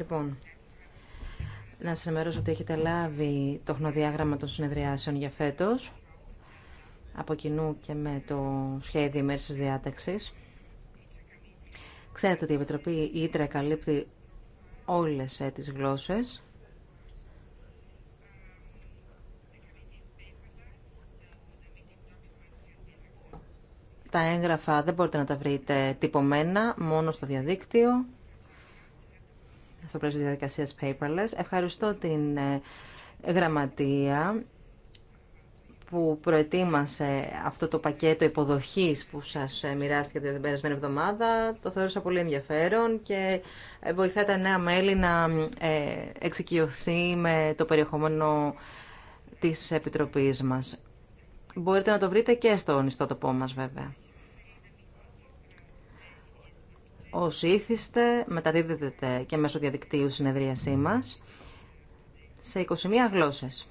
Λοιπόν, να σας ενημερώσω ότι έχετε λάβει το χνοδιάγραμμα των συνεδριάσεων για φέτος, από κοινού και με το σχέδιο ημέρησης διάταξης. Ξέρετε ότι η Επιτροπή Ήτρα καλύπτει όλες ε, τις γλώσσες. Τα έγγραφα δεν μπορείτε να τα βρείτε τυπωμένα, μόνο στο διαδίκτυο στο πλαίσιο της διαδικασίας paperless. Ευχαριστώ την ε, γραμματεία που προετοίμασε αυτό το πακέτο υποδοχής που σας ε, μοιράστηκε την περασμένη εβδομάδα. Το θεώρησα πολύ ενδιαφέρον και ε, βοηθάει τα νέα μέλη να εξοικειωθεί με το περιεχόμενο της Επιτροπής μας. Μπορείτε να το βρείτε και στον ιστότοπό μας βέβαια. Όσοι ήθιστε, μεταδίδετε και μέσω διαδικτύου συνεδρίασή μας σε 21 γλώσσες.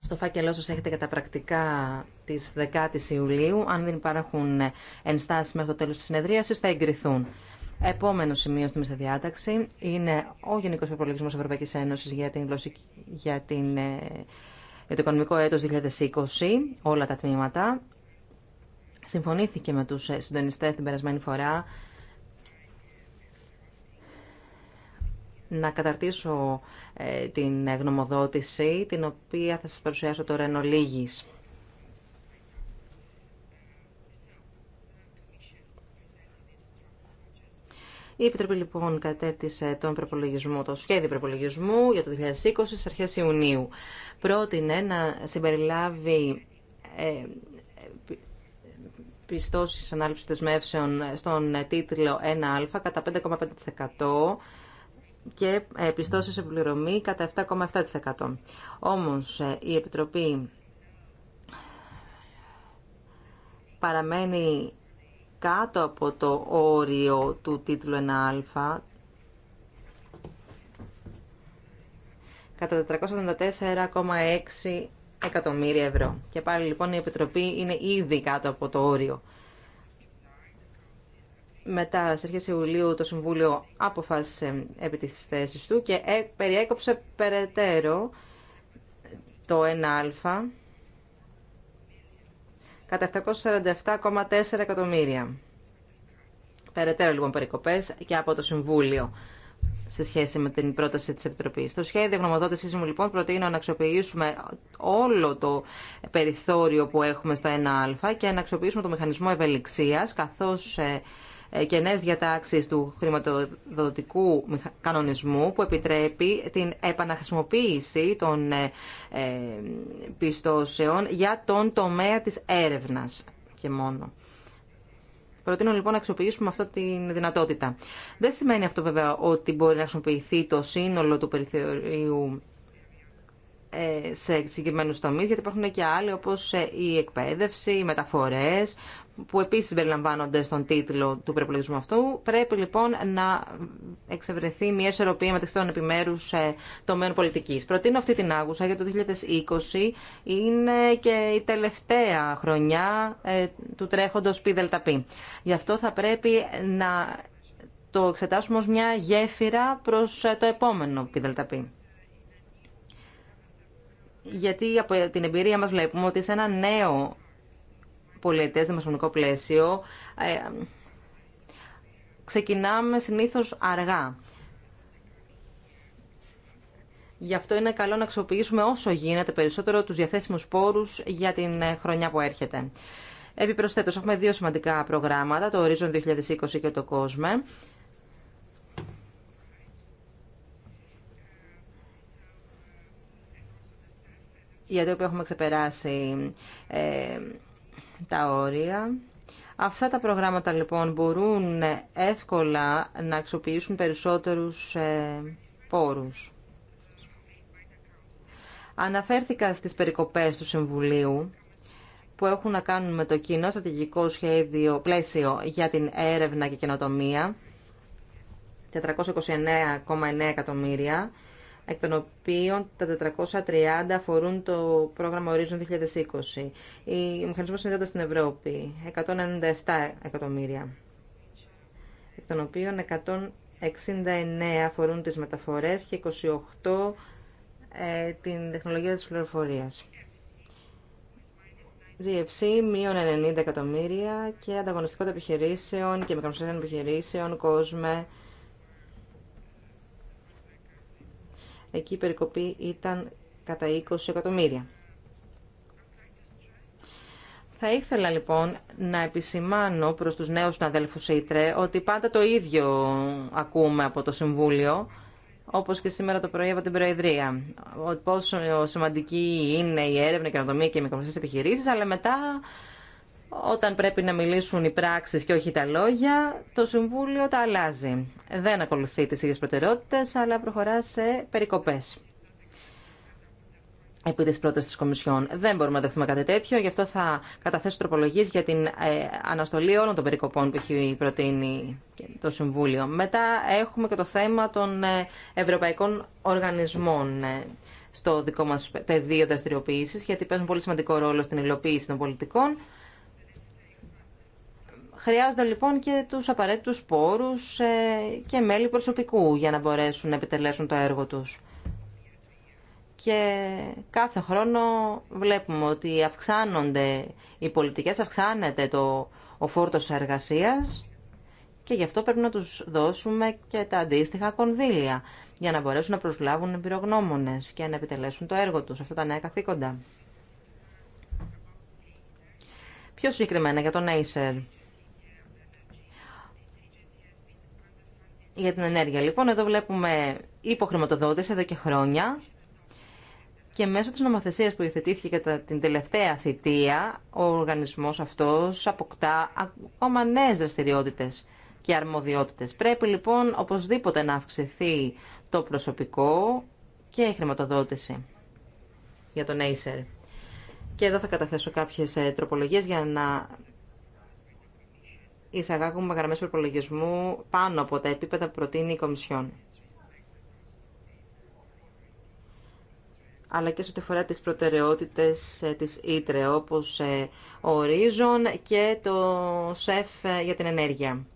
Στο φάκελό σας έχετε και τα πρακτικά της 10ης Ιουλίου. Αν δεν υπάρχουν ενστάσεις μέχρι το τέλος της συνεδρίασης, θα εγκριθούν. Επόμενο σημείο στη μεσαδιάταξη είναι ο Γενικό Προπολογισμό Ευρωπαϊκή Ένωση για, την για, την, ε, για το οικονομικό έτος 2020, όλα τα τμήματα. Συμφωνήθηκε με τους ε, συντονιστές την περασμένη φορά να καταρτήσω ε, την γνωμοδότηση, την οποία θα σας παρουσιάσω τώρα εν ολίγης. Η Επιτροπή λοιπόν κατέρτισε τον προπολογισμό, το σχέδιο προπολογισμού για το 2020 στις αρχές Ιουνίου. Πρότεινε να συμπεριλάβει ε, πιστώσεις ανάληψης δεσμεύσεων στον ε, τίτλο 1α κατά 5,5% και ε, πιστώσεις πληρωμή κατά 7,7%. Όμως ε, η Επιτροπή παραμένει κάτω από το όριο του τίτλου 1α κατά 474,6 εκατομμύρια ευρώ. Και πάλι λοιπόν η Επιτροπή είναι ήδη κάτω από το όριο. Μετά, στις αρχές Ιουλίου, το Συμβούλιο αποφάσισε επί της θέσης του και ε, περιέκοψε περαιτέρω το 1α κατά 747,4 εκατομμύρια. Περαιτέρω λοιπόν περικοπές και από το Συμβούλιο σε σχέση με την πρόταση τη Επιτροπή. Το σχέδιο γνωμοδότησή μου, λοιπόν, προτείνω να αξιοποιήσουμε όλο το περιθώριο που έχουμε στο 1α και να αξιοποιήσουμε το μηχανισμό ευελιξία, καθώ ε, ε, Κενέ διατάξει του χρηματοδοτικού κανονισμού που επιτρέπει την επαναχρησιμοποίηση των ε, ε, πιστώσεων για τον τομέα της έρευνας και μόνο. Προτείνω λοιπόν να αξιοποιήσουμε αυτή τη δυνατότητα. Δεν σημαίνει αυτό βέβαια ότι μπορεί να χρησιμοποιηθεί το σύνολο του περιθωρίου ε, σε συγκεκριμένου τομεί, γιατί υπάρχουν και άλλοι όπω ε, η εκπαίδευση, οι μεταφορέ, που επίση περιλαμβάνονται στον τίτλο του προπολογισμού αυτού. Πρέπει λοιπόν να εξευρεθεί μια ισορροπία μεταξύ των επιμέρου ε, τομέων πολιτική. Προτείνω αυτή την άγουσα για το 2020 είναι και η τελευταία χρονιά του τρέχοντο ΠΔΠ. Γι' αυτό θα πρέπει να το εξετάσουμε ως μια γέφυρα προς το επόμενο ΠΔΠ γιατί από την εμπειρία μας βλέπουμε ότι σε ένα νέο πολιτές δημοσιονομικό πλαίσιο ε, ξεκινάμε συνήθως αργά. Γι' αυτό είναι καλό να αξιοποιήσουμε όσο γίνεται περισσότερο τους διαθέσιμους πόρους για την ε, χρονιά που έρχεται. Επιπροσθέτως, έχουμε δύο σημαντικά προγράμματα, το Horizon 2020 και το COSME, για το οποίο έχουμε ξεπεράσει ε, τα όρια. Αυτά τα προγράμματα λοιπόν μπορούν εύκολα να αξιοποιήσουν περισσότερους ε, πόρους. Αναφέρθηκα στις περικοπές του Συμβουλίου που έχουν να κάνουν με το κοινό στρατηγικό σχέδιο πλαίσιο για την έρευνα και καινοτομία, 429,9 εκατομμύρια, εκ των οποίων τα 430 αφορούν το πρόγραμμα Horizon 2020. Η μηχανισμός συνδέονται στην Ευρώπη, 197 εκατομμύρια, εκ των οποίων 169 αφορούν τις μεταφορές και 28 ε, την τεχνολογία της πληροφορίας. GFC, μείον 90 εκατομμύρια και ανταγωνιστικότητα επιχειρήσεων και μικρομεσαίων επιχειρήσεων, κόσμε, Εκεί η περικοπή ήταν κατά 20 εκατομμύρια. Θα ήθελα λοιπόν να επισημάνω προς τους νέους συναδέλφους ΣΥΤΡΕ ότι πάντα το ίδιο ακούμε από το Συμβούλιο, όπως και σήμερα το πρωί από την Προεδρία. Πόσο σημαντική είναι η έρευνα, η καινοτομία και οι μικρομεσαίες επιχειρήσεις, αλλά μετά όταν πρέπει να μιλήσουν οι πράξεις και όχι τα λόγια, το Συμβούλιο τα αλλάζει. Δεν ακολουθεί τις ίδιες προτεραιότητες, αλλά προχωρά σε περικοπές. Επί τη πρόταση τη Κομισιόν δεν μπορούμε να δεχθούμε κάτι τέτοιο, γι' αυτό θα καταθέσω τροπολογίε για την ε, αναστολή όλων των περικοπών που έχει προτείνει το Συμβούλιο. Μετά έχουμε και το θέμα των ε, ευρωπαϊκών οργανισμών ε, στο δικό μα πεδίο δραστηριοποίηση, γιατί παίζουν πολύ σημαντικό ρόλο στην υλοποίηση των πολιτικών. Χρειάζονται λοιπόν και τους απαραίτητους πόρους ε, και μέλη προσωπικού για να μπορέσουν να επιτελέσουν το έργο τους. Και κάθε χρόνο βλέπουμε ότι αυξάνονται οι πολιτικές, αυξάνεται το, ο φόρτος εργασίας και γι' αυτό πρέπει να τους δώσουμε και τα αντίστοιχα κονδύλια για να μπορέσουν να προσλάβουν εμπειρογνώμονες και να επιτελέσουν το έργο τους, αυτά τα νέα καθήκοντα. Πιο συγκεκριμένα για τον Acer. Για την ενέργεια, λοιπόν, εδώ βλέπουμε υποχρηματοδότηση εδώ και χρόνια και μέσω της νομοθεσίας που υιοθετήθηκε κατά την τελευταία θητεία, ο οργανισμός αυτός αποκτά ακόμα νέες δραστηριότητες και αρμοδιότητες. Πρέπει λοιπόν οπωσδήποτε να αυξηθεί το προσωπικό και η χρηματοδότηση για τον Acer. Και εδώ θα καταθέσω κάποιες ε, τροπολογίες για να εισαγάγουμε γραμμέ προπολογισμού πάνω από τα επίπεδα που προτείνει η Κομισιόν. αλλά και σε ό,τι αφορά τις προτεραιότητες ε, της Ήτρε, όπως ε, ο ορίζον και το ΣΕΦ ε, για την ενέργεια.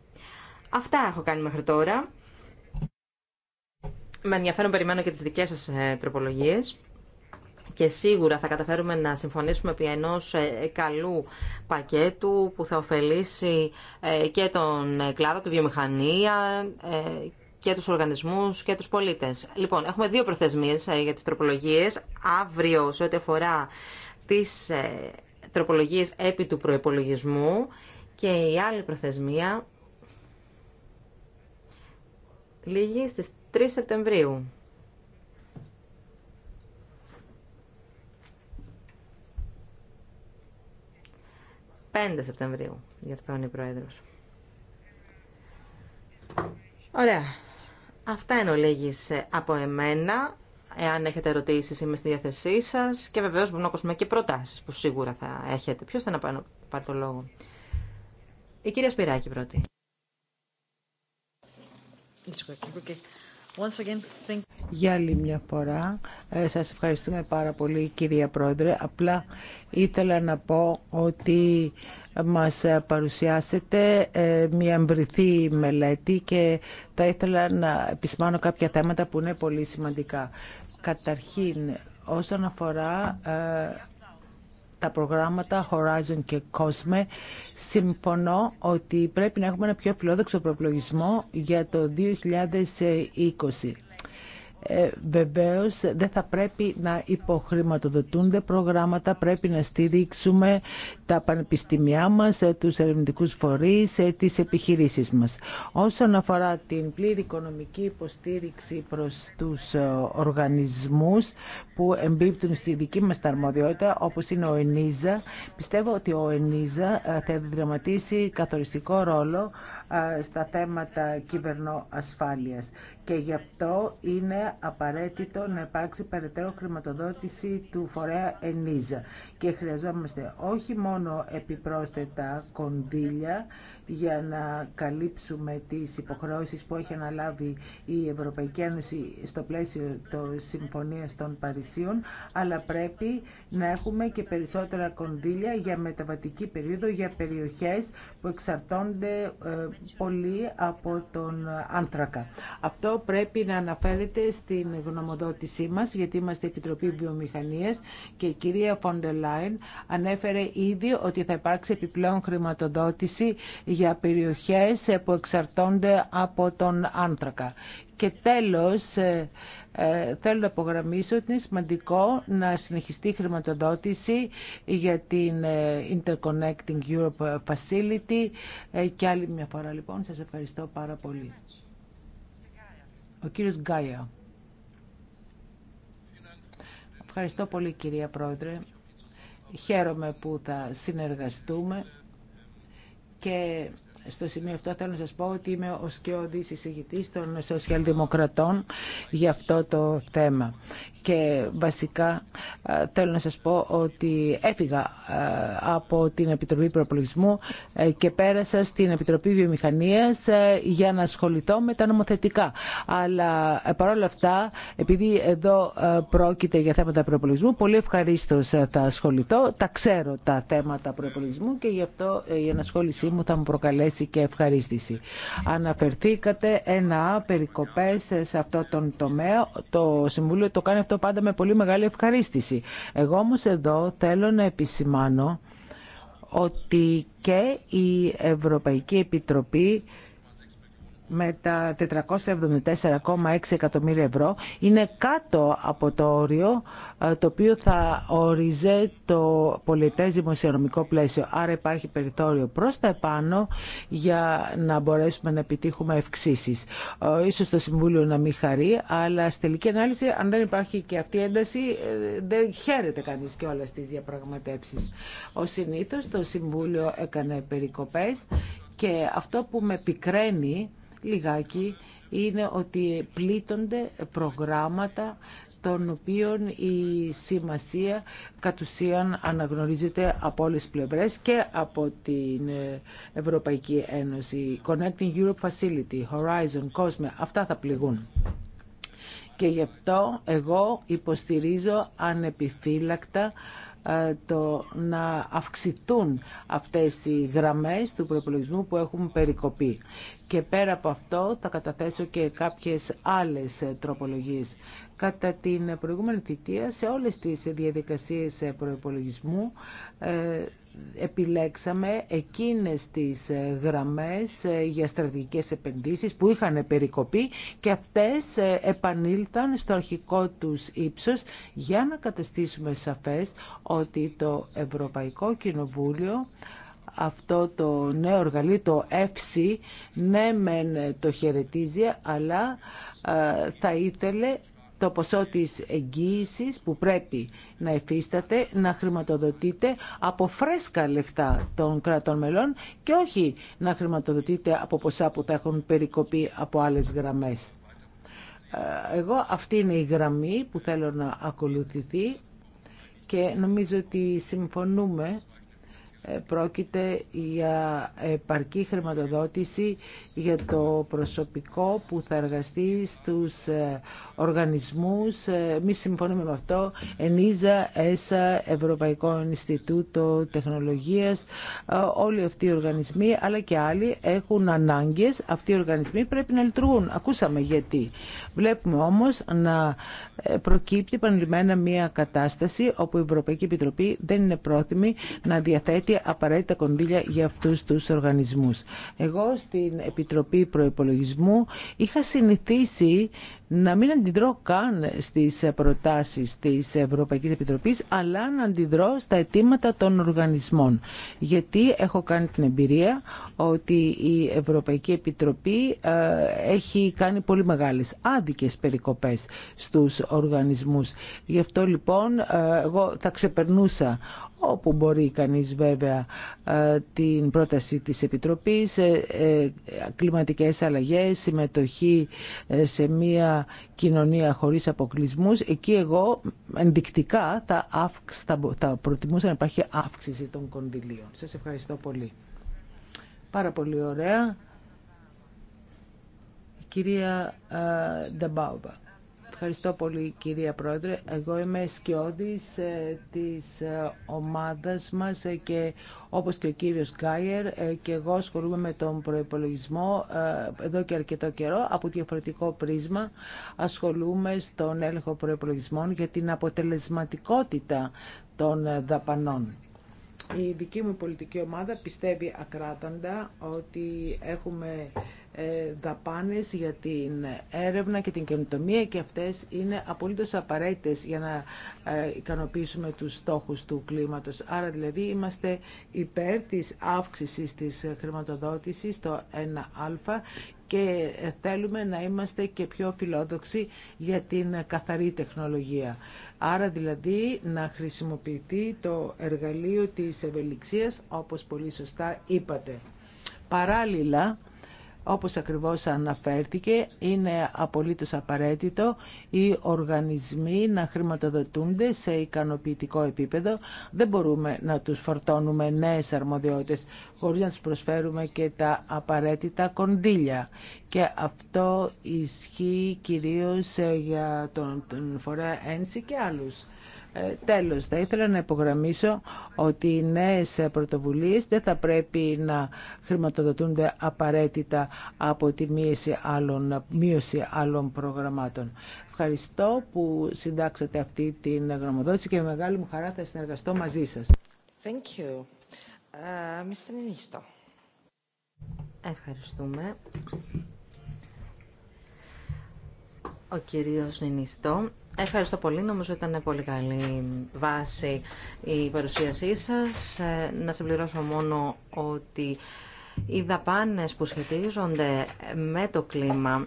Αυτά έχω κάνει μέχρι τώρα. Με ενδιαφέρον περιμένω και τις δικές σας τροπολογίες και σίγουρα θα καταφέρουμε να συμφωνήσουμε επί ενό ε, καλού πακέτου που θα ωφελήσει ε, και τον κλάδο, τη βιομηχανία ε, και τους οργανισμούς και τους πολίτες. Λοιπόν, έχουμε δύο προθεσμίες για τις τροπολογίες. Αύριο, σε ό,τι αφορά τις τροπολογίες επί του προϋπολογισμού και η άλλη προθεσμία λίγη στις 3 Σεπτεμβρίου. 5 Σεπτεμβρίου. Γι' αυτό είναι η προέδρο. Ωραία. Αυτά είναι ολίγη ε, από εμένα. Εάν έχετε ερωτήσει, είμαι στη διάθεσή σα και βεβαίω μπορούμε να ακούσουμε και προτάσει που σίγουρα θα έχετε. Ποιος θα να πάρει το λόγο. Η κυρία Σπυράκη πρώτη. Για άλλη μια φορά, ε, σας ευχαριστούμε πάρα πολύ κυρία Πρόεδρε. Απλά ήθελα να πω ότι μας παρουσιάσετε ε, μια εμβριθή μελέτη και θα ήθελα να επισημάνω κάποια θέματα που είναι πολύ σημαντικά. Καταρχήν, όσον αφορά ε, τα προγράμματα Horizon και COSME, συμφωνώ ότι πρέπει να έχουμε ένα πιο φιλόδοξο προπλογισμό για το 2020 ε, Βεβαίω δεν θα πρέπει να υποχρηματοδοτούνται προγράμματα, πρέπει να στηρίξουμε τα πανεπιστήμια μας, ε, τους ερευνητικούς φορείς, ε, τις επιχειρήσεις μας. Όσον αφορά την πλήρη οικονομική υποστήριξη προς τους ε, οργανισμούς που εμπίπτουν στη δική μας τα αρμοδιότητα, όπως είναι ο ΕΝΙΖΑ, πιστεύω ότι ο ΕΝΙΖΑ θα δραματίσει καθοριστικό ρόλο στα θέματα κυβερνοασφάλειας και γι' αυτό είναι απαραίτητο να υπάρξει περαιτέρω χρηματοδότηση του φορέα ΕΝΙΖΑ. Και χρειαζόμαστε όχι μόνο επιπρόσθετα κονδύλια για να καλύψουμε τις υποχρεώσεις που έχει αναλάβει η Ευρωπαϊκή Ένωση στο πλαίσιο των Συμφωνίας των Παρισίων, αλλά πρέπει να έχουμε και περισσότερα κονδύλια για μεταβατική περίοδο, για περιοχές που εξαρτώνται ε, πολύ από τον άνθρακα. Αυτό πρέπει να αναφέρεται στην γνωμοδότησή μας, γιατί είμαστε Επιτροπή Βιομηχανίας και η κυρία Φοντελάιν ανέφερε ήδη ότι θα υπάρξει επιπλέον χρηματοδότηση για περιοχές που εξαρτώνται από τον άνθρακα. Και τέλος, ε, ε, θέλω να απογραμμίσω ότι είναι σημαντικό να συνεχιστεί η χρηματοδότηση για την ε, Interconnecting Europe Facility και άλλη μια φορά λοιπόν σας ευχαριστώ πάρα πολύ. Ο κύριος Γκάια. Ευχαριστώ πολύ κυρία Πρόεδρε. Χαίρομαι που θα συνεργαστούμε και στο σημείο αυτό θέλω να σας πω ότι είμαι ο σκιώδης εισηγητής των σοσιαλδημοκρατών για αυτό το θέμα. Και βασικά θέλω να σας πω ότι έφυγα από την Επιτροπή Προπολογισμού ε, και πέρασα στην Επιτροπή Βιομηχανίας ε, για να ασχοληθώ με τα νομοθετικά. Αλλά ε, παρόλα αυτά, επειδή εδώ πρόκειται για θέματα προπολογισμού, πολύ ευχαρίστω θα ασχοληθώ. Τα ξέρω τα θέματα προπολογισμού και γι' αυτό η ενασχόλησή μου θα μου προκαλέσει και ευχαρίστηση. Αναφερθήκατε ένα περικοπέ σε αυτό τον τομέα. Το Συμβούλιο το κάνει αυτό πάντα με πολύ μεγάλη ευχαρίστηση. Εγώ όμω εδώ θέλω να επισημάνω ότι και η Ευρωπαϊκή Επιτροπή με τα 474,6 εκατομμύρια ευρώ είναι κάτω από το όριο ε, το οποίο θα οριζέ το πολιτές δημοσιονομικό πλαίσιο. Άρα υπάρχει περιθώριο προς τα επάνω για να μπορέσουμε να επιτύχουμε ευξήσει. Ε, ίσως το Συμβούλιο να μην χαρεί, αλλά στη τελική ανάλυση αν δεν υπάρχει και αυτή η ένταση ε, δεν χαίρεται κανείς και όλα στις διαπραγματεύσεις. Ο συνήθως το Συμβούλιο έκανε περικοπές και αυτό που με πικραίνει λιγάκι είναι ότι πλήττονται προγράμματα των οποίων η σημασία κατ' ουσίαν αναγνωρίζεται από όλες τις πλευρές και από την Ευρωπαϊκή Ένωση. Connecting Europe Facility, Horizon, Cosme, αυτά θα πληγούν. Και γι' αυτό εγώ υποστηρίζω ανεπιφύλακτα ε, το να αυξηθούν αυτές οι γραμμές του προπολογισμού που έχουν περικοπεί. Και πέρα από αυτό θα καταθέσω και κάποιες άλλες τροπολογίες. Κατά την προηγούμενη θητεία σε όλες τις διαδικασίες προπολογισμού ε, επιλέξαμε εκείνες τις ε, γραμμές ε, για στρατηγικές επενδύσεις που είχαν περικοπεί και αυτές ε, επανήλθαν στο αρχικό τους ύψος για να καταστήσουμε σαφές ότι το Ευρωπαϊκό Κοινοβούλιο αυτό το νέο εργαλείο, το ΕΦΣΥ, ναι μεν το χαιρετίζει, αλλά θα ήθελε το ποσό της εγγύησης που πρέπει να εφίσταται, να χρηματοδοτείται από φρέσκα λεφτά των κρατών μελών και όχι να χρηματοδοτείται από ποσά που θα έχουν περικοπεί από άλλες γραμμές. Ε, εγώ αυτή είναι η γραμμή που θέλω να ακολουθηθεί και νομίζω ότι συμφωνούμε ε, πρόκειται για επαρκή χρηματοδότηση για το προσωπικό που θα εργαστεί στους ε, οργανισμούς. Ε, εμείς συμφωνούμε με αυτό. Ενίζα, ΕΣΑ, Ευρωπαϊκό Ινστιτούτο Τεχνολογίας, όλοι αυτοί οι οργανισμοί, αλλά και άλλοι έχουν ανάγκες. Αυτοί οι οργανισμοί πρέπει να λειτουργούν. Ακούσαμε γιατί. Βλέπουμε όμως να προκύπτει επανειλημμένα μια κατάσταση όπου η Ευρωπαϊκή Επιτροπή δεν είναι πρόθυμη να διαθέτει απαραίτητα κονδύλια για αυτούς τους οργανισμούς. Εγώ στην Επιτροπή Προϋπολογισμού είχα συνηθίσει να μην αντιδρώ καν στις προτάσεις της Ευρωπαϊκής Επιτροπής, αλλά να αντιδρώ στα αιτήματα των οργανισμών. Γιατί έχω κάνει την εμπειρία ότι η Ευρωπαϊκή Επιτροπή ε, έχει κάνει πολύ μεγάλες άδικες περικοπές στους οργανισμούς. Γι' αυτό λοιπόν ε, εγώ θα ξεπερνούσα όπου μπορεί κανείς βέβαια ε, την πρόταση της Επιτροπής, κλιματικές αλλαγές, συμμετοχή σε μία κοινωνία χωρίς αποκλεισμούς, εκεί εγώ ενδεικτικά θα, αύξ, θα, θα προτιμούσα να υπάρχει αύξηση των κονδυλίων. Σας ευχαριστώ πολύ. Πάρα πολύ ωραία. Η κυρία ε, Νταμπάουβα. Ευχαριστώ πολύ κυρία Πρόεδρε. Εγώ είμαι σκιώδης ε, της ε, ομάδας μας ε, και όπως και ο κύριος Γκάιερ και εγώ ασχολούμαι με τον προϋπολογισμό εδώ και αρκετό καιρό από διαφορετικό πρίσμα ασχολούμαι στον έλεγχο προϋπολογισμών για την αποτελεσματικότητα των δαπανών. Η δική μου πολιτική ομάδα πιστεύει ακράταντα ότι έχουμε ε, δαπάνες για την έρευνα και την καινοτομία και αυτές είναι απολύτως απαραίτητες για να ε, ικανοποιήσουμε τους στόχους του κλίματος. Άρα δηλαδή είμαστε υπέρ της αύξησης της χρηματοδότησης το 1α και ε, θέλουμε να είμαστε και πιο φιλόδοξοι για την καθαρή τεχνολογία. Άρα δηλαδή να χρησιμοποιηθεί το εργαλείο της ευελιξίας όπως πολύ σωστά είπατε. Παράλληλα, όπως ακριβώς αναφέρθηκε, είναι απολύτως απαραίτητο οι οργανισμοί να χρηματοδοτούνται σε ικανοποιητικό επίπεδο. Δεν μπορούμε να τους φορτώνουμε νέες αρμοδιότητες χωρίς να τους προσφέρουμε και τα απαραίτητα κονδύλια. Και αυτό ισχύει κυρίως για τον, τον φορέα ένση και άλλους. Ε, τέλος, θα ήθελα να υπογραμμίσω ότι οι νέες πρωτοβουλίες δεν θα πρέπει να χρηματοδοτούνται απαραίτητα από τη μείωση άλλων, μείωση άλλων προγραμμάτων. Ευχαριστώ που συντάξατε αυτή την γνωμοδότηση και με μεγάλη μου χαρά θα συνεργαστώ μαζί σας. Thank you. Ε, Mr. Ευχαριστούμε. Ο κύριος Νινιστό Ευχαριστώ πολύ. Νομίζω ήταν πολύ καλή βάση η παρουσίασή σας. Ε, να συμπληρώσω μόνο ότι οι δαπάνες που σχετίζονται με το κλίμα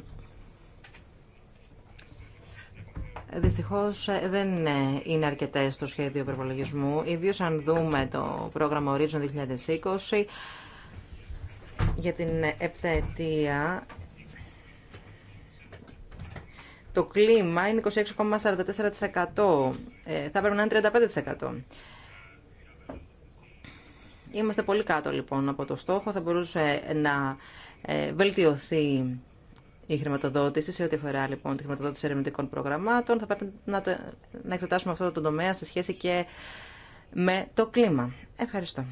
δυστυχώς ε, δεν είναι αρκετές στο σχέδιο προπολογισμού. Ιδίως αν δούμε το πρόγραμμα Horizon 2020 για την επταετία το κλίμα είναι 26,44%. Ε, θα πρέπει να είναι 35%. Είμαστε πολύ κάτω λοιπόν από το στόχο. Θα μπορούσε να ε, βελτιωθεί η χρηματοδότηση σε ό,τι αφορά λοιπόν τη χρηματοδότηση ερευνητικών προγραμμάτων. Θα πρέπει να, να εξετάσουμε αυτό το τομέα σε σχέση και με το κλίμα. Ευχαριστώ.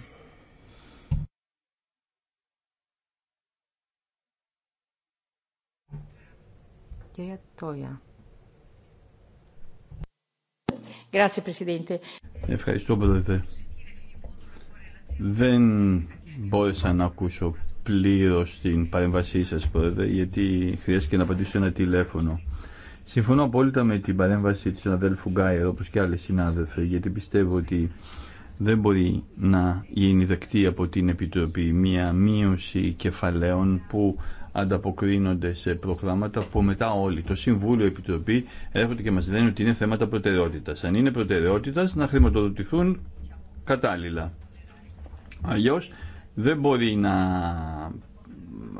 Ευχαριστώ, Πρόεδρε. Δεν μπόρεσα να ακούσω πλήρω την παρέμβασή σα, Πρόεδρε, γιατί χρειάστηκε να απαντήσω ένα τηλέφωνο. Συμφωνώ απόλυτα με την παρέμβαση του αδέλφου Γκάιερ, όπω και άλλε συνάδελφοι, γιατί πιστεύω ότι δεν μπορεί να γίνει δεκτή από την Επιτροπή μια μείωση κεφαλαίων που ανταποκρίνονται σε προγράμματα που μετά όλοι, το Συμβούλιο, η Επιτροπή, έρχονται και μας λένε ότι είναι θέματα προτεραιότητας. Αν είναι προτεραιότητας, να χρηματοδοτηθούν κατάλληλα. Αλλιώ δεν μπορεί να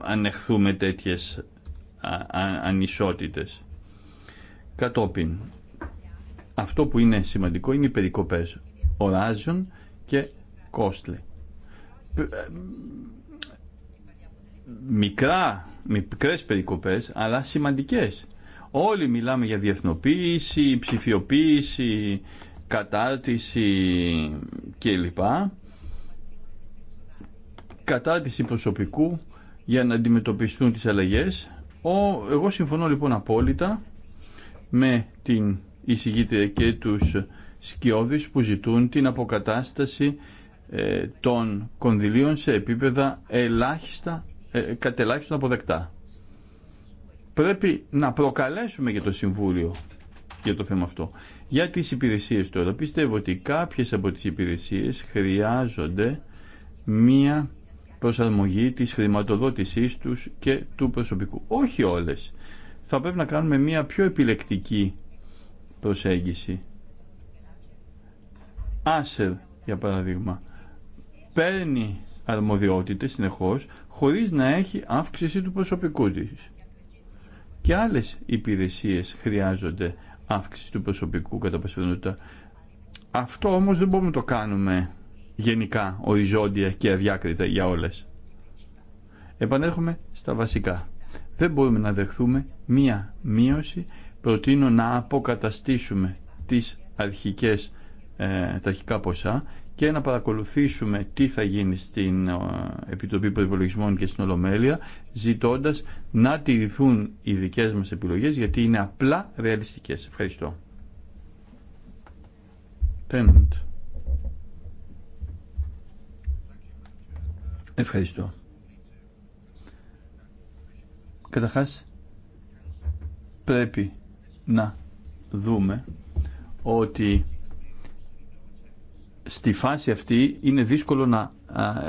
ανεχθούμε τέτοιες ανισότητες. Κατόπιν, αυτό που είναι σημαντικό είναι οι περικοπές οράζων και κόστλε μικρά, μικρές περικοπές, αλλά σημαντικές. Όλοι μιλάμε για διεθνοποίηση, ψηφιοποίηση, κατάρτιση κλπ. Κατάρτιση προσωπικού για να αντιμετωπιστούν τις αλλαγές. Ο, εγώ συμφωνώ λοιπόν απόλυτα με την εισηγήτρια και τους σκιώδεις που ζητούν την αποκατάσταση ε, των κονδυλίων σε επίπεδα ελάχιστα ε, κατ' ελάχιστον αποδεκτά. Πρέπει να προκαλέσουμε και το Συμβούλιο για το θέμα αυτό. Για τις υπηρεσίες τώρα, πιστεύω ότι κάποιες από τις υπηρεσίες χρειάζονται μία προσαρμογή της χρηματοδότησής τους και του προσωπικού. Όχι όλες. Θα πρέπει να κάνουμε μία πιο επιλεκτική προσέγγιση. Άσερ, για παράδειγμα, παίρνει αρμοδιότητες συνεχώς χωρίς να έχει αύξηση του προσωπικού της. Και άλλες υπηρεσίες χρειάζονται αύξηση του προσωπικού κατά πασφαιρότητα. Αυτό όμως δεν μπορούμε να το κάνουμε γενικά, οριζόντια και αδιάκριτα για όλες. Επανέρχομαι στα βασικά. Δεν μπορούμε να δεχθούμε μία μείωση. Προτείνω να αποκαταστήσουμε τις αρχικές, ε, τα αρχικά ποσά και να παρακολουθήσουμε τι θα γίνει στην ε, Επιτροπή Προπολογισμών και στην Ολομέλεια, ζητώντας να τηρηθούν οι δικές μας επιλογές γιατί είναι απλά ρεαλιστικές. Ευχαριστώ. Ευχαριστώ. Καταρχά, πρέπει να δούμε ότι στη φάση αυτή είναι δύσκολο να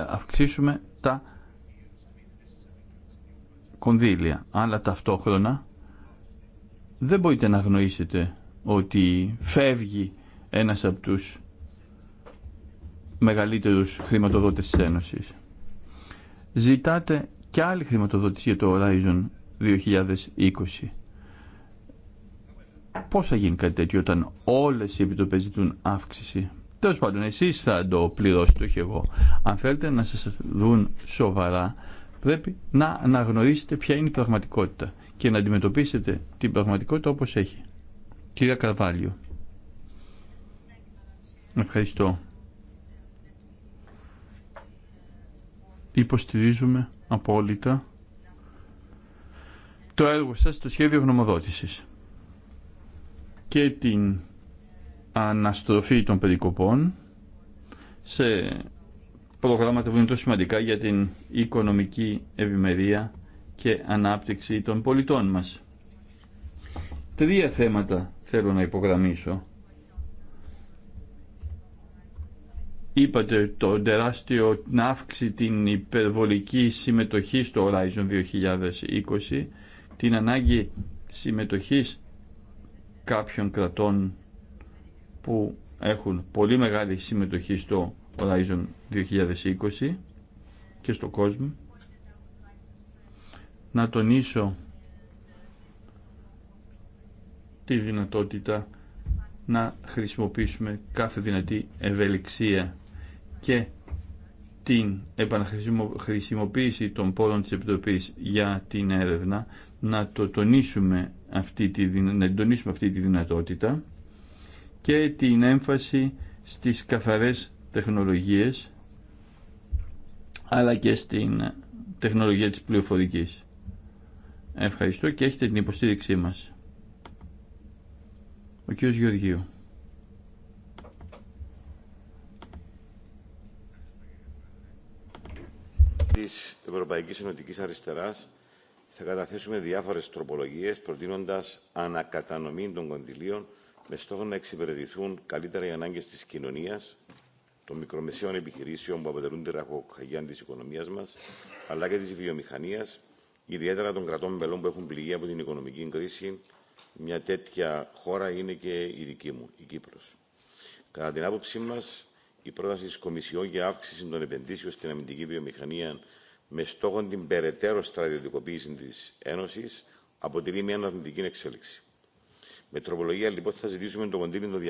αυξήσουμε τα κονδύλια. Αλλά ταυτόχρονα δεν μπορείτε να γνωρίσετε ότι φεύγει ένας από τους μεγαλύτερους χρηματοδότες της Ένωσης. Ζητάτε και άλλη χρηματοδότηση για το Horizon 2020. Πώς θα γίνει κάτι τέτοιο όταν όλες οι επιτροπές ζητούν αύξηση. Τέλο πάντων, εσεί θα το πληρώσετε, όχι εγώ. Αν θέλετε να σα δουν σοβαρά, πρέπει να αναγνωρίσετε ποια είναι η πραγματικότητα και να αντιμετωπίσετε την πραγματικότητα όπω έχει. Κυρία Καρβάλιο. Ευχαριστώ. Υποστηρίζουμε απόλυτα το έργο σας, το σχέδιο γνωμοδότησης και την αναστροφή των περικοπών σε προγράμματα που είναι τόσο σημαντικά για την οικονομική ευημερία και ανάπτυξη των πολιτών μας. Τρία θέματα θέλω να υπογραμμίσω. Είπατε το τεράστιο να αύξει την υπερβολική συμμετοχή στο Horizon 2020, την ανάγκη συμμετοχής κάποιων κρατών που έχουν πολύ μεγάλη συμμετοχή στο Horizon 2020 και στο κόσμο. Να τονίσω τη δυνατότητα να χρησιμοποιήσουμε κάθε δυνατή ευελιξία και την επαναχρησιμοποίηση των πόρων της Επιτροπής για την έρευνα, να το αυτή τη, να τονίσουμε αυτή τη δυνατότητα και την έμφαση στις καθαρές τεχνολογίες αλλά και στην τεχνολογία της πληροφορικής. Ευχαριστώ και έχετε την υποστήριξή μας. Ο κ. Γεωργίου. Της Ευρωπαϊκής Ενωτικής Αριστεράς θα καταθέσουμε διάφορες τροπολογίες προτείνοντας ανακατανομή των κοντιλίων με στόχο να εξυπηρετηθούν καλύτερα οι ανάγκε τη κοινωνία, των μικρομεσαίων επιχειρήσεων που αποτελούν τη ραχοκαγιά τη οικονομία μα, αλλά και τη βιομηχανία, ιδιαίτερα των κρατών μελών που έχουν πληγεί από την οικονομική κρίση. Μια τέτοια χώρα είναι και η δική μου, η Κύπρο. Κατά την άποψή μα, η πρόταση τη Κομισιόν για αύξηση των επενδύσεων στην αμυντική βιομηχανία με στόχο την περαιτέρω στρατιωτικοποίηση τη Ένωση αποτελεί μια αρνητική εξέλιξη. Με τροπολογία λοιπόν θα ζητήσουμε το κοντήλι των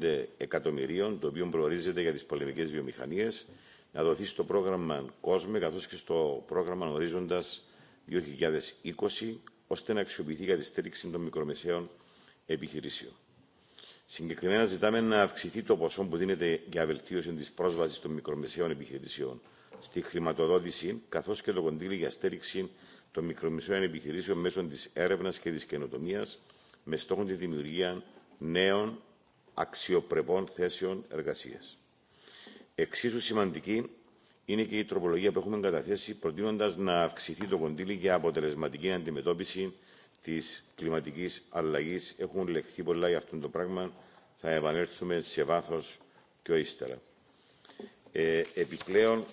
255 εκατομμυρίων, το οποίο προορίζεται για τι πολεμικέ βιομηχανίε, να δοθεί στο πρόγραμμα COSME καθώ και στο πρόγραμμα Ορίζοντα 2020, ώστε να αξιοποιηθεί για τη στήριξη των μικρομεσαίων επιχειρήσεων. Συγκεκριμένα ζητάμε να αυξηθεί το ποσό που δίνεται για βελτίωση τη πρόσβαση των μικρομεσαίων επιχειρήσεων στη χρηματοδότηση, καθώ και το κοντήλι για στήριξη των μικρομεσαίων επιχειρήσεων μέσω τη έρευνα και τη καινοτομία με στόχο τη δημιουργία νέων αξιοπρεπών θέσεων εργασία. Εξίσου σημαντική είναι και η τροπολογία που έχουμε καταθέσει προτείνοντα να αυξηθεί το κοντήλι για αποτελεσματική αντιμετώπιση τη κλιματική αλλαγή. Έχουν λεχθεί πολλά για αυτό το πράγμα. Θα επανέλθουμε σε βάθο πιο ύστερα. Ε, επιπλέον,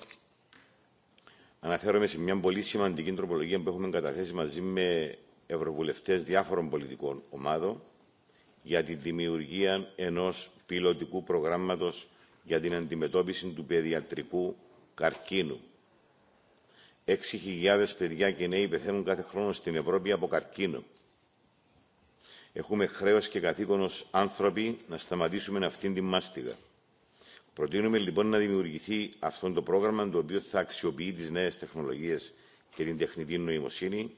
αναφέρομαι σε μια πολύ σημαντική τροπολογία που έχουμε καταθέσει μαζί με ευρωβουλευτές διάφορων πολιτικών ομάδων για τη δημιουργία ενός πιλωτικού προγράμματος για την αντιμετώπιση του παιδιατρικού καρκίνου. 6.000 παιδιά και νέοι πεθαίνουν κάθε χρόνο στην Ευρώπη από καρκίνο. Έχουμε χρέος και καθήκον ως άνθρωποι να σταματήσουμε αυτήν την μάστιγα. Προτείνουμε λοιπόν να δημιουργηθεί αυτό το πρόγραμμα το οποίο θα αξιοποιεί τις νέες τεχνολογίες και την τεχνητή νοημοσύνη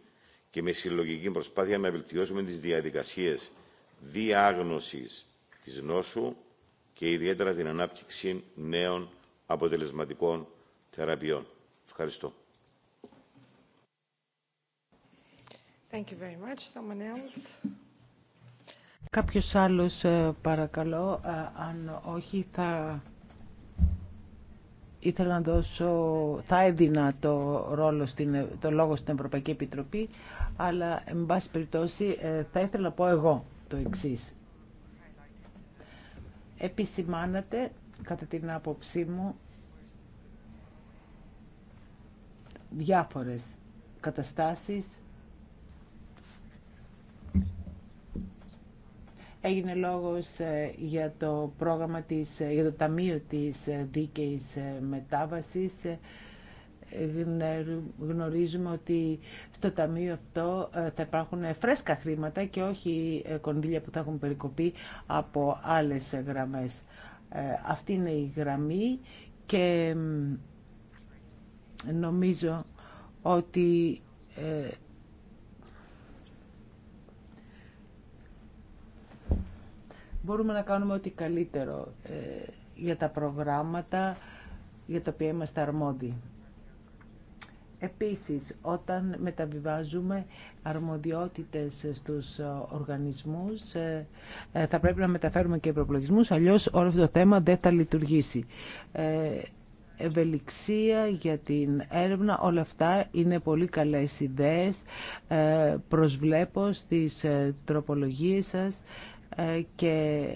και με συλλογική προσπάθεια να βελτιώσουμε τις διαδικασίες διάγνωσης της νόσου και ιδιαίτερα την ανάπτυξη νέων αποτελεσματικών θεραπείων. Ευχαριστώ. Thank you Κάποιος άλλος ε, παρακαλώ, ε, αν όχι θα ήθελα να δώσω, θα έδινα το, ρόλο στην, το λόγο στην Ευρωπαϊκή Επιτροπή, αλλά εν πάση περιπτώσει ε, θα ήθελα να πω εγώ το εξή. Επισημάνατε, κατά την άποψή μου, διάφορες καταστάσεις Έγινε λόγος ε, για το πρόγραμμα της, ε, για το Ταμείο της ε, Δίκαιης Μετάβασης. Γνωρίζουμε ότι στο Ταμείο αυτό θα υπάρχουν φρέσκα χρήματα και όχι κονδύλια που θα έχουν περικοπεί από άλλες γραμμές. Αυτή είναι η γραμμή και νομίζω ότι μπορούμε να κάνουμε ό,τι καλύτερο ε, για τα προγράμματα για τα οποία είμαστε αρμόδιοι. Επίσης, όταν μεταβιβάζουμε αρμοδιότητες στους ε, οργανισμούς, ε, θα πρέπει να μεταφέρουμε και προπλογισμούς, αλλιώς όλο αυτό το θέμα δεν θα λειτουργήσει. Ευελιξία για την έρευνα, όλα αυτά είναι πολύ καλές ιδέες. Προσβλέπω στις τροπολογίες σας και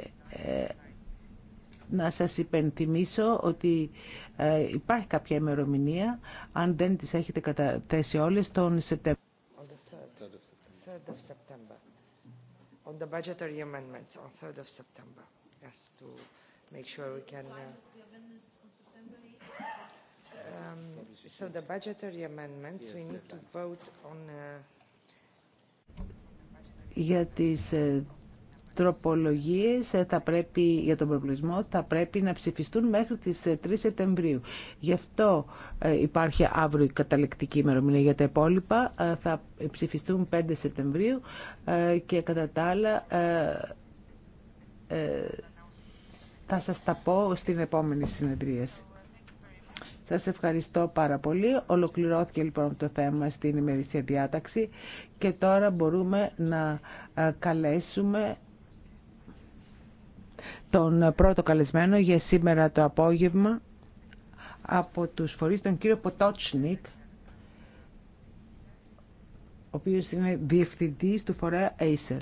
να σας υπενθυμίσω ότι υπάρχει κάποια ημερομηνία, αν δεν τις έχετε καταθέσει όλες, τον Σεπτέμβριο. On the budgetary amendments on 3rd of September, yes, to make sure we can. um, so the budgetary amendments we need to vote on. Για τις τροπολογίες ε, θα πρέπει, για τον προβλησμό θα πρέπει να ψηφιστούν μέχρι τις 3 ε, Σεπτεμβρίου. Γι' αυτό ε, υπάρχει αύριο η καταληκτική ημερομηνία για τα υπόλοιπα. Θα ψηφιστούν 5 Σεπτεμβρίου και κατά τα άλλα θα σας τα πω στην επόμενη συνεδρία. Σα ευχαριστώ πάρα πολύ. Ολοκληρώθηκε λοιπόν το θέμα στην ημερήσια διάταξη και τώρα μπορούμε να καλέσουμε τον πρώτο καλεσμένο για σήμερα το απόγευμα από τους φορείς, τον κύριο Ποτότσνικ, ο οποίος είναι διευθυντής του φορέα Acer.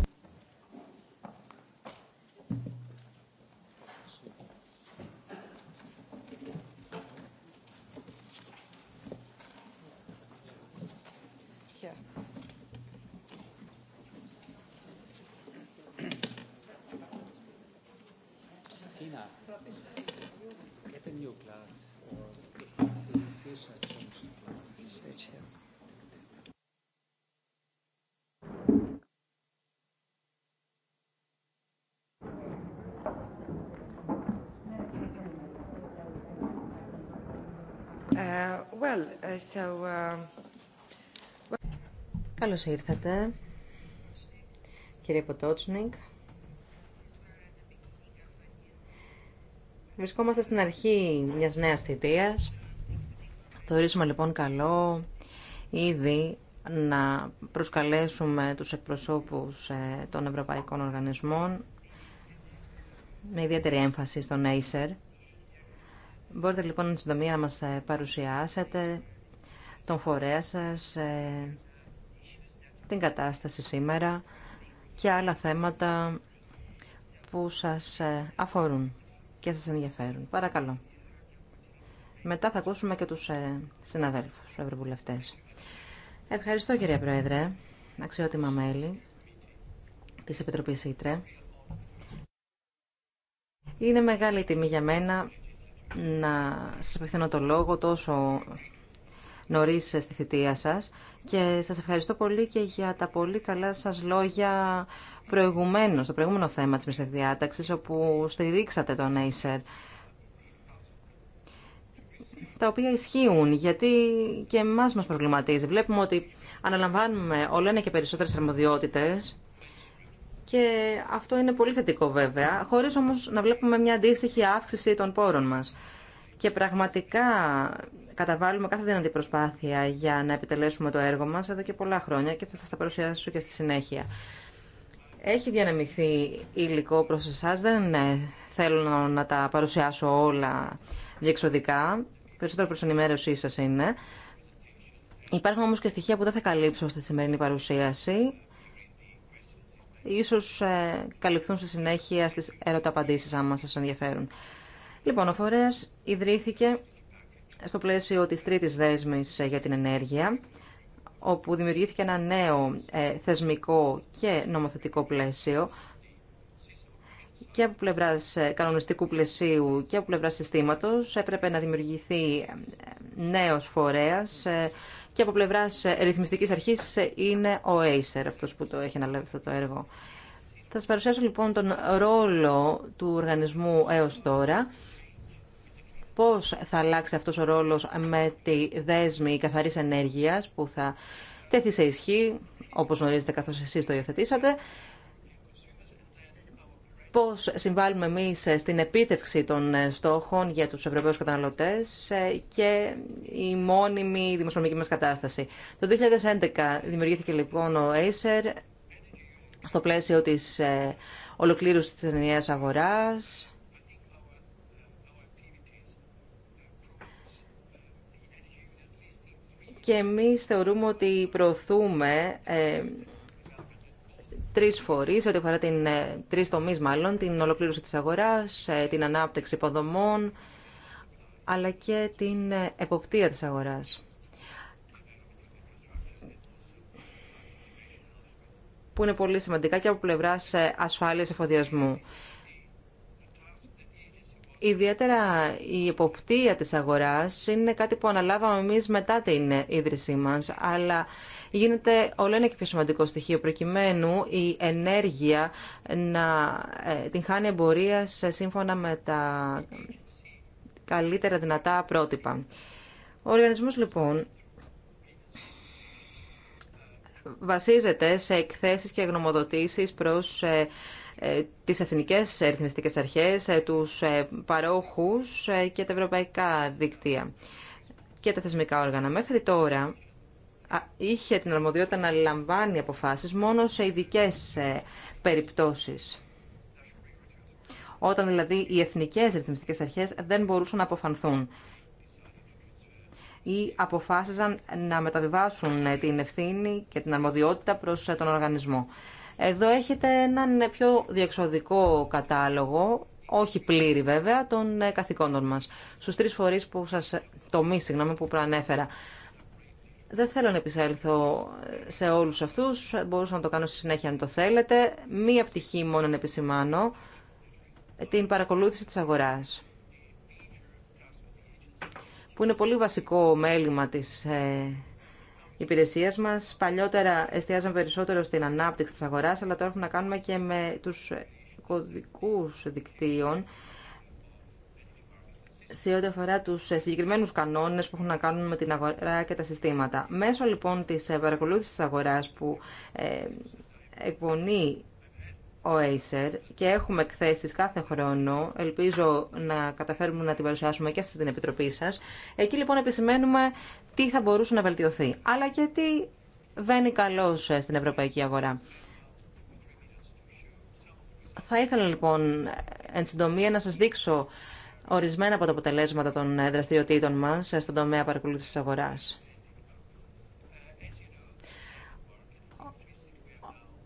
Uh, uh, uh, well, Καλώς ήρθατε, κύριε Ποτότσνικ. Βρισκόμαστε στην αρχή μιας νέας θητείας. Θεωρήσουμε λοιπόν καλό ήδη να προσκαλέσουμε τους εκπροσώπους ε, των ευρωπαϊκών οργανισμών με ιδιαίτερη έμφαση στον ACER Μπορείτε λοιπόν στην συντομία να μας ε, παρουσιάσετε τον φορέα σας, ε, την κατάσταση σήμερα και άλλα θέματα που σας ε, αφορούν και σας ενδιαφέρουν. Παρακαλώ. Μετά θα ακούσουμε και τους συναδέλφους, τους ευρωβουλευτές. Ευχαριστώ κυρία Πρόεδρε, αξιότιμα μέλη της Επιτροπής Ήτρε. Είναι μεγάλη τιμή για μένα να σας απευθύνω το λόγο τόσο νωρίς στη θητεία σας και σας ευχαριστώ πολύ και για τα πολύ καλά σας λόγια προηγουμένως, το προηγούμενο θέμα της μεσαιδιάταξης Διάταξης όπου στηρίξατε τον Acer τα οποία ισχύουν, γιατί και εμάς μας προβληματίζει. Βλέπουμε ότι αναλαμβάνουμε όλο ένα και περισσότερες αρμοδιότητες και αυτό είναι πολύ θετικό βέβαια, χωρίς όμως να βλέπουμε μια αντίστοιχη αύξηση των πόρων μας. Και πραγματικά καταβάλουμε κάθε δυνατή προσπάθεια για να επιτελέσουμε το έργο μας εδώ και πολλά χρόνια και θα σας τα παρουσιάσω και στη συνέχεια. Έχει διανεμηθεί υλικό προς εσάς, δεν ε, θέλω να τα παρουσιάσω όλα διεξοδικά, περισσότερο προς ενημέρωσή σας είναι. Υπάρχουν όμως και στοιχεία που δεν θα καλύψω στη σημερινή παρουσίαση, ίσως ε, καλυφθούν στη συνέχεια στις ερωταπαντήσεις, άμα σας ενδιαφέρουν. Λοιπόν, ο φορέας ιδρύθηκε στο πλαίσιο της τρίτης δέσμης ε, για την ενέργεια, όπου δημιουργήθηκε ένα νέο ε, θεσμικό και νομοθετικό πλαίσιο, και από πλευρά κανονιστικού πλαισίου και από πλευρά συστήματο έπρεπε να δημιουργηθεί νέο φορέα και από πλευρά ρυθμιστική αρχή είναι ο Acer αυτό που το έχει αναλάβει αυτό το έργο. Θα σα παρουσιάσω λοιπόν τον ρόλο του οργανισμού έως τώρα. Πώ θα αλλάξει αυτό ο ρόλο με τη δέσμη καθαρή ενέργεια που θα τέθει σε ισχύ, όπω γνωρίζετε καθώ εσεί το υιοθετήσατε, Πώ συμβάλλουμε εμείς στην επίτευξη των στόχων για τους Ευρωπαίου καταναλωτές ε, και η μόνιμη δημοσιονομική μας κατάσταση. Το 2011 δημιουργήθηκε λοιπόν ο Acer στο πλαίσιο της ε, ολοκλήρωσης της ενιαία αγοράς. Και εμείς θεωρούμε ότι προωθούμε ε, τρεις φορείς, ό,τι αφορά την, ε, τρεις τομείς μάλλον, την ολοκλήρωση της αγοράς, ε, την ανάπτυξη υποδομών, αλλά και την ε, εποπτεία της αγοράς. που είναι πολύ σημαντικά και από πλευρά ασφάλειας εφοδιασμού. Ιδιαίτερα η εποπτεία της αγοράς είναι κάτι που αναλάβαμε εμείς μετά την ίδρυσή μας, αλλά γίνεται όλο ένα και πιο σημαντικό στοιχείο προκειμένου η ενέργεια να ε, την χάνει εμπορία σε σύμφωνα με τα καλύτερα δυνατά πρότυπα. Ο οργανισμός λοιπόν βασίζεται σε εκθέσεις και γνωμοδοτήσεις προς ε, ε, τις εθνικές ρυθμιστικές αρχές, τους παρόχους και τα ευρωπαϊκά δίκτυα και τα θεσμικά όργανα. Μέχρι τώρα είχε την αρμοδιότητα να λαμβάνει αποφάσεις μόνο σε ειδικέ ε, περιπτώσεις. Όταν δηλαδή οι εθνικές ρυθμιστικές αρχές δεν μπορούσαν να αποφανθούν ή αποφάσιζαν να μεταβιβάσουν ε, την ευθύνη και την αρμοδιότητα προς ε, τον οργανισμό. Εδώ έχετε έναν πιο διεξοδικό κατάλογο, όχι πλήρη βέβαια, των καθηκόντων μας. Στους τρεις φορείς που σας, μη, συγγνώμη, που προανέφερα. Δεν θέλω να επισέλθω σε όλους αυτούς, μπορούσα να το κάνω στη συνέχεια αν το θέλετε. Μία πτυχή μόνο να επισημάνω, την παρακολούθηση της αγοράς, που είναι πολύ βασικό μέλημα της ε, υπηρεσίας μας. Παλιότερα εστιάζαμε περισσότερο στην ανάπτυξη της αγοράς, αλλά τώρα έχουμε να κάνουμε και με τους κωδικούς δικτύων, σε ό,τι αφορά του ε, συγκεκριμένου κανόνες που έχουν να κάνουν με την αγορά και τα συστήματα. Μέσω λοιπόν τη ε, παρακολούθηση της αγοράς που ε, εκπονεί ο Acer και έχουμε εκθέσεις κάθε χρόνο, ελπίζω να καταφέρουμε να την παρουσιάσουμε και στην Επιτροπή σας. Εκεί λοιπόν επισημαίνουμε τι θα μπορούσε να βελτιωθεί, αλλά και τι βαίνει καλώς στην ευρωπαϊκή αγορά. Θα ήθελα λοιπόν εν συντομία να σας δείξω ορισμένα από τα αποτελέσματα των ε, δραστηριοτήτων μας ε, στον τομέα παρακολούθησης αγοράς.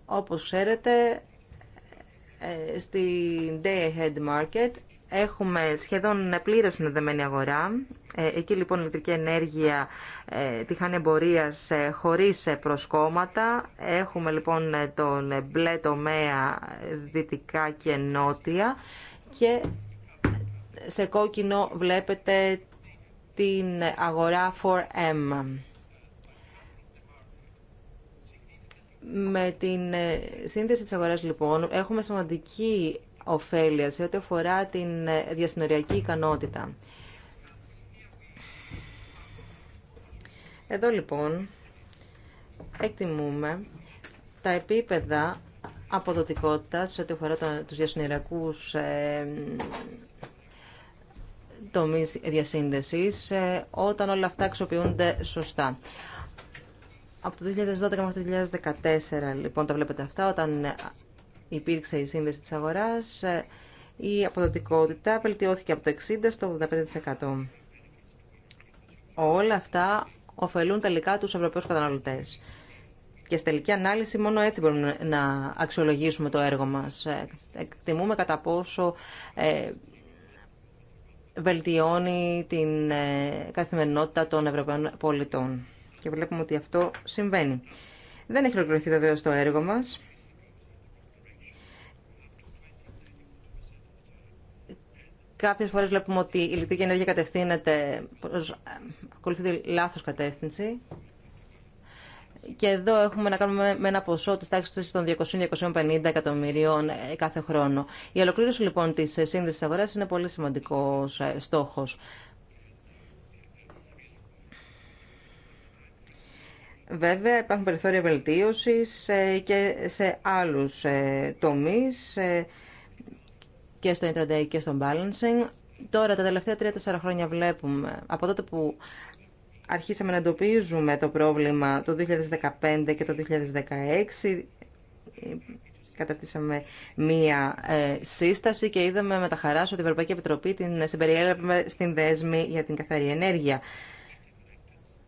Όπως ξέρετε, ε, στην Day Ahead Market έχουμε σχεδόν πλήρω συνδεδεμένη αγορά. Εκεί λοιπόν η ηλεκτρική ενέργεια τυχάνει εμπορία χωρί προσκόμματα. Έχουμε λοιπόν τον μπλε τομέα δυτικά και νότια και σε κόκκινο βλέπετε την αγορά 4M. Με την ε, σύνδεση της αγοράς λοιπόν έχουμε σημαντική ωφέλεια σε ό,τι αφορά την ε, διασυνοριακή ικανότητα. Εδώ λοιπόν εκτιμούμε τα επίπεδα αποδοτικότητας σε ό,τι αφορά τους διασυνοριακούς ε, τομή διασύνδεσης ε, όταν όλα αυτά αξιοποιούνται σωστά. Από το 2012 μέχρι το 2014, λοιπόν, τα βλέπετε αυτά, όταν υπήρξε η σύνδεση της αγοράς, ε, η αποδοτικότητα βελτιώθηκε από το 60% στο 85%. Όλα αυτά ωφελούν τελικά τους Ευρωπαίους καταναλωτές. Και στη τελική ανάλυση μόνο έτσι μπορούμε να αξιολογήσουμε το έργο μας. Ε, εκτιμούμε κατά πόσο βελτιώνει την ε, καθημερινότητα των Ευρωπαίων πολιτών. Και βλέπουμε ότι αυτό συμβαίνει. Δεν έχει ολοκληρωθεί βεβαίω το έργο μας. Κάποιες φορές βλέπουμε ότι η ηλεκτρική ενέργεια κατευθύνεται, ε, ακολουθείται λάθος κατεύθυνση. Και εδώ έχουμε να κάνουμε με ένα ποσό τη τάξη των 200-250 εκατομμυρίων ε, κάθε χρόνο. Η ολοκλήρωση λοιπόν τη ε, σύνδεση αγορά είναι πολύ σημαντικό ε, στόχο. Βέβαια, υπάρχουν περιθώρια βελτίωσης και σε άλλους τομείς, και στο intraday και στο balancing. Τώρα, τα τελευταία 3-4 χρόνια βλέπουμε, από τότε που αρχίσαμε να εντοπίζουμε το πρόβλημα το 2015 και το 2016. Καταρτήσαμε μία ε, σύσταση και είδαμε με τα χαρά ότι η Ευρωπαϊκή Επιτροπή την συμπεριέλαβε στην δέσμη για την καθαρή ενέργεια.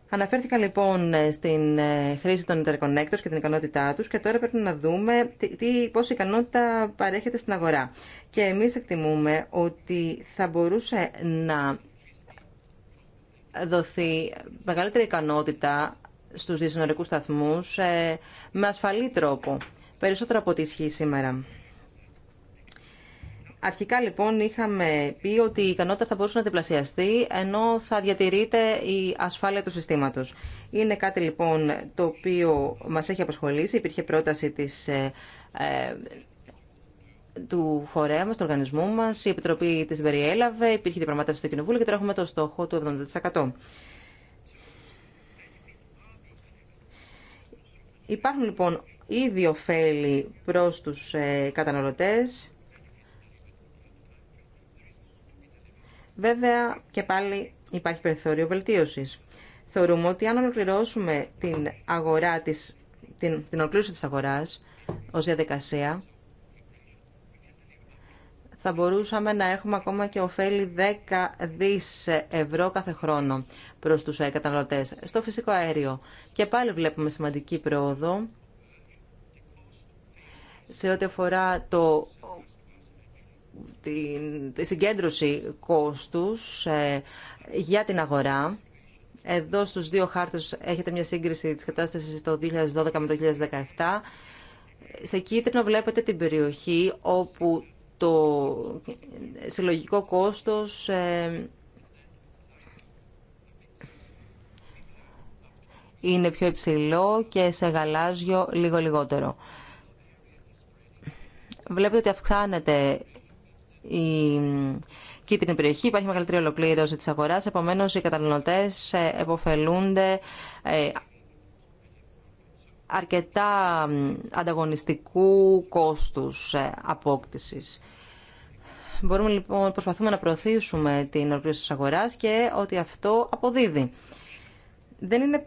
Αναφέρθηκα λοιπόν στην ε, χρήση των interconnectors και την ικανότητά τους και τώρα πρέπει να δούμε τι, πόση ικανότητα παρέχεται στην αγορά. Και εμείς εκτιμούμε ότι θα μπορούσε να δοθεί μεγαλύτερη ικανότητα στους διασυνορικούς σταθμούς ε, με ασφαλή τρόπο, περισσότερο από ό,τι ισχύει σήμερα. Αρχικά λοιπόν είχαμε πει ότι η ικανότητα θα μπορούσε να διπλασιαστεί ενώ θα διατηρείται η ασφάλεια του συστήματος. Είναι κάτι λοιπόν το οποίο μας έχει απασχολήσει. Υπήρχε πρόταση της ε, ε, του φορέα μας, του οργανισμού μας, η Επιτροπή της περιέλαβε, υπήρχε διαπραγμάτευση στο Κοινοβούλιο και τώρα έχουμε το στόχο του 70%. Υπάρχουν λοιπόν ήδη ωφέλη προς τους ε, καταναλωτές. Βέβαια και πάλι υπάρχει περιθώριο βελτίωσης. Θεωρούμε ότι αν ολοκληρώσουμε την αγορά της, την, την ολοκλήρωση της αγοράς ως διαδικασία, θα μπορούσαμε να έχουμε ακόμα και ωφέλη 10 δις ευρώ κάθε χρόνο προς τους καταναλωτές στο φυσικό αέριο. Και πάλι βλέπουμε σημαντική πρόοδο σε ό,τι αφορά το, τη συγκέντρωση κόστους ε, για την αγορά. Εδώ στους δύο χάρτες έχετε μια σύγκριση της κατάστασης το 2012 με το 2017. Σε κίτρινο βλέπετε την περιοχή όπου το συλλογικό κόστος ε, είναι πιο υψηλό και σε γαλάζιο λίγο λιγότερο. Βλέπετε ότι αυξάνεται η κίτρινη περιοχή, υπάρχει μεγαλύτερη ολοκλήρωση της αγοράς, επομένως οι καταναλωτές ε, εποφελούνται ε, αρκετά ανταγωνιστικού κόστους ε, απόκτησης. Μπορούμε λοιπόν, προσπαθούμε να προωθήσουμε την ολοκλήρωση της αγοράς και ότι αυτό αποδίδει. Δεν είναι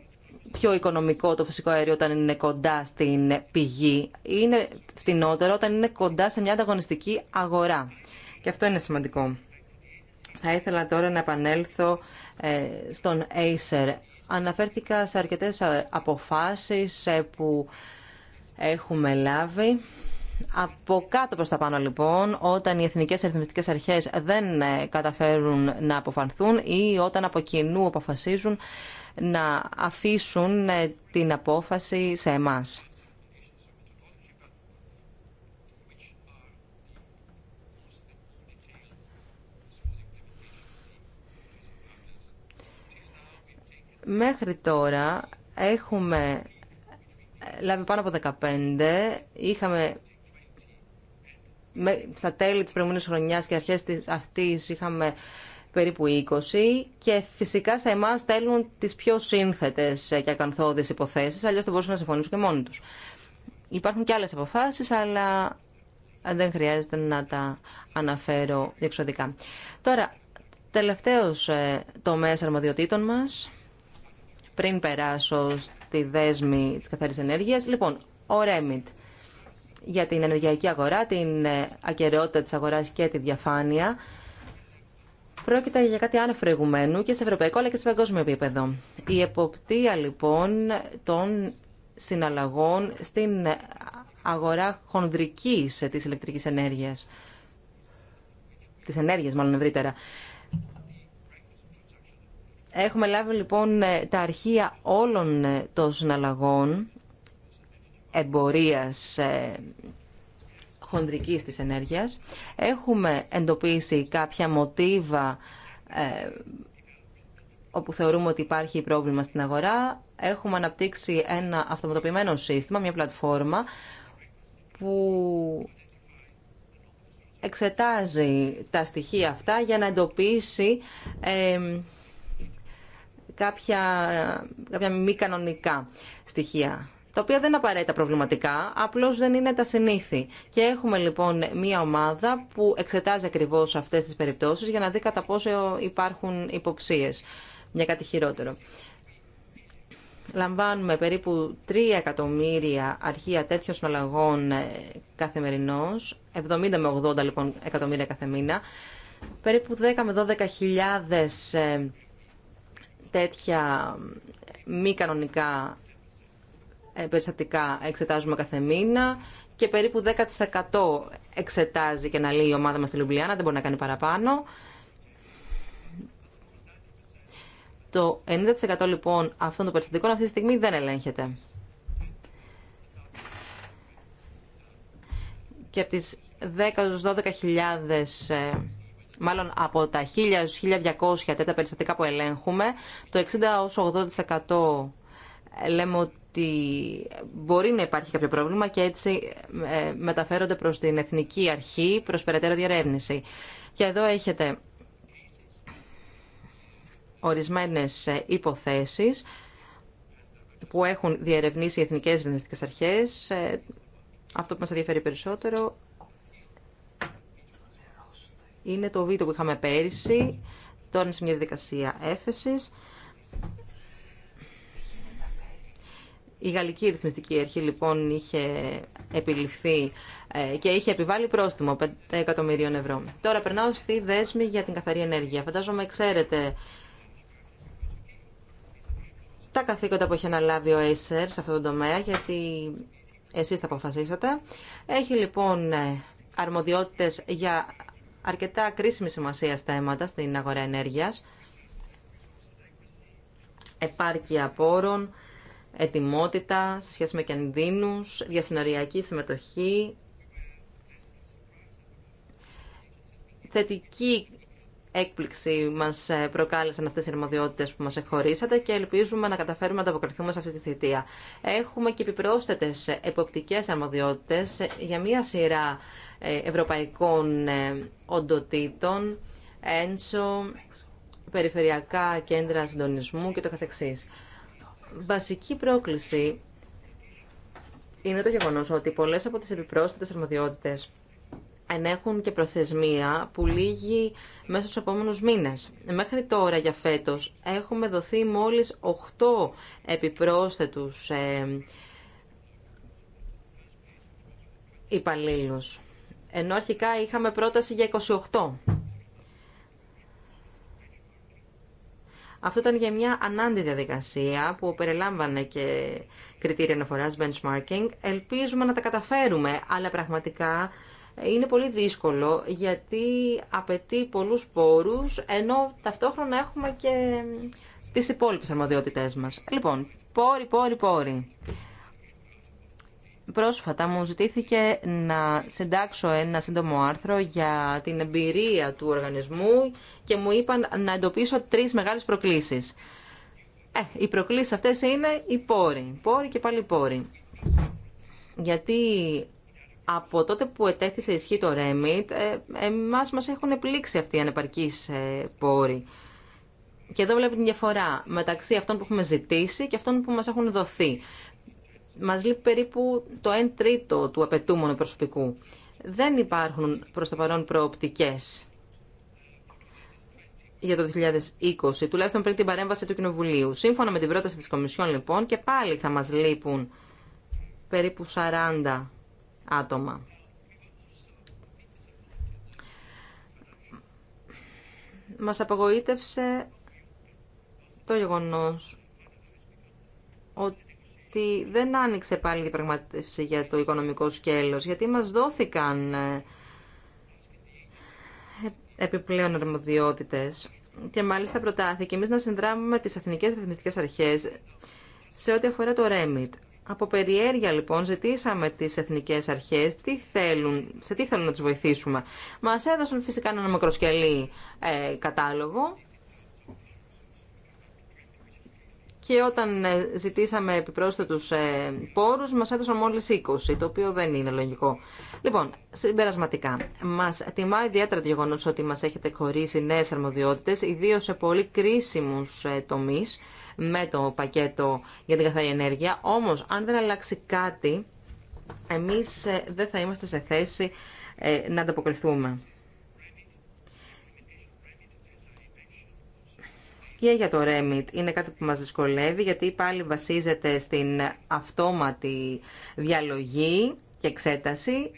πιο οικονομικό το φυσικό αέριο όταν είναι κοντά στην πηγή. Είναι φτηνότερο όταν είναι κοντά σε μια ανταγωνιστική αγορά. Και αυτό είναι σημαντικό. Θα ήθελα τώρα να επανέλθω ε, στον Acer. Αναφέρθηκα σε αρκετές ε, αποφάσεις ε, που έχουμε λάβει. Από κάτω προς τα πάνω λοιπόν, όταν οι εθνικές αριθμιστικές αρχές δεν ε, καταφέρουν να αποφανθούν ή όταν από κοινού αποφασίζουν να αφήσουν την απόφαση σε εμάς. Μέχρι τώρα έχουμε ε, λάβει πάνω από 15. Είχαμε στα τέλη της προηγούμενης χρονιάς και αρχές της, αυτής είχαμε περίπου 20 και φυσικά σε εμά στέλνουν τις πιο σύνθετες και ακανθώδεις υποθέσεις, αλλιώς δεν μπορούσαν να συμφωνήσουν και μόνοι τους. Υπάρχουν και άλλες αποφάσεις, αλλά δεν χρειάζεται να τα αναφέρω διεξοδικά. Τώρα, τελευταίος ε, τομέας αρμοδιοτήτων μας πριν περάσω στη δέσμη τη καθαρής ενέργεια. Λοιπόν, ο REMIT για την ενεργειακή αγορά, την ε, ακεραιότητα της αγοράς και τη διαφάνεια. Πρόκειται για κάτι άνευ προηγουμένου και σε ευρωπαϊκό αλλά και σε παγκόσμιο επίπεδο. Η εποπτεία λοιπόν των συναλλαγών στην αγορά χονδρικής ε, της ηλεκτρικής ενέργειας. Της ενέργειας μάλλον ευρύτερα. Έχουμε λάβει λοιπόν ε, τα αρχεία όλων ε, των συναλλαγών εμπορίας ε, χονδρικής της ενέργειας. Έχουμε εντοπίσει κάποια μοτίβα ε, όπου θεωρούμε ότι υπάρχει πρόβλημα στην αγορά. Έχουμε αναπτύξει ένα αυτοματοποιημένο σύστημα, μια πλατφόρμα που εξετάζει τα στοιχεία αυτά για να εντοπίσει κάποια, κάποια μη κανονικά στοιχεία τα οποία δεν είναι απαραίτητα προβληματικά, απλώς δεν είναι τα συνήθη. Και έχουμε λοιπόν μία ομάδα που εξετάζει ακριβώς αυτές τις περιπτώσεις για να δει κατά πόσο υπάρχουν υποψίες για κάτι χειρότερο. Λαμβάνουμε περίπου 3 εκατομμύρια αρχεία τέτοιων συναλλαγών ε, καθημερινώς, 70 με 80 λοιπόν εκατομμύρια κάθε μήνα, περίπου 10 με 12 χιλιάδες ε, τέτοια μη κανονικά ε, περιστατικά εξετάζουμε κάθε μήνα και περίπου 10% εξετάζει και να λέει η ομάδα μας στη Λουμπλιάνα, δεν μπορεί να κάνει παραπάνω. Το 90% λοιπόν αυτών των περιστατικών αυτή τη στιγμή δεν ελέγχεται. Και από τις 10-12.000 μάλλον από τα 1.000-1.200 τέτοια περιστατικά που ελέγχουμε, το 60-80% λέμε ότι μπορεί να υπάρχει κάποιο πρόβλημα και έτσι ε, μεταφέρονται προς την Εθνική Αρχή προς περαιτέρω διερεύνηση. Και εδώ έχετε ορισμένες ε, υποθέσεις που έχουν διερευνήσει οι Εθνικές Ρυθμιστικές Αρχές. Ε, αυτό που μας ενδιαφέρει περισσότερο είναι το βίντεο που είχαμε πέρυσι. Τώρα είναι σε μια διαδικασία έφεσης. Η Γαλλική Ρυθμιστική Αρχή λοιπόν είχε επιληφθεί ε, και είχε επιβάλει πρόστιμο 5 εκατομμυρίων ευρώ. Τώρα περνάω στη δέσμη για την καθαρή ενέργεια. Φαντάζομαι ξέρετε τα καθήκοντα που έχει αναλάβει ο Acer σε αυτό τον τομέα γιατί εσείς τα αποφασίσατε. Έχει λοιπόν ε, αρμοδιότητες για αρκετά κρίσιμη σημασία στέματα στην αγορά ενέργειας, επάρκεια πόρων, ετοιμότητα σε σχέση με κινδύνους, διασυνοριακή συμμετοχή, θετική έκπληξη μας προκάλεσαν αυτές οι αρμοδιότητες που μας εχωρίσατε και ελπίζουμε να καταφέρουμε να ανταποκριθούμε σε αυτή τη θητεία. Έχουμε και επιπρόσθετες εποπτικές αρμοδιότητες για μία σειρά ε, ευρωπαϊκών ε, οντοτήτων, ένσω, περιφερειακά κέντρα συντονισμού και το καθεξής. Βασική πρόκληση είναι το γεγονός ότι πολλές από τις επιπρόσθετες αρμοδιότητες ενέχουν και προθεσμία που λύγει μέσα στους επόμενους μήνες. Μέχρι τώρα για φέτος έχουμε δοθεί μόλις 8 επιπρόσθετους ε, υπαλλήλους ενώ αρχικά είχαμε πρόταση για 28. Αυτό ήταν για μια ανάντη διαδικασία που περιλάμβανε και κριτήρια αναφορά benchmarking. Ελπίζουμε να τα καταφέρουμε, αλλά πραγματικά είναι πολύ δύσκολο γιατί απαιτεί πολλούς πόρους, ενώ ταυτόχρονα έχουμε και τις υπόλοιπες αρμοδιότητές μας. Λοιπόν, πόροι, πόροι, πόροι. Πρόσφατα μου ζητήθηκε να συντάξω ένα σύντομο άρθρο για την εμπειρία του οργανισμού και μου είπαν να εντοπίσω τρεις μεγάλες προκλήσεις. Ε, οι προκλήσεις αυτές είναι οι πόροι. Πόροι και πάλι πόροι. Γιατί από τότε που ετέθησε ισχύ το REMIT, ε, εμάς μας έχουν επιλήξει αυτοί οι ανεπαρκείς ε, πόροι. Και εδώ βλέπετε την διαφορά μεταξύ αυτών που έχουμε ζητήσει και αυτών που μας έχουν δοθεί. Μα λείπει περίπου το 1 τρίτο του απαιτούμενου προσωπικού. Δεν υπάρχουν προ το παρόν προοπτικέ. για το 2020, τουλάχιστον πριν την παρέμβαση του Κοινοβουλίου. Σύμφωνα με την πρόταση τη Κομισιόν, λοιπόν, και πάλι θα μα λείπουν περίπου 40 άτομα. Μας απογοήτευσε το γεγονός ότι ότι δεν άνοιξε πάλι η πραγματεύση για το οικονομικό σκέλος, γιατί μας δόθηκαν ε, επιπλέον αρμοδιότητες και μάλιστα προτάθηκε εμείς να συνδράμουμε τις Εθνικές Ρυθμιστικές Αρχές σε ό,τι αφορά το REMIT. Από περιέργεια λοιπόν ζητήσαμε τις εθνικές αρχές τι θέλουν, σε τι θέλουν να τις βοηθήσουμε. Μας έδωσαν φυσικά ένα μακροσκελή ε, κατάλογο και όταν ε, ζητήσαμε επιπρόσθετους ε, πόρους μας έδωσαν μόλις 20, το οποίο δεν είναι λογικό. Λοιπόν, συμπερασματικά, μας τιμά ιδιαίτερα το γεγονό ότι μας έχετε χωρίσει νέες αρμοδιότητες, ιδίω σε πολύ κρίσιμους ε, τομείς με το πακέτο για την καθαρή ενέργεια. Όμως, αν δεν αλλάξει κάτι, εμείς δεν θα είμαστε σε θέση να ανταποκριθούμε. και για το REMIT είναι κάτι που μας δυσκολεύει γιατί πάλι βασίζεται στην αυτόματη διαλογή και εξέταση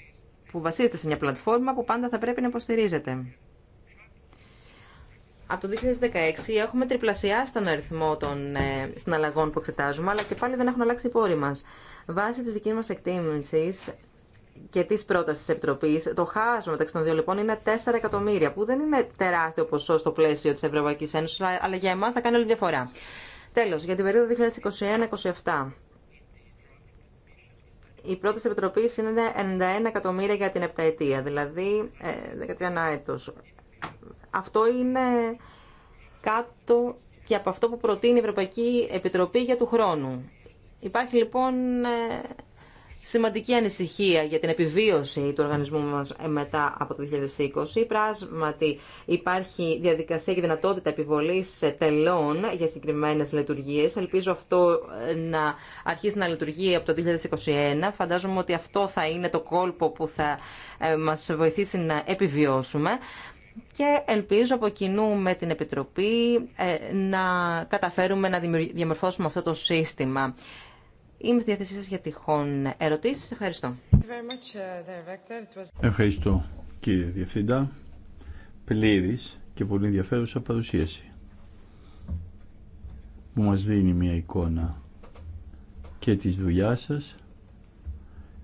που βασίζεται σε μια πλατφόρμα που πάντα θα πρέπει να υποστηρίζεται. Από το 2016 έχουμε τριπλασιάσει τον αριθμό των ε, συναλλαγών που εξετάζουμε, αλλά και πάλι δεν έχουν αλλάξει οι πόροι μας. Βάσει της δική μας εκτίμηση και τη πρόταση τη Επιτροπή, το χάσμα μεταξύ των δύο λοιπόν είναι 4 εκατομμύρια, που δεν είναι τεράστιο ποσό στο πλαίσιο τη Ευρωπαϊκή Ένωση, αλλά για εμά θα κάνει όλη διαφορά. Τέλο, για την περίοδο 2021-2027. Η πρόταση Επιτροπή είναι 91 εκατομμύρια για την επταετία, δηλαδή 13 ε, έτο. Αυτό είναι κάτω και από αυτό που προτείνει η Ευρωπαϊκή Επιτροπή για του χρόνου. Υπάρχει λοιπόν ε, σημαντική ανησυχία για την επιβίωση του οργανισμού μας μετά από το 2020. Πράγματι, υπάρχει διαδικασία και δυνατότητα επιβολής τελών για συγκεκριμένες λειτουργίες. Ελπίζω αυτό ε, να αρχίσει να λειτουργεί από το 2021. Φαντάζομαι ότι αυτό θα είναι το κόλπο που θα ε, μας βοηθήσει να επιβιώσουμε και ελπίζω από κοινού με την Επιτροπή ε, να καταφέρουμε να διαμορφώσουμε αυτό το σύστημα Είμαι στη διάθεσή σας για τυχόν ερωτήσεις. Ευχαριστώ. Ευχαριστώ κύριε Διευθύντα. Πλήρης και πολύ ενδιαφέρουσα παρουσίαση που μας δίνει μια εικόνα και της δουλειά σας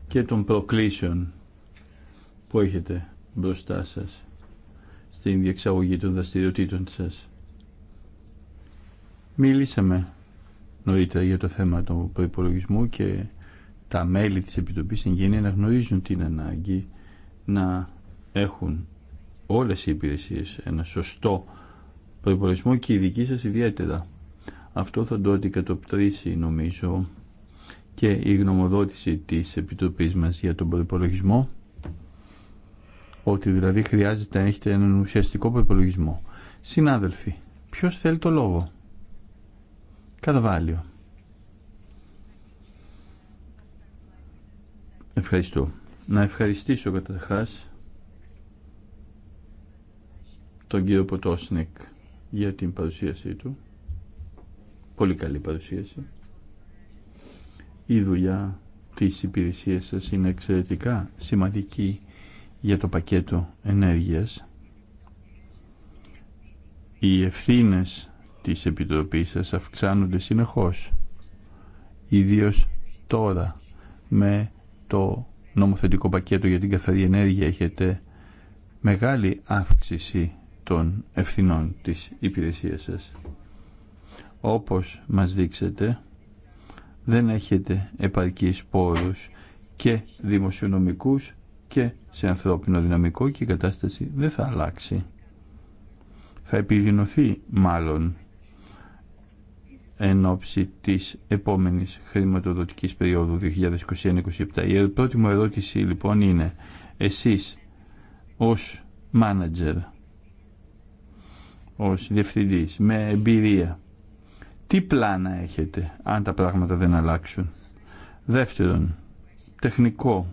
και των προκλήσεων που έχετε μπροστά σας στην διεξαγωγή των δραστηριοτήτων σας. Μίλησαμε νωρίτερα για το θέμα του προπολογισμού και τα μέλη της Επιτροπής Εγγένεια να γνωρίζουν την ανάγκη να έχουν όλες οι υπηρεσίες ένα σωστό προπολογισμό και η δική σας ιδιαίτερα. Αυτό θα το αντικατοπτρίσει νομίζω και η γνωμοδότηση της Επιτροπής μας για τον προπολογισμό ότι δηλαδή χρειάζεται να έχετε έναν ουσιαστικό προπολογισμό. Συνάδελφοι, ποιος θέλει το λόγο. Καρβάλιο. Ευχαριστώ. Να ευχαριστήσω καταρχά τον κύριο Ποτόσνικ για την παρουσίασή του. Πολύ καλή παρουσίαση. Η δουλειά της υπηρεσίας σας είναι εξαιρετικά σημαντική για το πακέτο ενέργειας. Οι ευθύνες της Επιτροπής σας αυξάνονται συνεχώς ιδίως τώρα με το νομοθετικό πακέτο για την καθαρή ενέργεια έχετε μεγάλη αύξηση των ευθυνών της υπηρεσίας σας. Όπως μας δείξετε, δεν έχετε επαρκείς πόρους και δημοσιονομικούς και σε ανθρώπινο δυναμικό και η κατάσταση δεν θα αλλάξει. Θα επιδεινωθεί μάλλον εν ώψη της επόμενης χρηματοδοτικής περίοδου 2021-2027. Η πρώτη μου ερώτηση λοιπόν είναι εσείς ως μάνατζερ, ως διευθυντής με εμπειρία τι πλάνα έχετε αν τα πράγματα δεν αλλάξουν. Δεύτερον, τεχνικό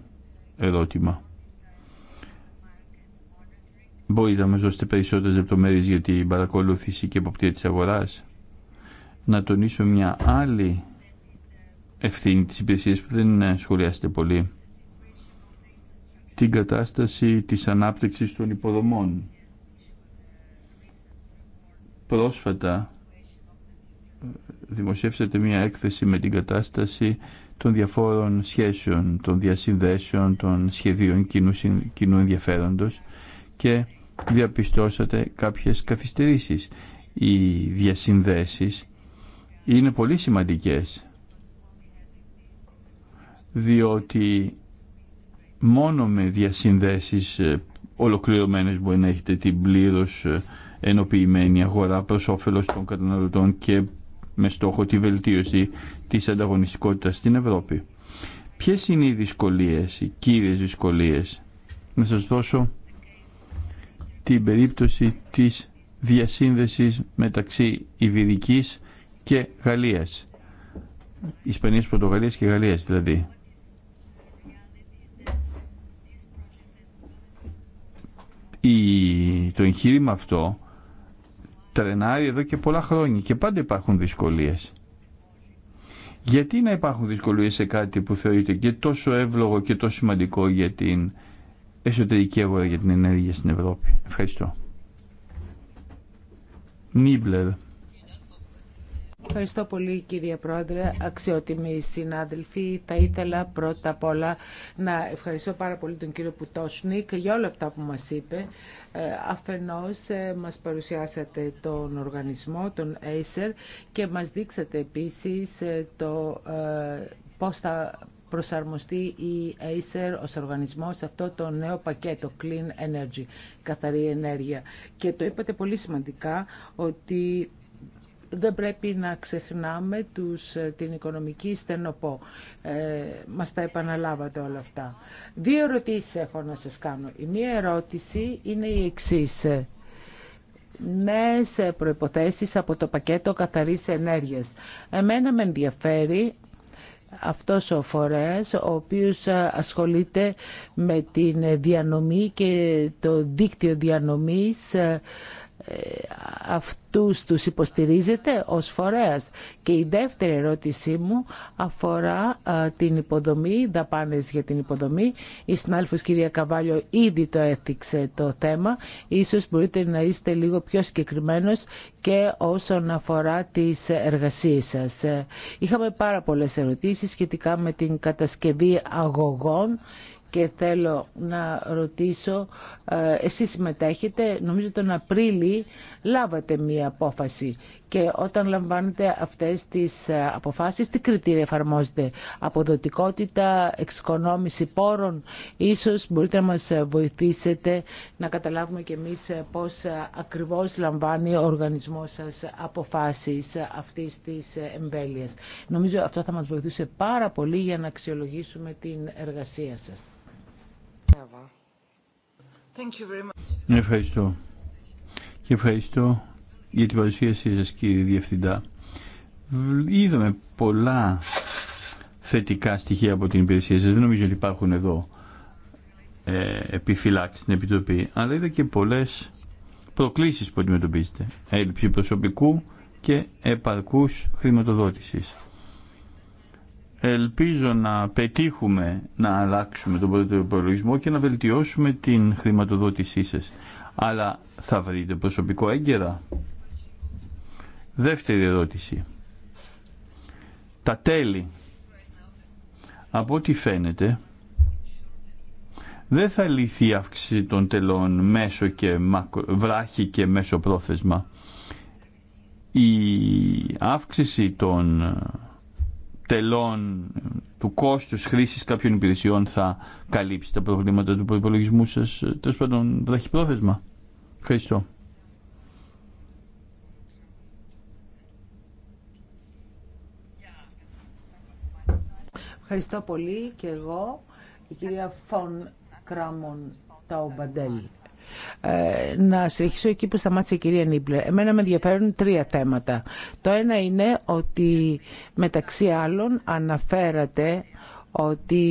ερώτημα. Μπορείτε να μας δώσετε περισσότερες λεπτομέρειες για την παρακολούθηση και εποπτεία της αγοράς να τονίσω μια άλλη ευθύνη της υπηρεσίας που δεν σχολιάζεται πολύ. Την κατάσταση της ανάπτυξης των υποδομών. Πρόσφατα δημοσιεύσατε μια έκθεση με την κατάσταση των διαφόρων σχέσεων, των διασυνδέσεων, των σχεδίων κοινού, κοινού ενδιαφέροντος και διαπιστώσατε κάποιες καθυστερήσεις. Οι διασυνδέσεις είναι πολύ σημαντικές διότι μόνο με διασυνδέσεις ε, ολοκληρωμένες μπορεί να έχετε την πλήρως ε, ενοποιημένη αγορά προς όφελος των καταναλωτών και με στόχο τη βελτίωση της ανταγωνιστικότητας στην Ευρώπη. Ποιες είναι οι δυσκολίες, οι κύριες δυσκολίες. Να σας δώσω την περίπτωση της διασύνδεσης μεταξύ Ιβηρικής και Γαλλίας. Ισπανίας, Πορτογαλίας και Γαλλίας δηλαδή. το εγχείρημα αυτό τρενάρει εδώ και πολλά χρόνια και πάντα υπάρχουν δυσκολίες. Γιατί να υπάρχουν δυσκολίες σε κάτι που θεωρείται και τόσο εύλογο και τόσο σημαντικό για την εσωτερική αγορά για την ενέργεια στην Ευρώπη. Ευχαριστώ. Νίμπλερ. Ευχαριστώ πολύ κύριε Πρόεδρε, αξιότιμοι συνάδελφοι. Θα ήθελα πρώτα απ' όλα να ευχαριστώ πάρα πολύ τον κύριο Πουτόσνικ για όλα αυτά που μας είπε. Ε, αφενός ε, μας παρουσιάσατε τον οργανισμό, τον Acer και μας δείξατε επίσης ε, το πώς θα προσαρμοστεί η Acer ως οργανισμό σε αυτό το νέο πακέτο Clean Energy, καθαρή ενέργεια. Και το είπατε πολύ σημαντικά ότι δεν πρέπει να ξεχνάμε τους, ε, την οικονομική στενοπό. Ε, μας τα επαναλάβατε όλα αυτά. Δύο ερωτήσεις έχω να σας κάνω. Η μία ερώτηση είναι η εξής. Νέες ε, προϋποθέσεις από το πακέτο καθαρής ενέργειας. Εμένα με ενδιαφέρει αυτός ο φορέας ο οποίος ε, ασχολείται με την διανομή και το δίκτυο διανομής αυτούς τους υποστηρίζετε ως φορέας. Και η δεύτερη ερώτησή μου αφορά την υποδομή, δαπάνες για την υποδομή. Η συνάλφος κυρία Καβάλιο ήδη το έθιξε το θέμα. Ίσως μπορείτε να είστε λίγο πιο συγκεκριμένος και όσον αφορά τις εργασίες σας. Ε, είχαμε πάρα πολλές ερωτήσεις σχετικά με την κατασκευή αγωγών και θέλω να ρωτήσω, ε, εσείς συμμετέχετε, νομίζω τον Απρίλη λάβατε μία απόφαση και όταν λαμβάνετε αυτές τις ε, αποφάσεις, τι κριτήρια εφαρμόζετε, αποδοτικότητα, εξοικονόμηση πόρων, ίσως μπορείτε να μας ε, βοηθήσετε να καταλάβουμε και εμείς πώς ακριβώς λαμβάνει ο οργανισμός σας αποφάσεις αυτής της εμβέλειας. Νομίζω αυτό θα μας βοηθούσε πάρα πολύ για να αξιολογήσουμε την εργασία σας. Ευχαριστώ. Και ευχαριστώ για την παρουσίασή σας κύριε Διευθυντά. Είδαμε πολλά θετικά στοιχεία από την υπηρεσία σας. Δεν νομίζω ότι υπάρχουν εδώ ε, επιφυλάξει στην Επιτροπή. Αλλά είδα και πολλές προκλήσεις που αντιμετωπίζετε. Έλλειψη προσωπικού και επαρκούς χρηματοδότησης. Ελπίζω να πετύχουμε να αλλάξουμε τον πρώτο υπολογισμό και να βελτιώσουμε την χρηματοδότησή σας. Αλλά θα βρείτε προσωπικό έγκαιρα. Δεύτερη ερώτηση. Τα τέλη. Από ό,τι φαίνεται, δεν θα λυθεί η αύξηση των τελών μέσω και βράχη και μέσο πρόθεσμα. Η αύξηση των τελών, του κόστους χρήσης κάποιων υπηρεσιών θα καλύψει τα προβλήματα του προπολογισμού σα. τέλο πάντων, πρόθεσμα. Ευχαριστώ. Ευχαριστώ πολύ και εγώ, η κυρία Φων Κράμον Ταομπαντέλη. Ε, να συνεχίσω εκεί που σταμάτησε η κυρία Νίπλερ. Εμένα με ενδιαφέρουν τρία θέματα. Το ένα είναι ότι μεταξύ άλλων αναφέρατε ότι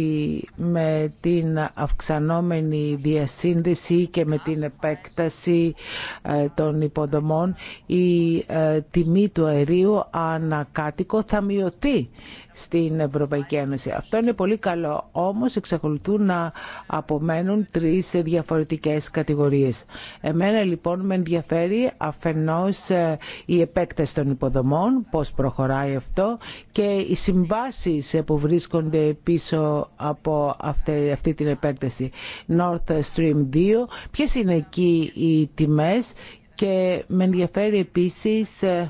με την αυξανόμενη διασύνδεση και με την επέκταση ε, των υποδομών η ε, τιμή του αερίου ανακάτοικο θα μειωθεί στην Ευρωπαϊκή Ένωση. Αυτό είναι πολύ καλό, όμως εξακολουθούν να απομένουν τρεις διαφορετικές κατηγορίες. Εμένα λοιπόν με ενδιαφέρει αφενός ε, η επέκταση των υποδομών, πώς προχωράει αυτό και οι συμβάσεις ε, που βρίσκονται πίσω από αυτή, την επέκταση. North Stream 2, ποιες είναι εκεί οι τιμές και με ενδιαφέρει επίσης ε,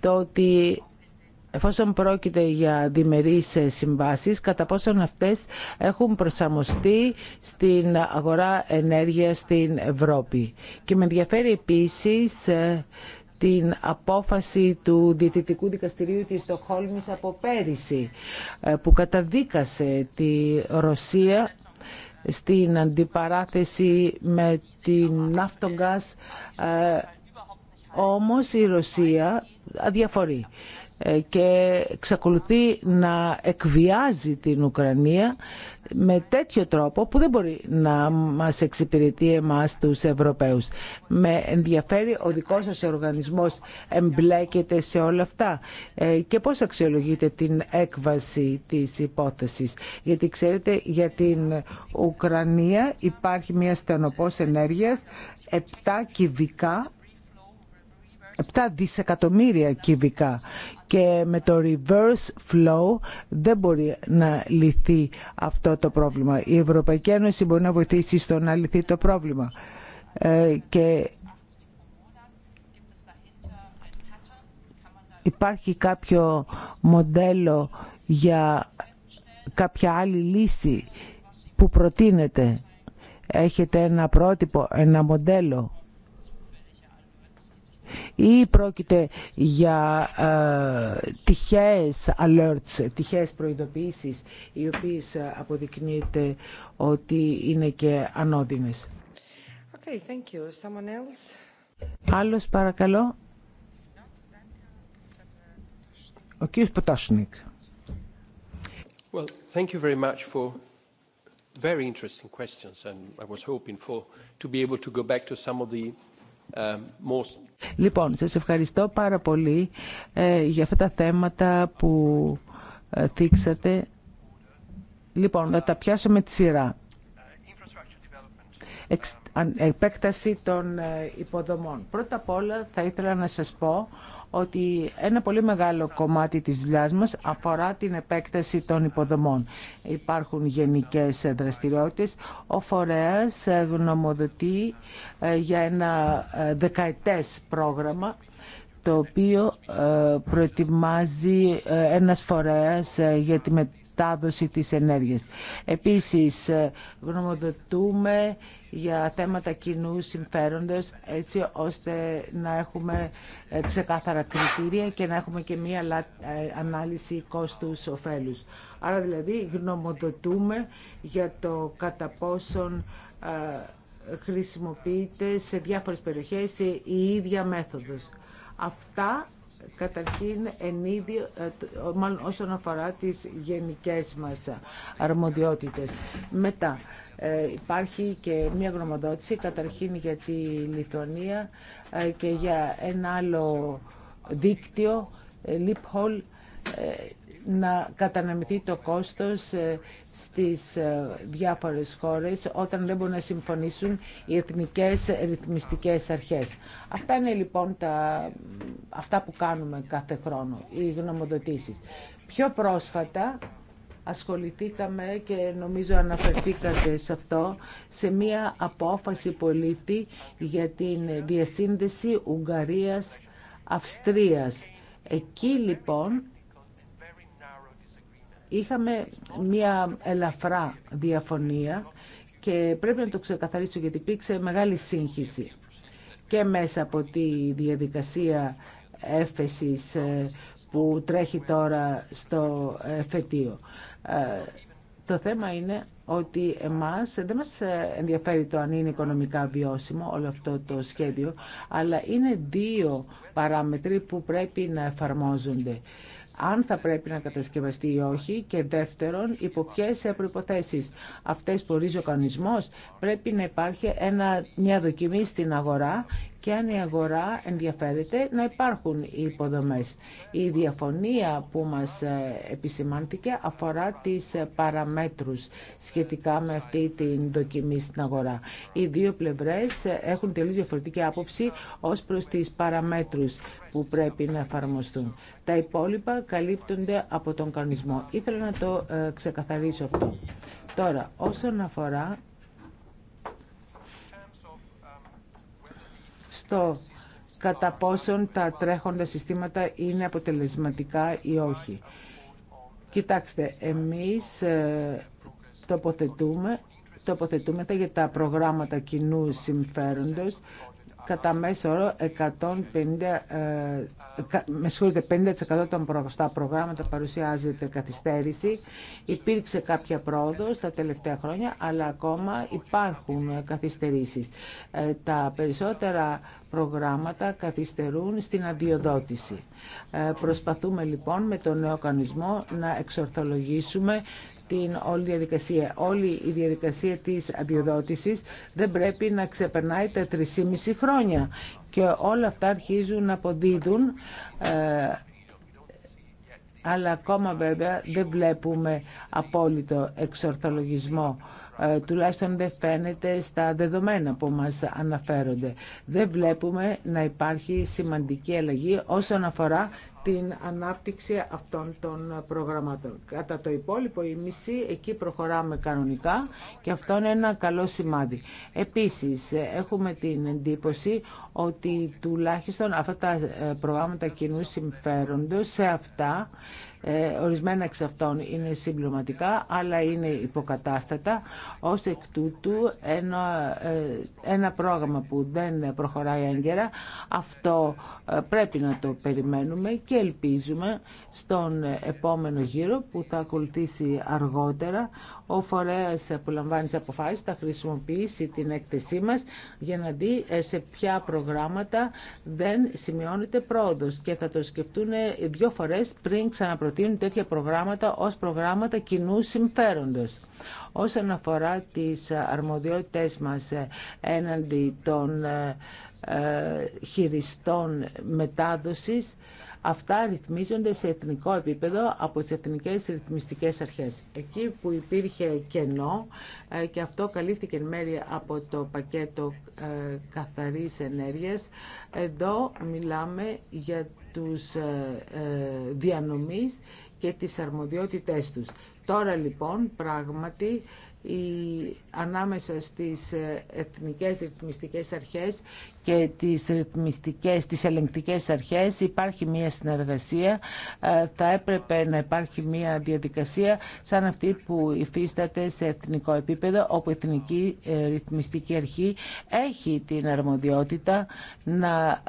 το ότι εφόσον πρόκειται για διμερείς ε, συμβάσεις, κατά πόσον αυτές έχουν προσαρμοστεί στην αγορά ενέργειας στην Ευρώπη. Και με ενδιαφέρει επίσης ε, την απόφαση του Διεθνικού Δικαστηρίου της Στοχόλμης από πέρυσι, ε, που καταδίκασε τη Ρωσία στην αντιπαράθεση με την Ναύτογκας όμως η Ρωσία αδιαφορεί. Ε, και εξακολουθεί να εκβιάζει την Ουκρανία με τέτοιο τρόπο που δεν μπορεί να μας εξυπηρετεί εμάς τους Ευρωπαίους. Με ενδιαφέρει ο δικός σας οργανισμός εμπλέκεται σε όλα αυτά ε, και πώς αξιολογείτε την έκβαση της υπόθεσης. Γιατί ξέρετε για την Ουκρανία υπάρχει μια στενοπός ενέργειας 7 κυβικά δισεκατομμύρια κυβικά και με το reverse flow δεν μπορεί να λυθεί αυτό το πρόβλημα. Η Ευρωπαϊκή Ένωση μπορεί να βοηθήσει στο να λυθεί το πρόβλημα. Ε, και υπάρχει κάποιο μοντέλο για κάποια άλλη λύση που προτείνεται. Έχετε ένα πρότυπο, ένα μοντέλο ή πρόκειται για ε, τυχαίες alerts, τυχαίες προειδοποιήσεις οι οποίες αποδεικνύεται ότι είναι και ανώδυνες. Okay, thank you. Someone else? Άλλος παρακαλώ. Ο κ. Ποτάσνικ. Well, thank you very much for very interesting questions and I was hoping for to be able to go back to some of the Um, λοιπόν, σας ευχαριστώ πάρα πολύ ε, για αυτά τα θέματα που ε, θίξατε. Λοιπόν, θα τα πιάσω με τη σειρά. Επέκταση των ε, υποδομών. Πρώτα απ' όλα θα ήθελα να σας πω ότι ένα πολύ μεγάλο κομμάτι της δουλειά μας αφορά την επέκταση των υποδομών. Υπάρχουν γενικές δραστηριότητες. Ο φορέας ε, γνωμοδοτεί ε, για ένα ε, δεκαετές πρόγραμμα το οποίο προετοιμάζει ένας φορέας για τη μετάδοση της ενέργειας. Επίσης, ε, γνωμοδοτούμε για θέματα κοινού συμφέροντος έτσι ώστε να έχουμε ε, ξεκάθαρα κριτήρια και να έχουμε και μία ε, ανάλυση κόστους ωφέλους. Άρα δηλαδή γνωμοδοτούμε για το κατά πόσον χρησιμοποιείται σε διάφορες περιοχές η ίδια μέθοδος. Αυτά καταρχήν ενίδιο, ε, μάλλον όσον αφορά τις γενικές μας αρμοδιότητες. Μετά ε, υπάρχει και μια γνωμοδότηση καταρχήν για τη Λιθουανία ε, και για ένα άλλο δίκτυο, LIPHOL, να καταναμηθεί το κόστος στις ε, διάφορες χώρες όταν δεν μπορούν να συμφωνήσουν οι εθνικές ρυθμιστικές αρχές. Αυτά είναι λοιπόν τα, αυτά που κάνουμε κάθε χρόνο, οι γνωμοδοτήσεις. Πιο πρόσφατα ασχοληθήκαμε και νομίζω αναφερθήκατε σε αυτό σε μία απόφαση πολίτη για την διασύνδεση Ουγγαρίας-Αυστρίας. Εκεί λοιπόν είχαμε μια ελαφρά διαφωνία και πρέπει να το ξεκαθαρίσω γιατί υπήρξε μεγάλη σύγχυση και μέσα από τη διαδικασία έφεσης ε, που τρέχει τώρα στο ε, φετίο. Ε, το θέμα είναι ότι εμάς δεν μας ενδιαφέρει το αν είναι οικονομικά βιώσιμο όλο αυτό το σχέδιο, αλλά είναι δύο παράμετροι που πρέπει να εφαρμόζονται αν θα πρέπει να κατασκευαστεί ή όχι και δεύτερον υπό ποιε προποθέσει. Αυτές που ορίζει ο κανονισμός... πρέπει να υπάρχει ένα, μια δοκιμή στην αγορά και αν η αγορά ενδιαφέρεται να υπάρχουν οι υποδομές. Η διαφωνία που μας ε, επισημάνθηκε αφορά τις ε, παραμέτρους σχετικά με αυτή την δοκιμή στην αγορά. Οι δύο πλευρές ε, έχουν τελείως διαφορετική άποψη ως προς τις παραμέτρους που πρέπει να εφαρμοστούν. Τα υπόλοιπα καλύπτονται από τον κανονισμό. Ήθελα να το ξεκαθαρίσω αυτό. Τώρα, όσον αφορά το κατά πόσον τα τρέχοντα συστήματα είναι αποτελεσματικά ή όχι. Κοιτάξτε, εμείς ε, τοποθετούμε, τοποθετούμε τα για τα προγράμματα κοινού συμφέροντος κατά μέσο όρο 150, ε, με 50% των στα προγράμματα παρουσιάζεται καθυστέρηση. Υπήρξε κάποια πρόοδο τα τελευταία χρόνια, αλλά ακόμα υπάρχουν καθυστερήσεις. Ε, τα περισσότερα προγράμματα καθυστερούν στην αδειοδότηση. Ε, προσπαθούμε λοιπόν με τον νέο κανονισμό να εξορθολογήσουμε την όλη διαδικασία. Όλη η διαδικασία της αντιοδότησης δεν πρέπει να ξεπερνάει τα 3,5 χρόνια και όλα αυτά αρχίζουν να αποδίδουν ε, αλλά ακόμα βέβαια δεν βλέπουμε απόλυτο εξορθολογισμό. Ε, τουλάχιστον δεν φαίνεται στα δεδομένα που μας αναφέρονται. Δεν βλέπουμε να υπάρχει σημαντική αλλαγή όσον αφορά την ανάπτυξη αυτών των προγραμμάτων. Κατά το υπόλοιπο μισή, εκεί προχωράμε κανονικά και αυτό είναι ένα καλό σημάδι. Επίσης έχουμε την εντύπωση ότι τουλάχιστον αυτά τα ε, προγράμματα κοινού συμφέροντος σε αυτά ε, ορισμένα εξ αυτών είναι συμπληρωματικά αλλά είναι υποκατάστατα ως εκ τούτου ένα, ε, ένα πρόγραμμα που δεν προχωράει έγκαιρα αυτό πρέπει να το περιμένουμε και ελπίζουμε στον επόμενο γύρο που θα ακολουθήσει αργότερα. Ο φορέας που λαμβάνει τις αποφάσεις θα χρησιμοποιήσει την έκθεσή μας για να δει ε, σε ποια προγράμματα δεν σημειώνεται πρόοδος και θα το σκεφτούν ε, δύο φορές πριν ξαναπροτείνουν τέτοια προγράμματα ως προγράμματα κοινού συμφέροντος. Όσον αφορά τις αρμοδιότητες μας ε, έναντι των χειριστών μετάδοσης, Αυτά ρυθμίζονται σε εθνικό επίπεδο από τις εθνικές ρυθμιστικές αρχές. Εκεί που υπήρχε κενό ε, και αυτό καλύφθηκε εν από το πακέτο ε, καθαρής ενέργειας, εδώ μιλάμε για τους ε, διανομής και τις αρμοδιότητές τους. Τώρα λοιπόν πράγματι η, ανάμεσα στις ε, εθνικές ρυθμιστικές αρχές και τις ρυθμιστικές, τις ελεγκτικές αρχές υπάρχει μια συνεργασία, ε, θα έπρεπε να υπάρχει μια διαδικασία σαν αυτή που υφίσταται σε εθνικό επίπεδο, όπου η Εθνική ε, Ρυθμιστική Αρχή έχει την αρμοδιότητα να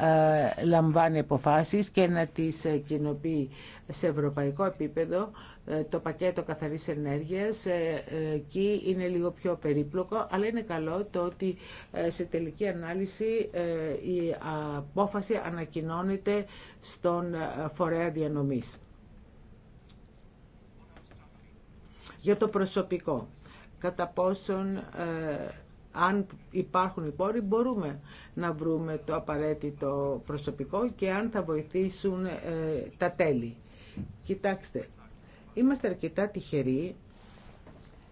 λαμβάνει αποφάσεις και να τις κοινοποιεί σε ευρωπαϊκό επίπεδο ε, το πακέτο καθαρής ενέργειας. Ε, ε, εκεί είναι λίγο πιο περίπλοκο, αλλά είναι καλό το ότι σε τελική ανάλυση η απόφαση ανακοινώνεται στον φορέα διανομής. Για το προσωπικό, κατά πόσον αν υπάρχουν οι μπορούμε να βρούμε το απαραίτητο προσωπικό και αν θα βοηθήσουν τα τέλη. Κοιτάξτε, Είμαστε αρκετά τυχεροί.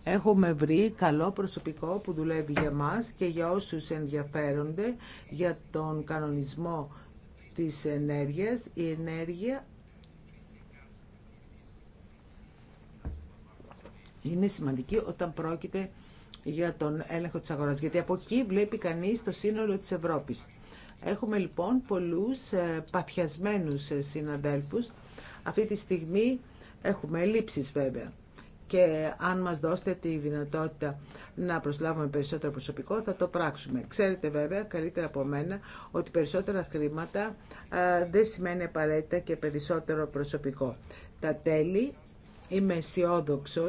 Έχουμε βρει καλό προσωπικό που δουλεύει για μας και για όσους ενδιαφέρονται για τον κανονισμό της ενέργειας. Η ενέργεια είναι σημαντική όταν πρόκειται για τον έλεγχο της αγοράς, γιατί από εκεί βλέπει κανείς το σύνολο της Ευρώπης. Έχουμε λοιπόν πολλούς ε, παθιασμένους ε, συναδέλφους. Αυτή τη στιγμή Έχουμε ελλείψεις βέβαια και αν μας δώσετε τη δυνατότητα να προσλάβουμε περισσότερο προσωπικό θα το πράξουμε. Ξέρετε βέβαια καλύτερα από μένα ότι περισσότερα χρήματα ε, δεν σημαίνει απαραίτητα και περισσότερο προσωπικό. Τα τέλη είμαι αισιόδοξο.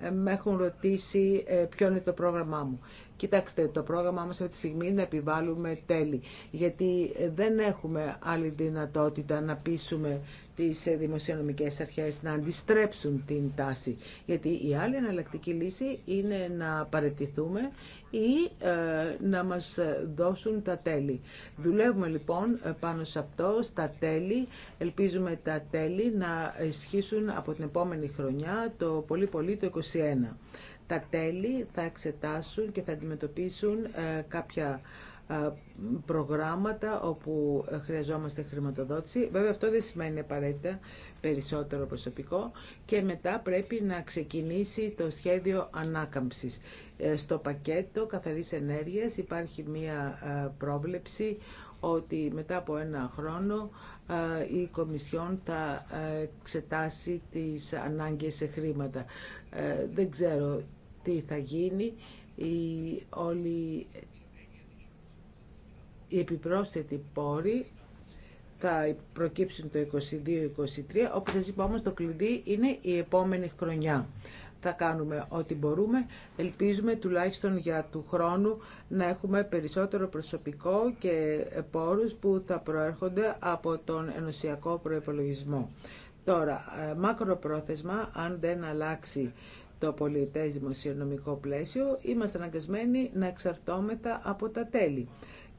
Ε, με έχουν ρωτήσει ε, ποιο είναι το πρόγραμμά μου. Κοιτάξτε, το πρόγραμμά μας αυτή τη στιγμή είναι να επιβάλλουμε τέλη, γιατί δεν έχουμε άλλη δυνατότητα να πείσουμε τις δημοσιονομικές αρχές να αντιστρέψουν την τάση. Γιατί η άλλη εναλλακτική λύση είναι να παρετηθούμε ή ε, να μας δώσουν τα τέλη. Δουλεύουμε λοιπόν πάνω σε αυτό, στα τέλη. Ελπίζουμε τα τέλη να ισχύσουν από την επόμενη χρονιά, το πολύ πολύ το 2021 τα τέλη θα εξετάσουν και θα αντιμετωπίσουν ε, κάποια ε, προγράμματα όπου χρειαζόμαστε χρηματοδότηση. Βέβαια αυτό δεν σημαίνει απαραίτητα περισσότερο προσωπικό και μετά πρέπει να ξεκινήσει το σχέδιο ανάκαμψης. Ε, στο πακέτο καθαρής ενέργειας υπάρχει μία πρόβλεψη ότι μετά από ένα χρόνο η Κομισιόν θα εξετάσει τις ανάγκες σε χρήματα. Ε, δεν ξέρω τι θα γίνει. Η, όλη οι επιπρόσθετοι πόροι θα προκύψουν το 22-23. Όπως σας είπα όμως το κλειδί είναι η επόμενη χρονιά. Θα κάνουμε ό,τι μπορούμε. Ελπίζουμε τουλάχιστον για του χρόνου να έχουμε περισσότερο προσωπικό και πόρους που θα προέρχονται από τον ενωσιακό προϋπολογισμό. Τώρα, ε, μακροπρόθεσμα, αν δεν αλλάξει το πολιτεύσιμο δημοσιονομικό πλαίσιο, είμαστε αναγκασμένοι να εξαρτώμεθα από τα τέλη.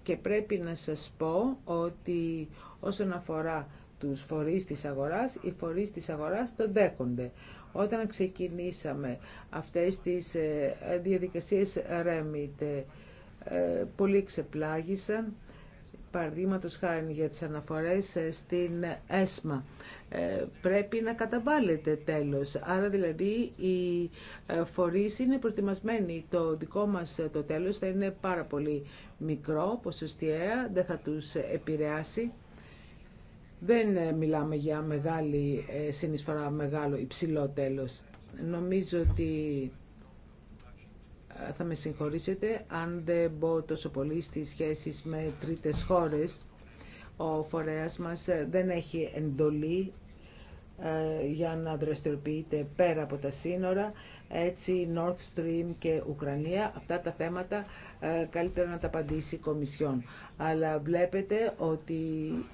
Και πρέπει να σας πω ότι όσον αφορά τους φορείς της αγοράς, οι φορείς της αγοράς το δέχονται. Όταν ξεκινήσαμε αυτές τις ε, διαδικασίες REMIT, ε, πολλοί ξεπλάγησαν παραδείγματο χάρη για τις αναφορές ε, στην ΕΣΜΑ ε, πρέπει να καταβάλλεται τέλος. Άρα δηλαδή οι ε, φορείς είναι προετοιμασμένοι. Το δικό μας το τέλος θα είναι πάρα πολύ μικρό, ποσοστιαία, δεν θα τους επηρεάσει. Δεν μιλάμε για μεγάλη συνεισφορά, μεγάλο υψηλό τέλος. Νομίζω ότι θα με συγχωρήσετε αν δεν μπω τόσο πολύ στις σχέσεις με τρίτες χώρες. Ο φορέας μας ε, δεν έχει εντολή ε, για να δραστηριοποιείται πέρα από τα σύνορα. Έτσι, North Stream και Ουκρανία, αυτά τα θέματα ε, καλύτερα να τα απαντήσει η Κομισιόν. Αλλά βλέπετε ότι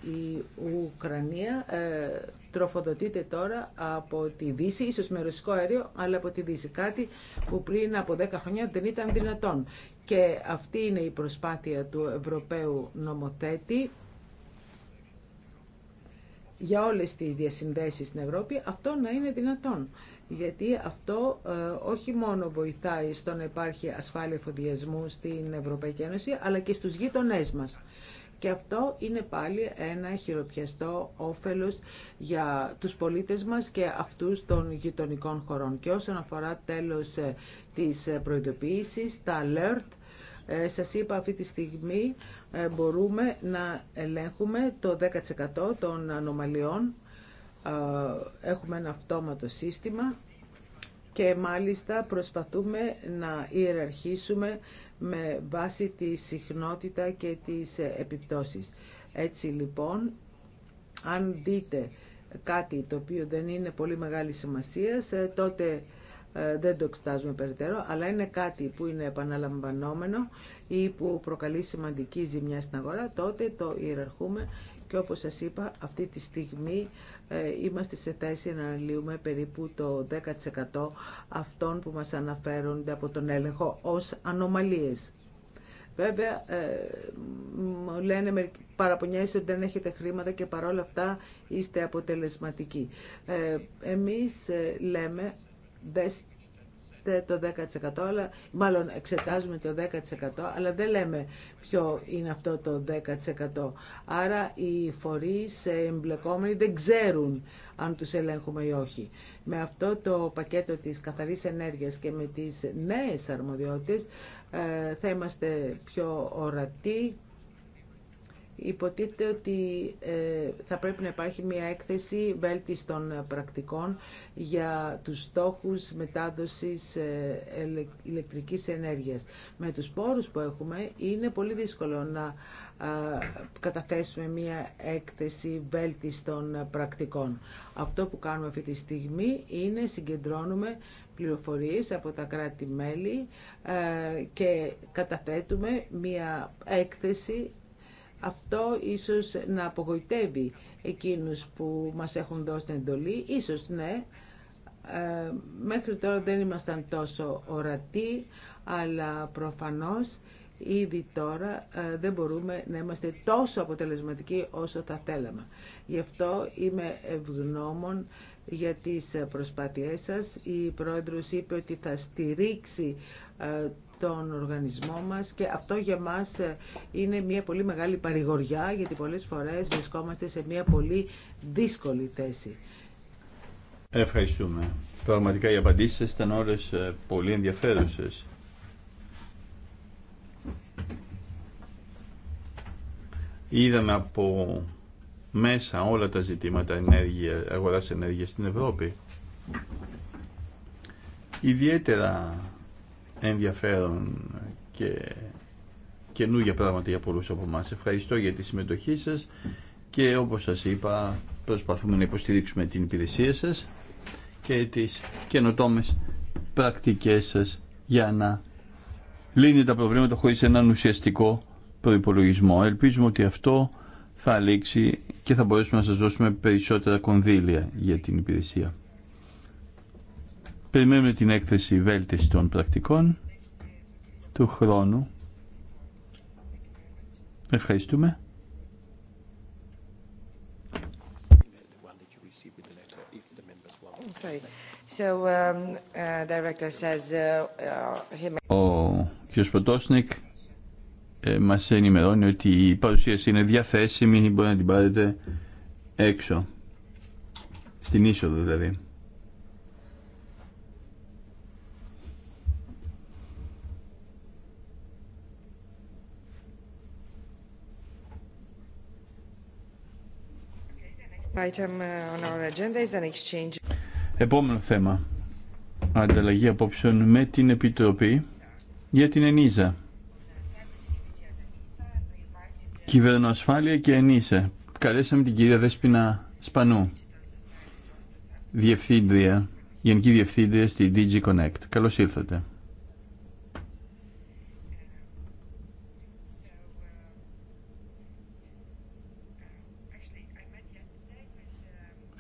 η Ουκρανία ε, τροφοδοτείται τώρα από τη Δύση, ίσως με ρωσικό αέριο, αλλά από τη Δύση. Κάτι που πριν από 10 χρόνια δεν ήταν δυνατόν. Και αυτή είναι η προσπάθεια του Ευρωπαίου νομοθέτη για όλες τις διασυνδέσεις στην Ευρώπη, αυτό να είναι δυνατόν γιατί αυτό ε, όχι μόνο βοηθάει στο να υπάρχει ασφάλεια εφοδιασμού στην Ευρωπαϊκή Ένωση, αλλά και στους γείτονές μας. Και αυτό είναι πάλι ένα χειροπιαστό όφελος για τους πολίτες μας και αυτούς των γειτονικών χωρών. Και όσον αφορά τέλος ε, της προειδοποίησης, τα alert, ε, σας είπα αυτή τη στιγμή μπορούμε να ελέγχουμε το 10% των ανομαλιών έχουμε ένα αυτόματο σύστημα και μάλιστα προσπαθούμε να ιεραρχήσουμε με βάση τη συχνότητα και τις ε, επιπτώσεις. Έτσι λοιπόν, αν δείτε κάτι το οποίο δεν είναι πολύ μεγάλη σημασία, τότε ε, δεν το εξετάζουμε περαιτέρω, αλλά είναι κάτι που είναι επαναλαμβανόμενο ή που προκαλεί σημαντική ζημιά στην αγορά, τότε το ιεραρχούμε και όπως σας είπα, αυτή τη στιγμή ε, είμαστε σε θέση να αναλύουμε περίπου το 10% αυτών που μας αναφέρονται από τον έλεγχο ως ανομαλίες. Βέβαια, ε, μου λένε παραπονιέσαι ότι δεν έχετε χρήματα και παρόλα αυτά είστε αποτελεσματικοί. Ε, εμείς λέμε, το 10% αλλά μάλλον εξετάζουμε το 10% αλλά δεν λέμε ποιο είναι αυτό το 10%. Άρα οι φορείς ε, εμπλεκόμενοι δεν ξέρουν αν τους ελέγχουμε ή όχι. Με αυτό το πακέτο της καθαρής ενέργειας και με τις νέες αρμοδιότητες ε, θα είμαστε πιο ορατοί Υποτίθεται ότι ε, θα πρέπει να υπάρχει μια έκθεση βέλτιστων πρακτικών για τους στόχους μετάδοσης ε, ηλεκτρικής ενέργειας. Με τους πόρους που έχουμε είναι πολύ δύσκολο να καταθέσουμε μια έκθεση βέλτιστων πρακτικών. Αυτό που κάνουμε αυτή τη στιγμή είναι συγκεντρώνουμε πληροφορίες από τα κράτη-μέλη ε, και καταθέτουμε μια έκθεση αυτό ίσως να απογοητεύει εκείνους που μας έχουν δώσει την εντολή. Ίσως ναι, ε, μέχρι τώρα δεν ήμασταν τόσο ορατοί, αλλά προφανώς ήδη τώρα ε, δεν μπορούμε να είμαστε τόσο αποτελεσματικοί όσο θα θέλαμε. Γι' αυτό είμαι ευγνώμων για τις προσπάθειές σας. Η Πρόεδρος είπε ότι θα στηρίξει ε, τον οργανισμό μας και αυτό για μας ε, είναι μια πολύ μεγάλη παρηγοριά γιατί πολλές φορές βρισκόμαστε σε μια πολύ δύσκολη θέση. Ευχαριστούμε. Πραγματικά οι απαντήσεις ήταν όλες ε, πολύ ενδιαφέρουσες. Είδαμε από μέσα όλα τα ζητήματα ενέργεια, αγοράς ενέργειας στην Ευρώπη. Ιδιαίτερα ενδιαφέρον και καινούργια πράγματα για πολλούς από εμάς. Ευχαριστώ για τη συμμετοχή σας και όπως σας είπα προσπαθούμε να υποστηρίξουμε την υπηρεσία σας και τις καινοτόμες πρακτικές σας για να λύνει τα προβλήματα χωρίς έναν ουσιαστικό προϋπολογισμό. Ελπίζουμε ότι αυτό θα λήξει και θα μπορέσουμε να σας δώσουμε περισσότερα κονδύλια για την υπηρεσία. Περιμένουμε την έκθεση βέλτιση των πρακτικών του χρόνου. Ευχαριστούμε. Um, uh, uh, uh, Ο κ. Ποτόσνικ ε, μας ενημερώνει ότι η παρουσίαση είναι διαθέσιμη, μπορεί να την πάρετε έξω, στην είσοδο δηλαδή. Uh, Επόμενο θέμα. Ανταλλαγή απόψεων με την Επιτροπή για την ΕΝΙΖΑ. Κυβερνοασφάλεια και ΕΝΙΖΑ. Καλέσαμε την κυρία Δέσποινα Σπανού, Διευθύντρια, Γενική Διευθύντρια στη DG Connect. Καλώς ήρθατε.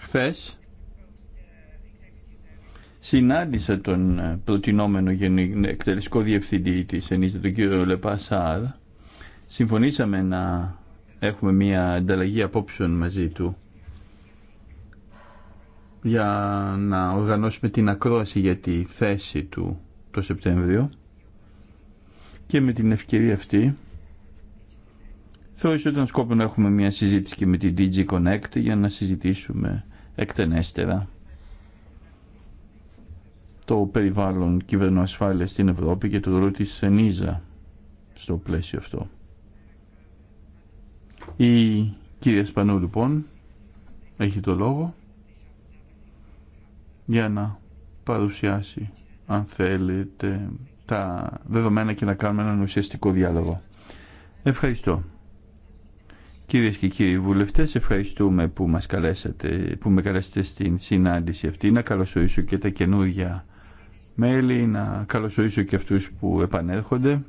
Χθες συνάντησα τον ε, προτινόμενο εκτελεστικό διευθυντή της ΕΝΙΣΤΑ, τον κύριο Λεπάσαρ. Συμφωνήσαμε να έχουμε μια ανταλλαγή απόψεων μαζί του για να οργανώσουμε την ακρόαση για τη θέση του το Σεπτέμβριο και με την ευκαιρία αυτή θεώρησε ότι ήταν σκόπο να έχουμε μια συζήτηση και με την DG Connect για να συζητήσουμε εκτενέστερα το περιβάλλον κυβερνοασφάλεια στην Ευρώπη και το ρόλο της ΕΝΙΖΑ στο πλαίσιο αυτό. Η κυρία Σπανού λοιπόν έχει το λόγο για να παρουσιάσει αν θέλετε τα δεδομένα και να κάνουμε έναν ουσιαστικό διάλογο. Ευχαριστώ. Κυρίες και κύριοι βουλευτές, ευχαριστούμε που, μας καλέσατε, που με καλέσατε στην συνάντηση αυτή. Να καλωσορίσω και τα καινούργια μέλη, να καλωσορίσω και αυτούς που επανέρχονται.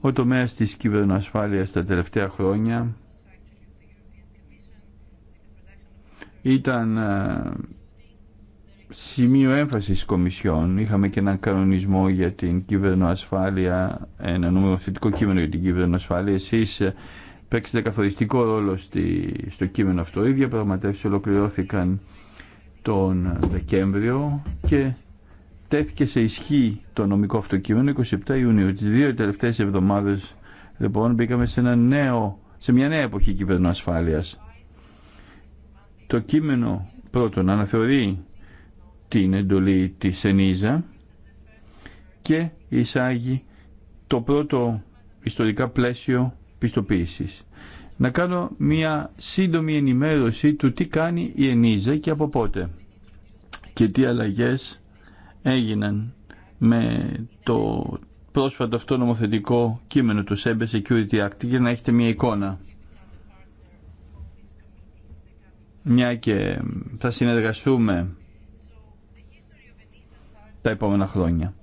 Ο τομέας της κυβερνοασφάλειας τα τελευταία χρόνια ήταν ε, σημείο έμφασης κομισιών. Είχαμε και έναν κανονισμό για την κυβερνοασφάλεια, ένα θετικό κείμενο για την κυβερνοασφάλεια. Ε, παίξει καθοριστικό ρόλο στη, στο κείμενο αυτό. Οι διαπραγματεύσεις ολοκληρώθηκαν τον Δεκέμβριο και τέθηκε σε ισχύ το νομικό αυτό κείμενο 27 Ιουνίου. Τις δύο τελευταίες εβδομάδες λοιπόν μπήκαμε σε, ένα νέο, σε μια νέα εποχή ασφάλειας. Το κείμενο πρώτον αναθεωρεί την εντολή της ΕΝΙΖΑ και εισάγει το πρώτο ιστορικά πλαίσιο πιστοποίησης. Να κάνω μια σύντομη ενημέρωση του τι κάνει η Ενίζα και από πότε και τι αλλαγές έγιναν με το πρόσφατο αυτό νομοθετικό κείμενο του Cyber Security Act για να έχετε μια εικόνα. Μια και θα συνεργαστούμε τα επόμενα χρόνια.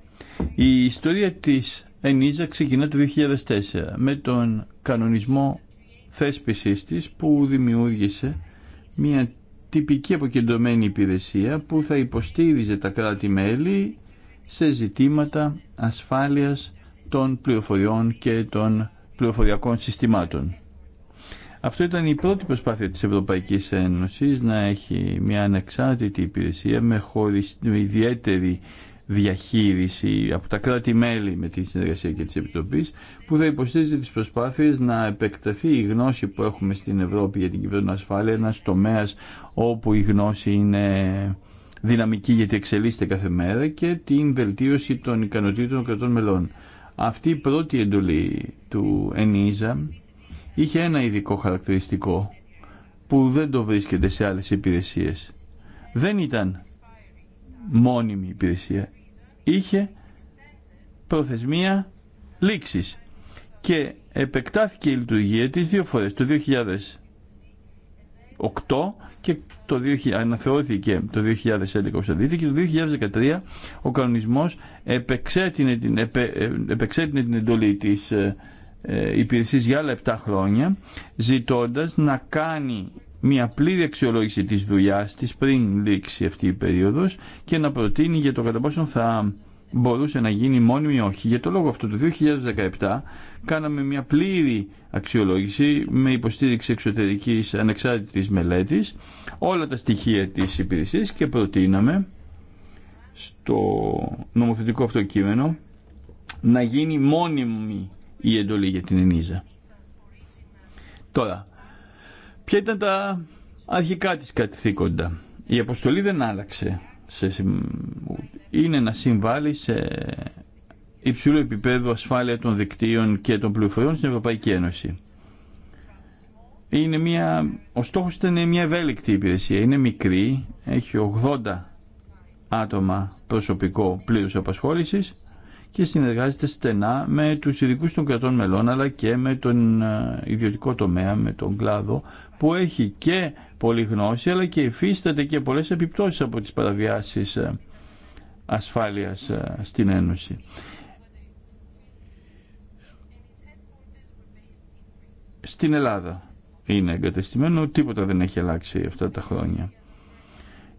Η ιστορία της Ενίζα ξεκινά το 2004 με τον κανονισμό θέσπισής της που δημιούργησε μια τυπική αποκεντρωμένη υπηρεσία που θα υποστήριζε τα κράτη-μέλη σε ζητήματα ασφάλειας των πληροφοριών και των πληροφοριακών συστημάτων. Αυτό ήταν η πρώτη προσπάθεια της Ευρωπαϊκής Ένωσης να έχει μια ανεξάρτητη υπηρεσία με, χωρισ... με ιδιαίτερη διαχείριση από τα κράτη-μέλη με τη συνεργασία και τις Επιτροπής που θα υποστήριζε τις προσπάθειες να επεκταθεί η γνώση που έχουμε στην Ευρώπη για την κυβέρνηση ασφάλεια ένας τομέας όπου η γνώση είναι δυναμική γιατί εξελίσσεται κάθε μέρα και την βελτίωση των ικανοτήτων των κρατών μελών. Αυτή η πρώτη εντολή του ΕΝΙΖΑ είχε ένα ειδικό χαρακτηριστικό που δεν το βρίσκεται σε άλλες υπηρεσίες. Δεν ήταν μόνιμη υπηρεσία. Είχε προθεσμία λήξης και επεκτάθηκε η λειτουργία της δύο φορές, το 2008 και το 2000, το 2011 ως και το 2013 ο κανονισμός επεξέτεινε την, επε, ε, την εντολή της ε, ε, υπηρεσίας για άλλα 7 χρόνια ζητώντας να κάνει μια πλήρη αξιολόγηση της δουλειάς της πριν λήξει αυτή η περίοδος και να προτείνει για το κατά πόσο θα μπορούσε να γίνει μόνιμη ή όχι. Για το λόγο αυτό το 2017 κάναμε μια πλήρη αξιολόγηση με υποστήριξη εξωτερικής ανεξάρτητης μελέτης όλα τα στοιχεία της υπηρεσίας και προτείναμε στο νομοθετικό αυτό κείμενο να γίνει μόνιμη η εντολή για την ΕΝΙΖΑ. Τώρα, Ποια ήταν τα αρχικά της κατηθήκοντα. Η αποστολή δεν άλλαξε. Είναι να συμβάλλει σε υψηλό επίπεδο ασφάλεια των δικτύων και των πληροφοριών στην Ευρωπαϊκή Ένωση. Είναι μια, ο στόχος ήταν μια ευέλικτη υπηρεσία. Είναι μικρή, έχει 80 άτομα προσωπικό πλήρους απασχόλησης και συνεργάζεται στενά με τους ειδικού των κρατών μελών αλλά και με τον ε, ιδιωτικό τομέα, με τον κλάδο που έχει και πολλή γνώση αλλά και υφίσταται και πολλές επιπτώσεις από τις παραβιάσεις ε, ασφάλειας ε, στην Ένωση. Στην Ελλάδα είναι εγκατεστημένο, τίποτα δεν έχει αλλάξει αυτά τα χρόνια.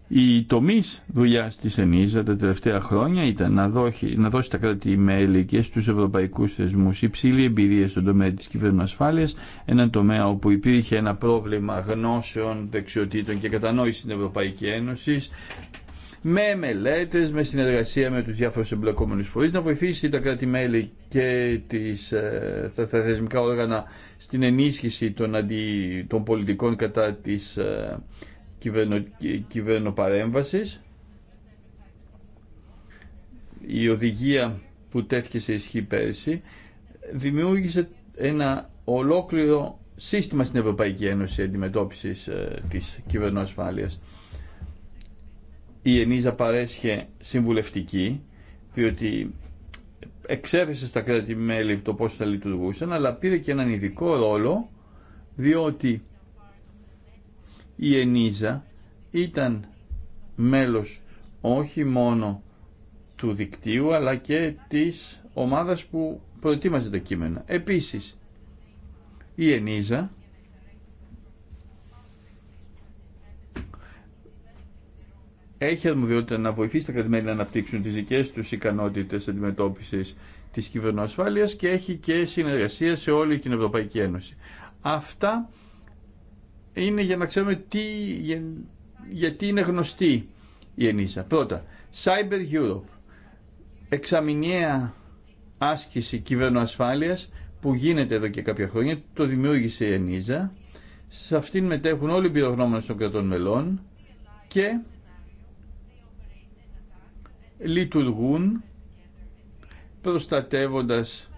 Η τομή δουλειά τη ΕΝΙΖΑ τα τελευταία χρόνια ήταν να, δώσει, να δώσει τα κράτη-μέλη και στου ευρωπαϊκού θεσμού υψηλή εμπειρία στον τομέα τη ασφάλεια, έναν τομέα όπου υπήρχε ένα πρόβλημα γνώσεων, δεξιοτήτων και κατανόηση στην Ευρωπαϊκή Ένωση, με μελέτε, με συνεργασία με του διάφορου εμπλεκόμενου φορεί, να βοηθήσει τα κράτη-μέλη και τις, ε, τα, θεσμικά όργανα στην ενίσχυση των, αντι, των πολιτικών κατά τη ε, κυβερνο, κυβερνοπαρέμβασης. Η οδηγία που τέθηκε σε ισχύ πέρσι δημιούργησε ένα ολόκληρο σύστημα στην Ευρωπαϊκή Ένωση αντιμετώπισης ε, της κυβερνοασφάλειας. Η Ενίζα παρέσχε συμβουλευτική, διότι εξέφεσε στα κράτη-μέλη το πώς θα λειτουργούσαν, αλλά πήρε και έναν ειδικό ρόλο, διότι η Ενίζα ήταν μέλος όχι μόνο του δικτύου αλλά και της ομάδας που προετοίμαζε τα κείμενα. Επίσης, η Ενίζα έχει αρμοδιότητα να βοηθήσει τα κρατημένα να αναπτύξουν τις δικές τους ικανότητες αντιμετώπισης της κυβερνοασφάλειας και έχει και συνεργασία σε όλη την Ευρωπαϊκή Ένωση. Αυτά είναι για να ξέρουμε τι, γιατί είναι γνωστή η Ενίζα. Πρώτα, Cyber Europe, εξαμηνιαία άσκηση κυβερνοασφάλειας που γίνεται εδώ και κάποια χρόνια, το δημιούργησε η ΕΝΙΖΑ. Σε αυτήν μετέχουν όλοι οι πυρογνώμονες των κρατών μελών και λειτουργούν προστατεύοντας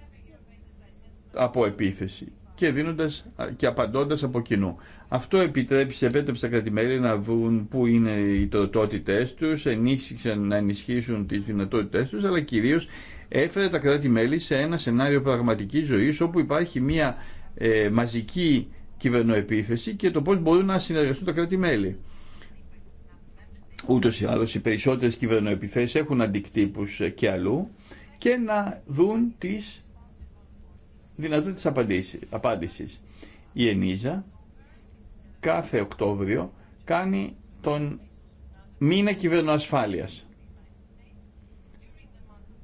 από επίθεση και δίνοντας και απαντώντας από κοινού. Αυτό επιτρέψει, επέτρεψε τα κρατημέλη να βρουν πού είναι οι τροτότητέ του, ενίσχυσαν να ενισχύσουν τι δυνατότητε του, αλλά κυρίω έφερε τα κράτη-μέλη σε ένα σενάριο πραγματική ζωή όπου υπάρχει μια ε, μαζική κυβερνοεπίθεση και το πώ μπορούν να συνεργαστούν τα κράτη-μέλη. Ούτω ή άλλω, οι περισσότερε κυβερνοεπιθέσει έχουν αντικτύπους και αλλού και να δουν τι δυνατότητε απάντηση. Η Ενίζα κάθε Οκτώβριο κάνει τον μήνα κυβερνοασφάλειας.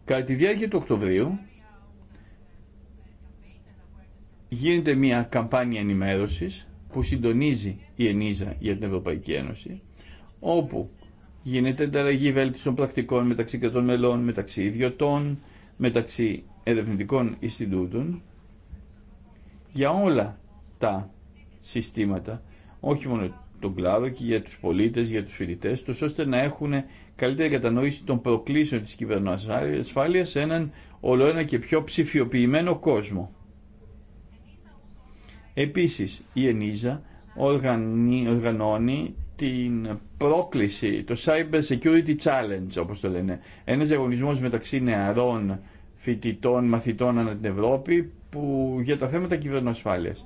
Κατά τη διάρκεια του Οκτωβρίου γίνεται μια καμπάνια ενημέρωσης που συντονίζει η ΕΝΙΖΑ για την Ευρωπαϊκή Ένωση, όπου γίνεται ανταλλαγή βέλτιστων πρακτικών μεταξύ κρατών μελών, μεταξύ ιδιωτών, μεταξύ ερευνητικών Ινστιτούτων για όλα τα συστήματα όχι μόνο τον κλάδο και για τους πολίτες, για τους φοιτητές τους, ώστε να έχουν καλύτερη κατανόηση των προκλήσεων της κυβερνοασφάλειας σε έναν ολοένα και πιο ψηφιοποιημένο κόσμο. Επίσης, η ΕΝΙΖΑ οργανώνει την πρόκληση, το Cyber Security Challenge όπως το λένε. Ένας διαγωνισμός μεταξύ νεαρών φοιτητών, μαθητών ανά την Ευρώπη που, για τα θέματα κυβερνοασφάλειας.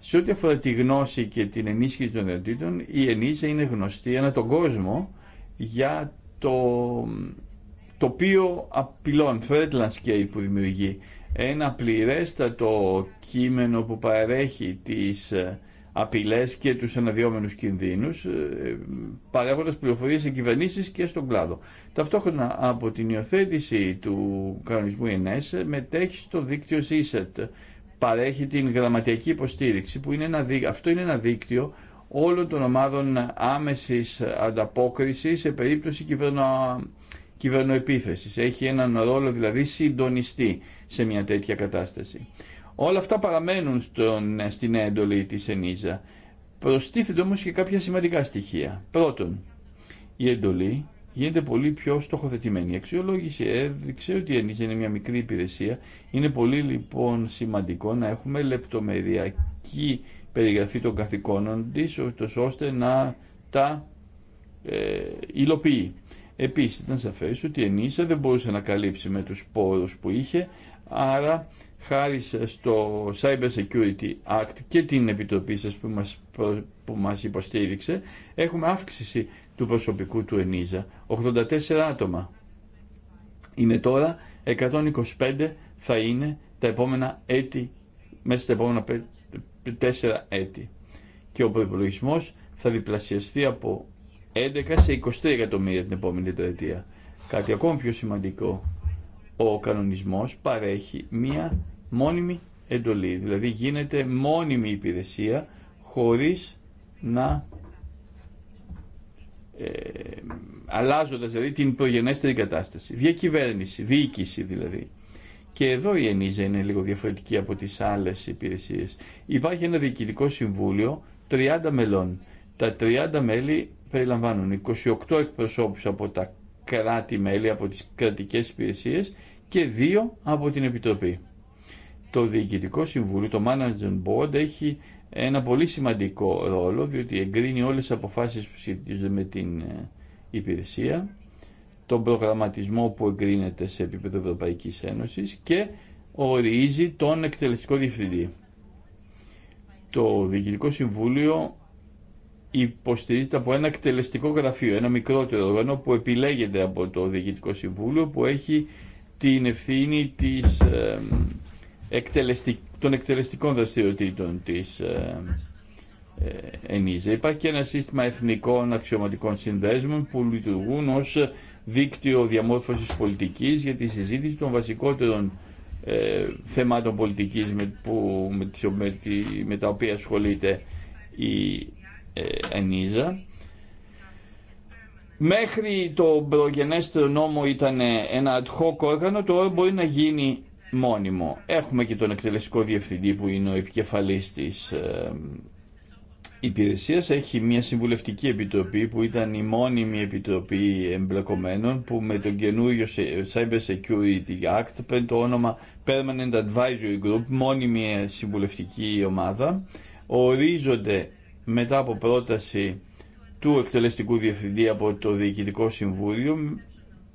Σε ό,τι αφορά τη γνώση και την ενίσχυση των δυνατήτων, η ενίσχυση είναι γνωστή ανά τον κόσμο για το τοπίο απειλών, threat landscape που δημιουργεί. Ένα πληρέστατο κείμενο που παρέχει τις ε, απειλές και τους αναδυόμενους κινδύνους, ε, παρέχοντας πληροφορίες σε και στον κλάδο. Ταυτόχρονα από την υιοθέτηση του κανονισμού ΕΝΕΣ μετέχει στο δίκτυο ΣΥΣΕΤ, παρέχει την γραμματιακή υποστήριξη που είναι ένα, αυτό είναι ένα δίκτυο όλων των ομάδων άμεσης ανταπόκρισης σε περίπτωση κυβερνο, κυβερνοεπίθεσης. Έχει έναν ρόλο δηλαδή συντονιστή σε μια τέτοια κατάσταση. Όλα αυτά παραμένουν στον, στην έντολη της ΕΝΙΖΑ. Προστίθενται όμως και κάποια σημαντικά στοιχεία. Πρώτον, η εντολή γίνεται πολύ πιο στοχοθετημένη. Η αξιολόγηση έδειξε ότι η Ενίκη είναι μια μικρή υπηρεσία. Είναι πολύ λοιπόν σημαντικό να έχουμε λεπτομεριακή περιγραφή των καθηκόνων τη ώστε να τα ε, υλοποιεί. Επίσης ήταν σαφέ ότι η Ενίσα δεν μπορούσε να καλύψει με τους πόρου που είχε, άρα χάρη στο Cyber Security Act και την επιτροπή σας που μας, που μας υποστήριξε, έχουμε αύξηση του προσωπικού του ΕΝΙΖΑ. 84 άτομα είναι τώρα, 125 θα είναι τα επόμενα έτη, μέσα στα επόμενα 4 έτη. Και ο προπολογισμό θα διπλασιαστεί από 11 σε 23 εκατομμύρια την επόμενη τετραετία. Κάτι ακόμα πιο σημαντικό, ο κανονισμός παρέχει μία μόνιμη εντολή, δηλαδή γίνεται μόνιμη υπηρεσία χωρίς να ε, αλλάζοντας δηλαδή την προγενέστερη κατάσταση. Διακυβέρνηση, διοίκηση δηλαδή. Και εδώ η ΕΝΙΖΑ είναι λίγο διαφορετική από τις άλλες υπηρεσίες. Υπάρχει ένα διοικητικό συμβούλιο 30 μελών. Τα 30 μέλη περιλαμβάνουν 28 εκπροσώπους από τα κράτη-μέλη, από τις κρατικές υπηρεσίες και 2 από την Επιτροπή. Το Διοικητικό Συμβούλιο, το Management Board, έχει ένα πολύ σημαντικό ρόλο διότι εγκρίνει όλες τις αποφάσεις που σχετίζονται με την ε, υπηρεσία, τον προγραμματισμό που εγκρίνεται σε επίπεδο Ευρωπαϊκής Ένωσης και ορίζει τον εκτελεστικό διευθυντή. Το Διοικητικό Συμβούλιο υποστηρίζεται από ένα εκτελεστικό γραφείο, ένα μικρότερο όργανο που επιλέγεται από το Διοικητικό Συμβούλιο που έχει την ευθύνη της ε, των εκτελεστικών δραστηριοτήτων της ε, ε, ΕΝΙΖΑ. Υπάρχει και ένα σύστημα εθνικών αξιωματικών συνδέσμων που λειτουργούν ως δίκτυο διαμόρφωσης πολιτικής για τη συζήτηση των βασικότερων ε, θεμάτων πολιτικής με, που, με, τα οποία ασχολείται η ε, ΕΝΙΖΑ. Μέχρι το προγενέστερο νόμο ήταν ένα ad hoc όργανο, τώρα μπορεί να γίνει μόνιμο. Έχουμε και τον εκτελεστικό διευθυντή που είναι ο επικεφαλής της ε, υπηρεσίας. Έχει μια συμβουλευτική επιτροπή που ήταν η μόνιμη επιτροπή εμπλεκομένων που με τον καινούριο Cyber Security Act παίρνει το όνομα Permanent Advisory Group, μόνιμη ε, συμβουλευτική ομάδα. Ορίζονται μετά από πρόταση του εκτελεστικού διευθυντή από το Διοικητικό Συμβούλιο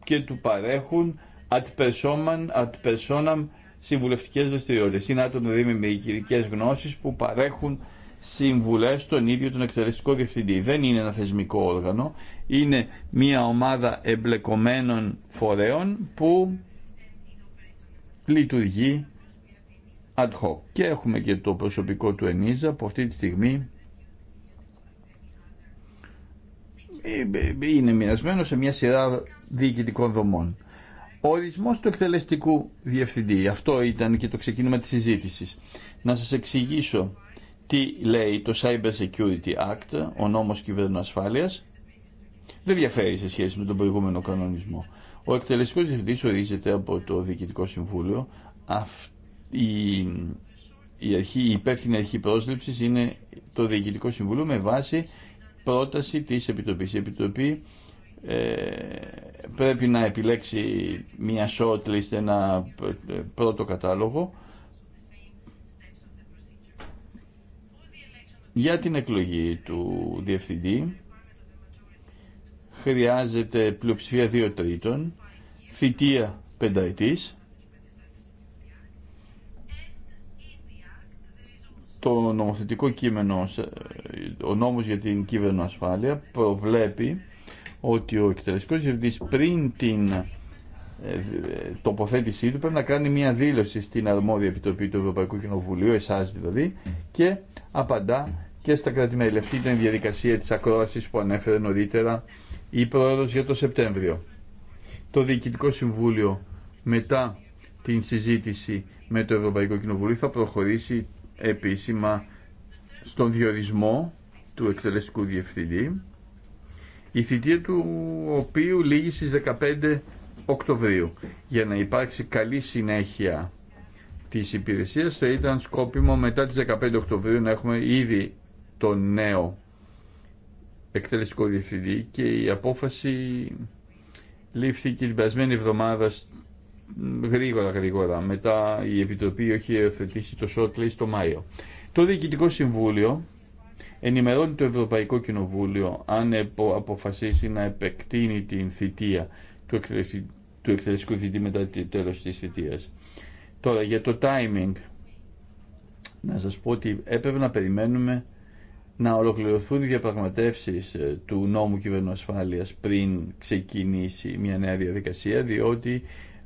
και του παρέχουν ad personam, ad personam συμβουλευτικές δραστηριότητες. Είναι άτομα δηλαδή με ειδικές γνώσεις που παρέχουν συμβουλές στον ίδιο τον εκτελεστικό διευθυντή. Δεν είναι ένα θεσμικό όργανο, είναι μια ομάδα εμπλεκομένων φορέων που λειτουργεί ad hoc. Και έχουμε και το προσωπικό του ΕΝΙΖΑ που αυτή τη στιγμή ε, ε, ε, είναι μοιρασμένο σε μια σειρά διοικητικών δομών. Ορισμός του εκτελεστικού διευθυντή. Αυτό ήταν και το ξεκίνημα της συζήτησης. Να σας εξηγήσω τι λέει το Cyber Security Act, ο νόμος ασφάλειας Δεν διαφέρει σε σχέση με τον προηγούμενο κανονισμό. Ο εκτελεστικός διευθυντής ορίζεται από το Διοικητικό Συμβούλιο. Η, η, αρχή, η υπεύθυνη αρχή πρόσληψης είναι το Διοικητικό Συμβούλιο με βάση πρόταση της Επιτροπής. Η Επιτροπή ε, πρέπει να επιλέξει μια shortlist, ένα ε, πρώτο κατάλογο για την εκλογή του διευθυντή χρειάζεται πλειοψηφία δύο τρίτων θητεία πενταετής το νομοθετικό κείμενο ε, ο νόμος για την κύβερνο ασφάλεια προβλέπει ότι ο εκτελεστικό διευθυντή πριν την ε, τοποθέτησή του πρέπει να κάνει μια δήλωση στην αρμόδια επιτροπή του Ευρωπαϊκού Κοινοβουλίου, εσάς δηλαδή, και απαντά και στα κρατημέλη. Αυτή ήταν η διαδικασία της ακρόασης που ανέφερε νωρίτερα η πρόεδρος για το Σεπτέμβριο. Το Διοικητικό Συμβούλιο μετά την συζήτηση με το Ευρωπαϊκό Κοινοβουλίο θα προχωρήσει επίσημα στον διορισμό του εκτελεστικού διευθυντή η θητεία του οποίου λήγει στις 15 Οκτωβρίου. Για να υπάρξει καλή συνέχεια της υπηρεσίας θα ήταν σκόπιμο μετά τις 15 Οκτωβρίου να έχουμε ήδη το νέο εκτελεστικό διευθυντή και η απόφαση λήφθηκε την περασμένη εβδομάδα γρήγορα γρήγορα. Μετά η Επιτροπή έχει υιοθετήσει το shortlist το Μάιο. Το Διοικητικό Συμβούλιο ενημερώνει το Ευρωπαϊκό Κοινοβούλιο αν αποφασίσει να επεκτείνει την θητεία του, του εκτελεστικού θητή μετά το τέλος της θητείας. Τώρα για το timing, να σας πω ότι έπρεπε να περιμένουμε να ολοκληρωθούν οι διαπραγματεύσεις ε, του νόμου κυβερνοασφάλειας πριν ξεκινήσει μια νέα διαδικασία, διότι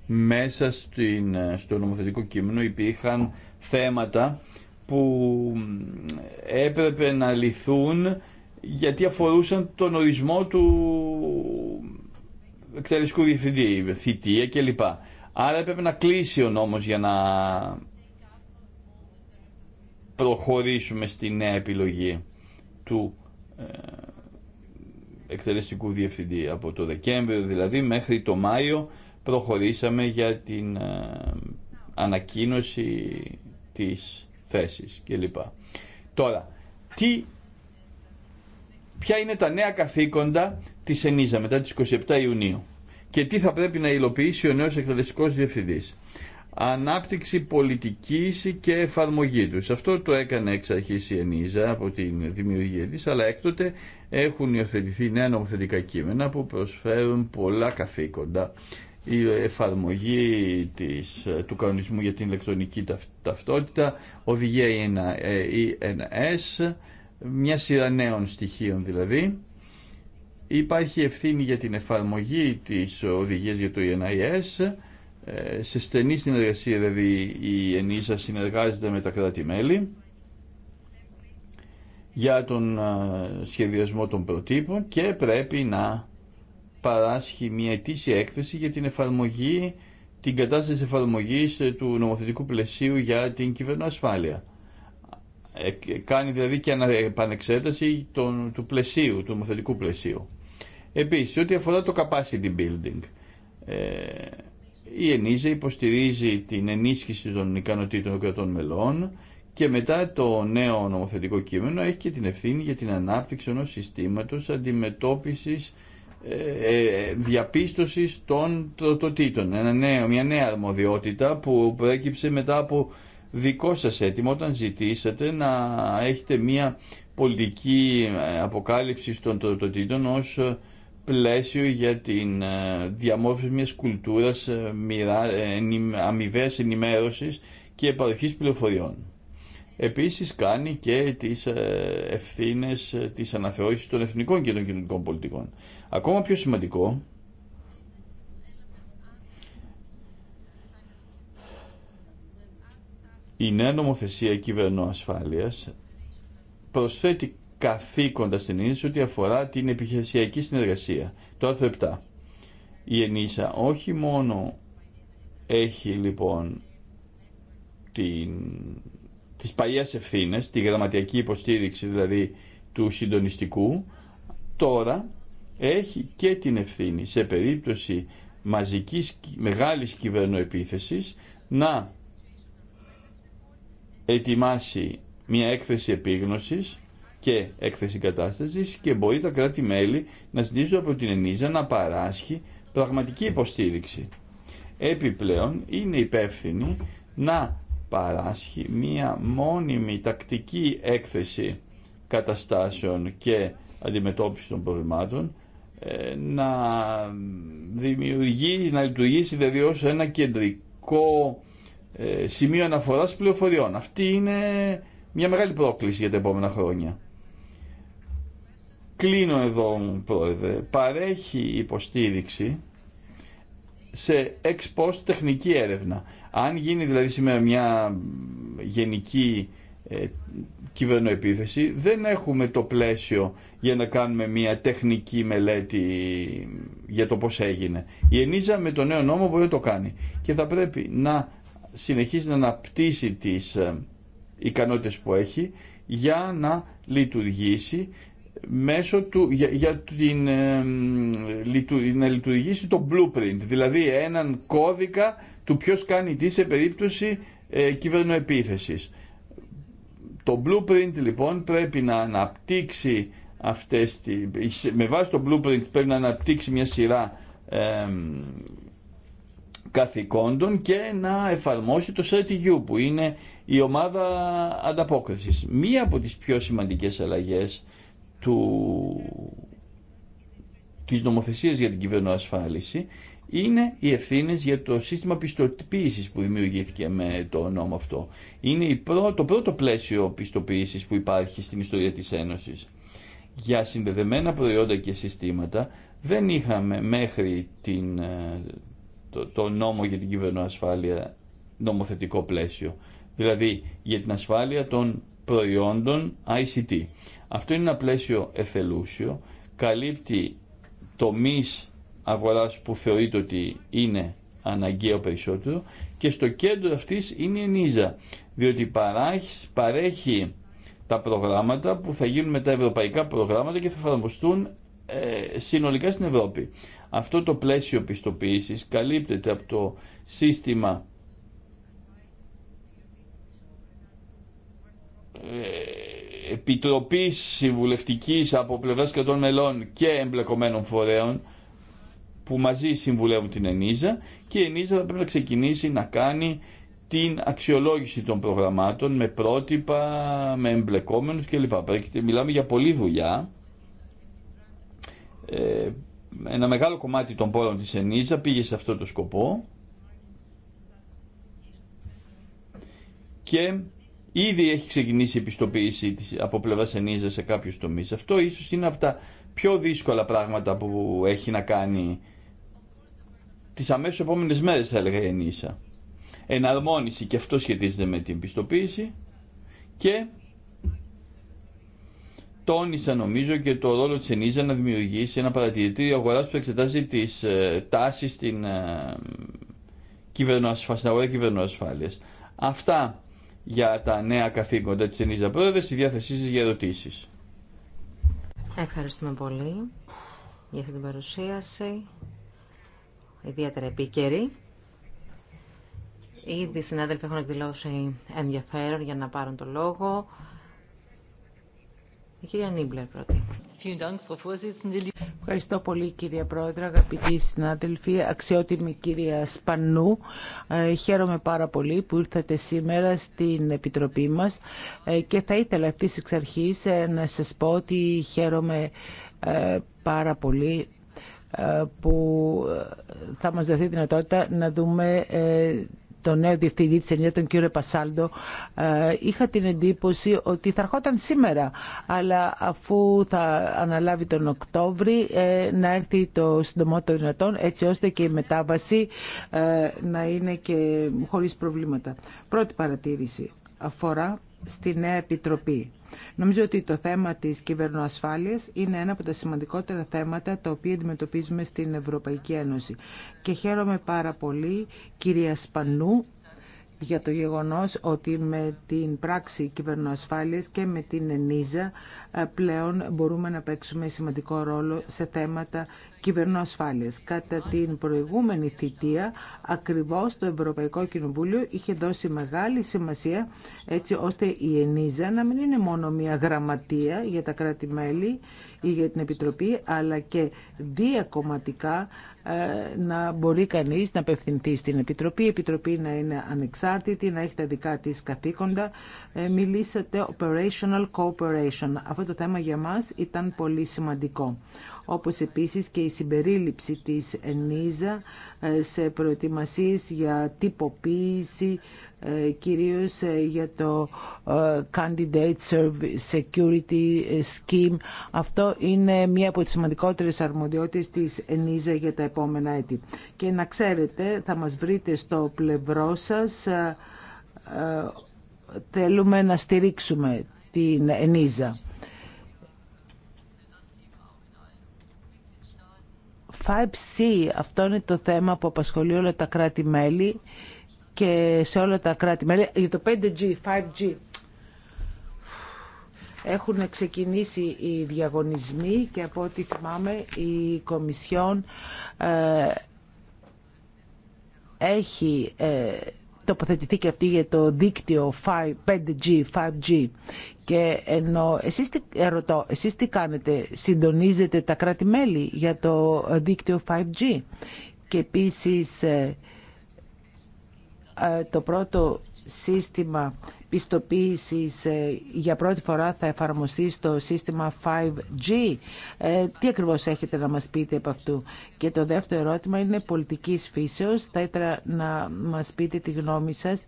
μέσα στην, ε, στο νομοθετικό κείμενο υπήρχαν θέματα που έπρεπε να λυθούν γιατί αφορούσαν τον ορισμό του εκτελεστικού διευθυντή, θητεία κλπ. Άρα έπρεπε να κλείσει ο νόμος για να προχωρήσουμε στη νέα επιλογή του ε, εκτελεστικού διευθυντή. Από το Δεκέμβριο δηλαδή μέχρι το Μάιο προχωρήσαμε για την ε, ανακοίνωση της κλπ. Τώρα, τι, ποια είναι τα νέα καθήκοντα της ΕΝΙΖΑ μετά τις 27 Ιουνίου και τι θα πρέπει να υλοποιήσει ο νέος εκπαιδευτικός διευθυντής. Ανάπτυξη πολιτικής και εφαρμογή τους. Αυτό το έκανε εξ αρχή η ΕΝΙΖΑ από την δημιουργία της, αλλά έκτοτε έχουν υιοθετηθεί νέα νομοθετικά κείμενα που προσφέρουν πολλά καθήκοντα η εφαρμογή της, του κανονισμού για την ηλεκτρονική ταυτότητα, οδηγία ENS, ε, μια σειρά νέων στοιχείων δηλαδή. Υπάρχει ευθύνη για την εφαρμογή της οδηγίας για το ENIS, ε, σε στενή συνεργασία δηλαδή η ΕΝΙΣΑ συνεργάζεται με τα κράτη-μέλη για τον ε, σχεδιασμό των προτύπων και πρέπει να παράσχει μια ετήσια έκθεση για την εφαρμογή, την κατάσταση εφαρμογής ε, του νομοθετικού πλαισίου για την κυβερνοασφάλεια. Ε, κάνει δηλαδή και επανεξέταση του πλαισίου, του νομοθετικού πλαισίου. Επίσης, ό,τι αφορά το capacity building, ε, η ΕΝΙΖΑ υποστηρίζει την ενίσχυση των ικανοτήτων των κρατών μελών και μετά το νέο νομοθετικό κείμενο έχει και την ευθύνη για την ανάπτυξη ενός συστήματος αντιμετώπισης ε, ε, διαπίστωσης των τοτήτων. μια νέα αρμοδιότητα που προέκυψε μετά από δικό σας έτοιμο όταν ζητήσατε να έχετε μια πολιτική ε, αποκάλυψη των τοτήτων ως πλαίσιο για την διαμόρφωση μιας κουλτούρας αμοιβαίας ενημέρωσης και παροχής πληροφοριών. Επίσης κάνει και τις ευθύνες της αναθεώρησης των εθνικών και των κοινωνικών πολιτικών. Ακόμα πιο σημαντικό η νέα νομοθεσία ασφάλειας προσθέτει καθήκοντα στην έννοια ότι αφορά την επιχειρησιακή συνεργασία. Το άρθρο 7. Η ΕΝΙΣΑ όχι μόνο έχει λοιπόν την, τις παλιές ευθύνες, τη γραμματιακή υποστήριξη δηλαδή του συντονιστικού, τώρα έχει και την ευθύνη σε περίπτωση μαζικής μεγάλης κυβερνοεπίθεσης να ετοιμάσει μια έκθεση επίγνωσης και έκθεση κατάστασης και μπορεί τα κράτη-μέλη να ζητήσουν από την ΕΝΙΖΑ να παράσχει πραγματική υποστήριξη. Επιπλέον είναι υπεύθυνη να παράσχει μία μόνιμη τακτική έκθεση καταστάσεων και αντιμετώπιση των προβλημάτων να δημιουργεί, να λειτουργήσει δηλαδή ως ένα κεντρικό ε, σημείο αναφοράς πληροφοριών. Αυτή είναι μια μεγάλη πρόκληση για τα επόμενα χρόνια. Κλείνω εδώ, Πρόεδρε. Παρέχει υποστήριξη σε ex τεχνική έρευνα. Αν γίνει δηλαδή σήμερα μια γενική ε, κυβερνοεπίθεση δεν έχουμε το πλαίσιο για να κάνουμε μια τεχνική μελέτη για το πώς έγινε. Η Ενίζα με το νέο νόμο μπορεί να το κάνει και θα πρέπει να συνεχίσει να αναπτύσσει τις ε, ικανότητες που έχει για να λειτουργήσει μέσω του, για, την, ε, λειτου, να λειτουργήσει το blueprint, δηλαδή έναν κώδικα του ποιος κάνει τι σε περίπτωση ε, κυβερνοεπίθεσης το blueprint λοιπόν πρέπει να αναπτύξει αυτές τη, με βάση το blueprint πρέπει να αναπτύξει μια σειρά ε, καθηκόντων και να εφαρμόσει το CETU που είναι η ομάδα ανταπόκρισης. Μία από τις πιο σημαντικές αλλαγές του, της νομοθεσίας για την κυβερνοασφάλιση είναι οι ευθύνε για το σύστημα πιστοποίηση που δημιουργήθηκε με το νόμο αυτό. Είναι το πρώτο πλαίσιο πιστοποίηση που υπάρχει στην ιστορία τη Ένωση. Για συνδεδεμένα προϊόντα και συστήματα δεν είχαμε μέχρι την, ε, το, νόμο για την κυβερνοασφάλεια νομοθετικό πλαίσιο. Δηλαδή για την ασφάλεια των προϊόντων ICT. Αυτό είναι ένα πλαίσιο εθελούσιο, καλύπτει τομείς αγοράς που θεωρείται ότι είναι αναγκαίο περισσότερο και στο κέντρο αυτής είναι η Νίζα διότι παρέχει τα προγράμματα που θα γίνουν με τα ευρωπαϊκά προγράμματα και θα εφαρμοστούν ε, συνολικά στην Ευρώπη. Αυτό το πλαίσιο πιστοποίησης καλύπτεται από το σύστημα ε, επιτροπής συμβουλευτικής από πλευράς κρατών μελών και εμπλεκομένων φορέων που μαζί συμβουλεύουν την ΕΝΙΖΑ και η ΕΝΙΖΑ θα πρέπει να ξεκινήσει να κάνει την αξιολόγηση των προγραμμάτων με πρότυπα, με εμπλεκόμενους κλπ. Μιλάμε για πολλή δουλειά. Ε, ένα μεγάλο κομμάτι των πόρων της ΕΝΙΖΑ πήγε σε αυτό το σκοπό και ήδη έχει ξεκινήσει η επιστοποίηση της, από πλευράς ΕΝΙΖΑ σε κάποιους τομείς. Αυτό ίσως είναι από τα πιο δύσκολα πράγματα που έχει να κάνει τι αμέσω επόμενες μέρες θα έλεγα η Ενίσα. Εναρμόνιση και αυτό σχετίζεται με την πιστοποίηση και τόνισα νομίζω και το ρόλο της Ενίζα να δημιουργήσει ένα παρατηρητήριο αγοράς που εξετάζει τις ε, τάσεις στην ε, στην αγορά Αυτά για τα νέα καθήκοντα της Ενίζα Πρόεδρε, στη διάθεσή σας για ερωτήσεις. Ευχαριστούμε πολύ για αυτή την παρουσίαση ιδιαίτερα επίκαιρη. Ήδη οι συνάδελφοι έχουν εκδηλώσει ενδιαφέρον για να πάρουν το λόγο. Η κυρία Νίμπλερ πρώτη. Ευχαριστώ πολύ κυρία Πρόεδρε, αγαπητοί συνάδελφοι, αξιότιμη κυρία Σπανού. Ε, χαίρομαι πάρα πολύ που ήρθατε σήμερα στην Επιτροπή μας ε, και θα ήθελα αυτής εξ αρχής ε, να σας πω ότι χαίρομαι πάρα πολύ που ε, θα μας δοθεί δυνατότητα να δούμε ε, τον νέο διευθυντή της ΕΝΙΑ, τον κύριο Πασάλντο, ε, είχα την εντύπωση ότι θα ερχόταν σήμερα, αλλά αφού θα αναλάβει τον Οκτώβρη, να έρθει το συντομότερο δυνατόν, έτσι ώστε και η μετάβαση να είναι και χωρίς προβλήματα. Πρώτη παρατήρηση αφορά στη νέα επιτροπή. Νομίζω ότι το θέμα της κυβερνοασφάλειας είναι ένα από τα σημαντικότερα θέματα τα οποία αντιμετωπίζουμε στην Ευρωπαϊκή Ένωση. Και χαίρομαι πάρα πολύ, κυρία Σπανού, για το γεγονός ότι με την πράξη κυβερνοασφάλειας και με την ΕΝΙΖΑ ε, πλέον μπορούμε να παίξουμε σημαντικό ρόλο σε θέματα κυβερνοασφάλειας. Κατά την προηγούμενη θητεία, ακριβώς το Ευρωπαϊκό Κοινοβούλιο είχε δώσει μεγάλη σημασία έτσι ώστε η ΕΝΙΖΑ να μην είναι μόνο μια γραμματεία για τα κράτη-μέλη ή για την Επιτροπή, αλλά και διακομματικά να μπορεί κανείς να απευθυνθεί στην Επιτροπή, η Επιτροπή να είναι ανεξάρτητη, να έχει τα δικά της καθήκοντα. Ε, μιλήσατε operational cooperation. Αυτό το θέμα για μας ήταν πολύ σημαντικό όπως επίσης και η συμπερίληψη της ΕΝΙΖΑ ε, σε προετοιμασίες για τυποποίηση ε, κυρίως ε, για το ε, Candidate Security Scheme. Αυτό είναι μία από τις σημαντικότερες αρμοδιότητες της ΕΝΙΖΑ για τα επόμενα έτη. Και να ξέρετε, θα μας βρείτε στο πλευρό σας, θέλουμε να στηρίξουμε την ΕΝΙΖΑ. C, αυτό είναι το θέμα που απασχολεί όλα τα κράτη-μέλη και σε όλα τα κράτη. μελη Για το 5G, 5G έχουν ξεκινήσει οι διαγωνισμοί και από ό,τι θυμάμαι η Κομισιόν ε, έχει ε, τοποθετηθεί και αυτή για το δίκτυο 5G, 5G. Και ενώ εσείς, ερωτώ, εσείς τι κάνετε, συντονίζετε τα κράτη-μέλη για το δίκτυο 5G. Και επίσης ε, ε, το πρώτο σύστημα πιστοποίησης ε, για πρώτη φορά θα εφαρμοστεί στο σύστημα 5G. Ε, τι ακριβώς έχετε να μας πείτε από αυτού. Και το δεύτερο ερώτημα είναι πολιτικής φύσεως. Θα ήθελα να μας πείτε τη γνώμη σας.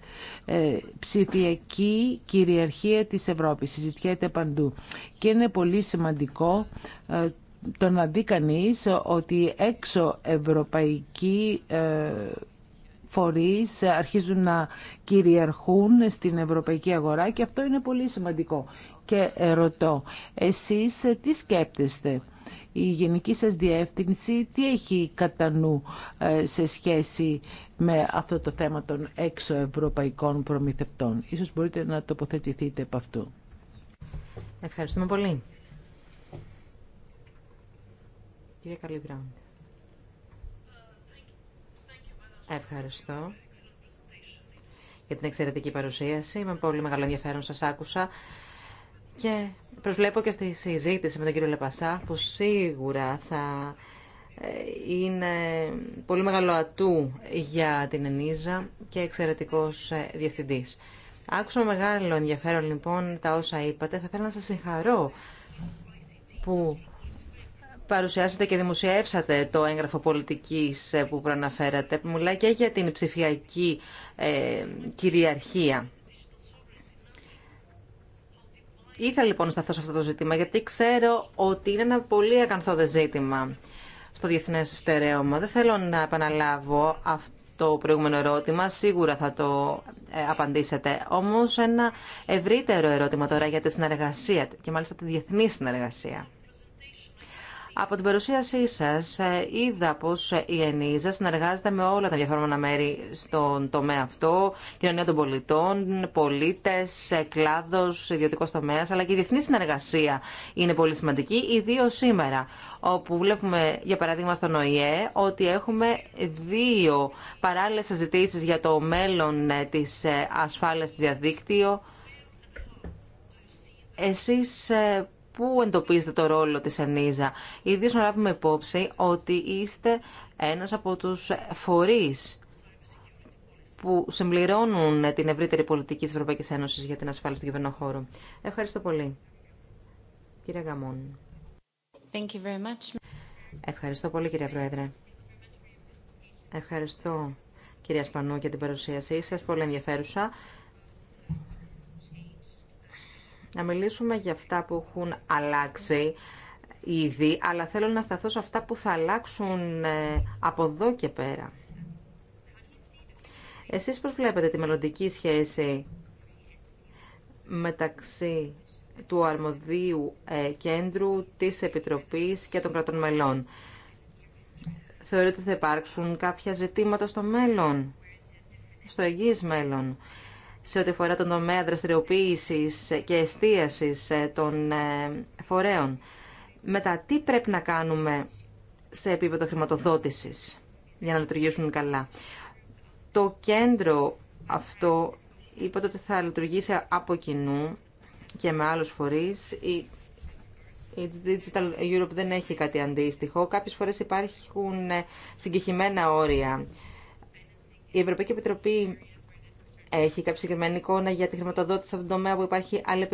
Ψηφιακή κυριαρχία της Ευρώπης. Συζητιέται παντού. Και είναι πολύ σημαντικό το να δει κανείς ότι έξω ευρωπαϊκή φορείς αρχίζουν να κυριαρχούν στην ευρωπαϊκή αγορά και αυτό είναι πολύ σημαντικό. Και ρωτώ, εσείς τι σκέπτεστε, η γενική σας διεύθυνση τι έχει κατά νου ε, σε σχέση με αυτό το θέμα των ευρωπαϊκών προμηθευτών. Ίσως μπορείτε να τοποθετηθείτε από αυτού. Ευχαριστούμε πολύ. Κύριε Καλυμπράντη. Ευχαριστώ για την εξαιρετική παρουσίαση. Με πολύ μεγάλο ενδιαφέρον σας άκουσα. Και προσβλέπω και στη συζήτηση με τον κύριο Λεπασά, που σίγουρα θα ε, είναι πολύ μεγάλο ατού για την Ενίζα και εξαιρετικός ε, διευθυντής. Άκουσα με μεγάλο ενδιαφέρον λοιπόν τα όσα είπατε. Θα ήθελα να σας συγχαρώ που παρουσιάσατε και δημοσιεύσατε το έγγραφο πολιτικής ε, που προαναφέρατε, που λέει και για την ψηφιακή ε, κυριαρχία. Ήθελα λοιπόν να σταθώ σε αυτό το ζήτημα, γιατί ξέρω ότι είναι ένα πολύ ακαθόδε ζήτημα στο διεθνές στερέωμα. Δεν θέλω να επαναλάβω αυτό το προηγούμενο ερώτημα, σίγουρα θα το ε, απαντήσετε. Όμως ένα ευρύτερο ερώτημα τώρα για τη συνεργασία και μάλιστα τη διεθνή συνεργασία. Από την παρουσίασή σα, ε, είδα πως η ΕΝΙΖΑ συνεργάζεται με όλα τα διαφορετικά μέρη στον τομέα αυτό, κοινωνία των πολιτών, πολίτες, ε, κλάδο, ιδιωτικό τομέα, αλλά και η διεθνή συνεργασία είναι πολύ σημαντική, ιδίω σήμερα, όπου βλέπουμε για παράδειγμα στον ΟΗΕ ότι έχουμε δύο παράλληλες συζητήσει για το μέλλον ε, τη ασφάλεια στο διαδίκτυο. Εσείς πού εντοπίζετε το ρόλο της ΕΝΙΖΑ. Ήδη να λάβουμε υπόψη ότι είστε ένας από τους φορείς που συμπληρώνουν την ευρύτερη πολιτική της Ευρωπαϊκής Ένωσης για την ασφάλεια στον κυβερνό Ευχαριστώ πολύ. Κύριε Γαμών. Thank you very much. Ευχαριστώ πολύ κύριε Πρόεδρε. Ευχαριστώ κυρία Σπανού για την παρουσίασή σας, πολύ ενδιαφέρουσα να μιλήσουμε για αυτά που έχουν αλλάξει ήδη, αλλά θέλω να σταθώ σε αυτά που θα αλλάξουν ε, από εδώ και πέρα. Εσείς πώς βλέπετε τη μελλοντική σχέση μεταξύ του αρμοδίου ε, κέντρου της Επιτροπής και των κρατών μελών. Θεωρείτε ότι θα υπάρξουν κάποια ζητήματα στο μέλλον, στο εγγύης μέλλον, σε ό,τι αφορά τον τομέα δραστηριοποίηση και εστίαση ε, των ε, φορέων. Μετά, τι πρέπει να κάνουμε σε επίπεδο χρηματοδότησης για να λειτουργήσουν καλά. Το κέντρο αυτό είπατε ότι θα λειτουργήσει από κοινού και με άλλους φορείς. Η Digital Europe δεν έχει κάτι αντίστοιχο. Κάποιες φορές υπάρχουν ε, συγκεκριμένα όρια. Η Ευρωπαϊκή Επιτροπή έχει κάποια συγκεκριμένη εικόνα για τη χρηματοδότηση από τον τομέα που υπάρχει άλλη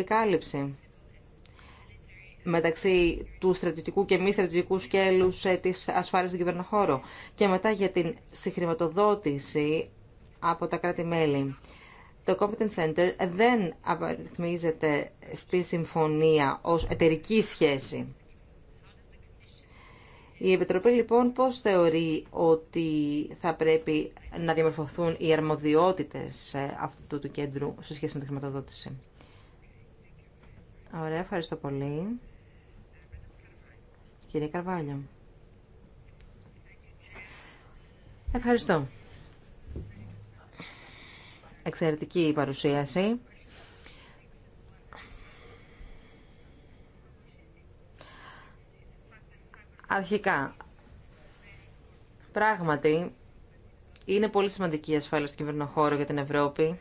μεταξύ του στρατιωτικού και μη στρατιωτικού σκέλους ε, της ασφάλειας στον κυβερνοχώρο και μετά για την συγχρηματοδότηση από τα κράτη-μέλη. Το Competence Center δεν απαριθμίζεται στη συμφωνία ως εταιρική σχέση. Η Επιτροπή λοιπόν πώς θεωρεί ότι θα πρέπει να διαμορφωθούν οι αρμοδιότητες ε, αυτού του κέντρου σε σχέση με τη χρηματοδότηση. Ωραία, ευχαριστώ πολύ. Κύριε Καρβάλιο. Ευχαριστώ. Εξαιρετική η παρουσίαση. Αρχικά, πράγματι, είναι πολύ σημαντική η ασφάλεια στον κυβερνοχώρο για την Ευρώπη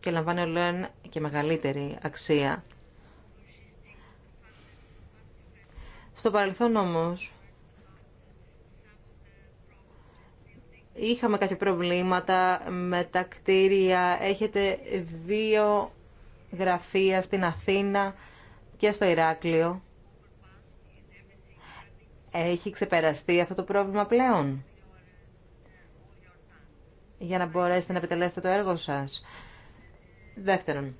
και λαμβάνει όλον και μεγαλύτερη αξία. Στο παρελθόν όμως, είχαμε κάποια προβλήματα με τα κτίρια. Έχετε δύο γραφεία στην Αθήνα και στο Ηράκλειο. Έχει ξεπεραστεί αυτό το πρόβλημα πλέον για να μπορέσετε να επιτελέσετε το έργο σας. Δεύτερον,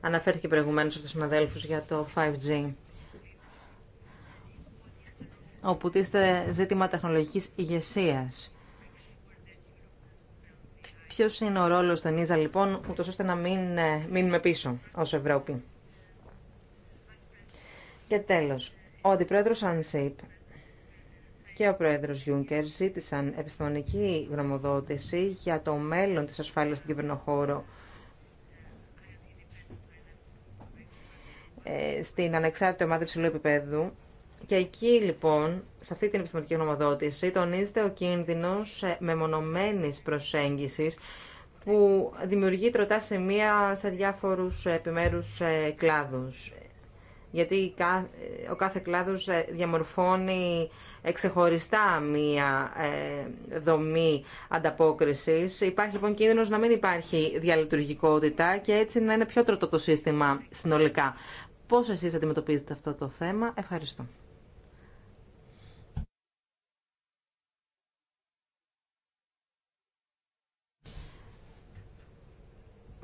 αναφέρθηκε προηγουμένως από τους συναδέλφους για το 5G όπου τίθεται ζήτημα τεχνολογικής ηγεσίας. Ποιο είναι ο ρόλος του Ίζα λοιπόν, ούτω ώστε να μην ε, μείνουμε πίσω ως Ευρώπη. Και τέλο, ο αντιπρόεδρο Ανσίπ και ο Πρόεδρος Γιούγκερ ζήτησαν επιστημονική γνωμοδότηση για το μέλλον της ασφάλειας στην κυβερνοχώρο ε, στην ανεξάρτητη ομάδα υψηλού επίπεδου και εκεί λοιπόν, σε αυτή την επιστημονική γνωμοδότηση, τονίζεται ο κίνδυνος ε, μεμονωμένη προσέγγισης που δημιουργεί τροτά σημεία σε διάφορους ε, επιμέρους ε, κλάδους. Γιατί ο κάθε κλάδος διαμορφώνει εξεχωριστά μία δομή ανταπόκρισης. Υπάρχει λοιπόν κίνδυνος να μην υπάρχει διαλειτουργικότητα και έτσι να είναι πιο τροτό το σύστημα συνολικά. Πώς εσείς αντιμετωπίζετε αυτό το θέμα. Ευχαριστώ.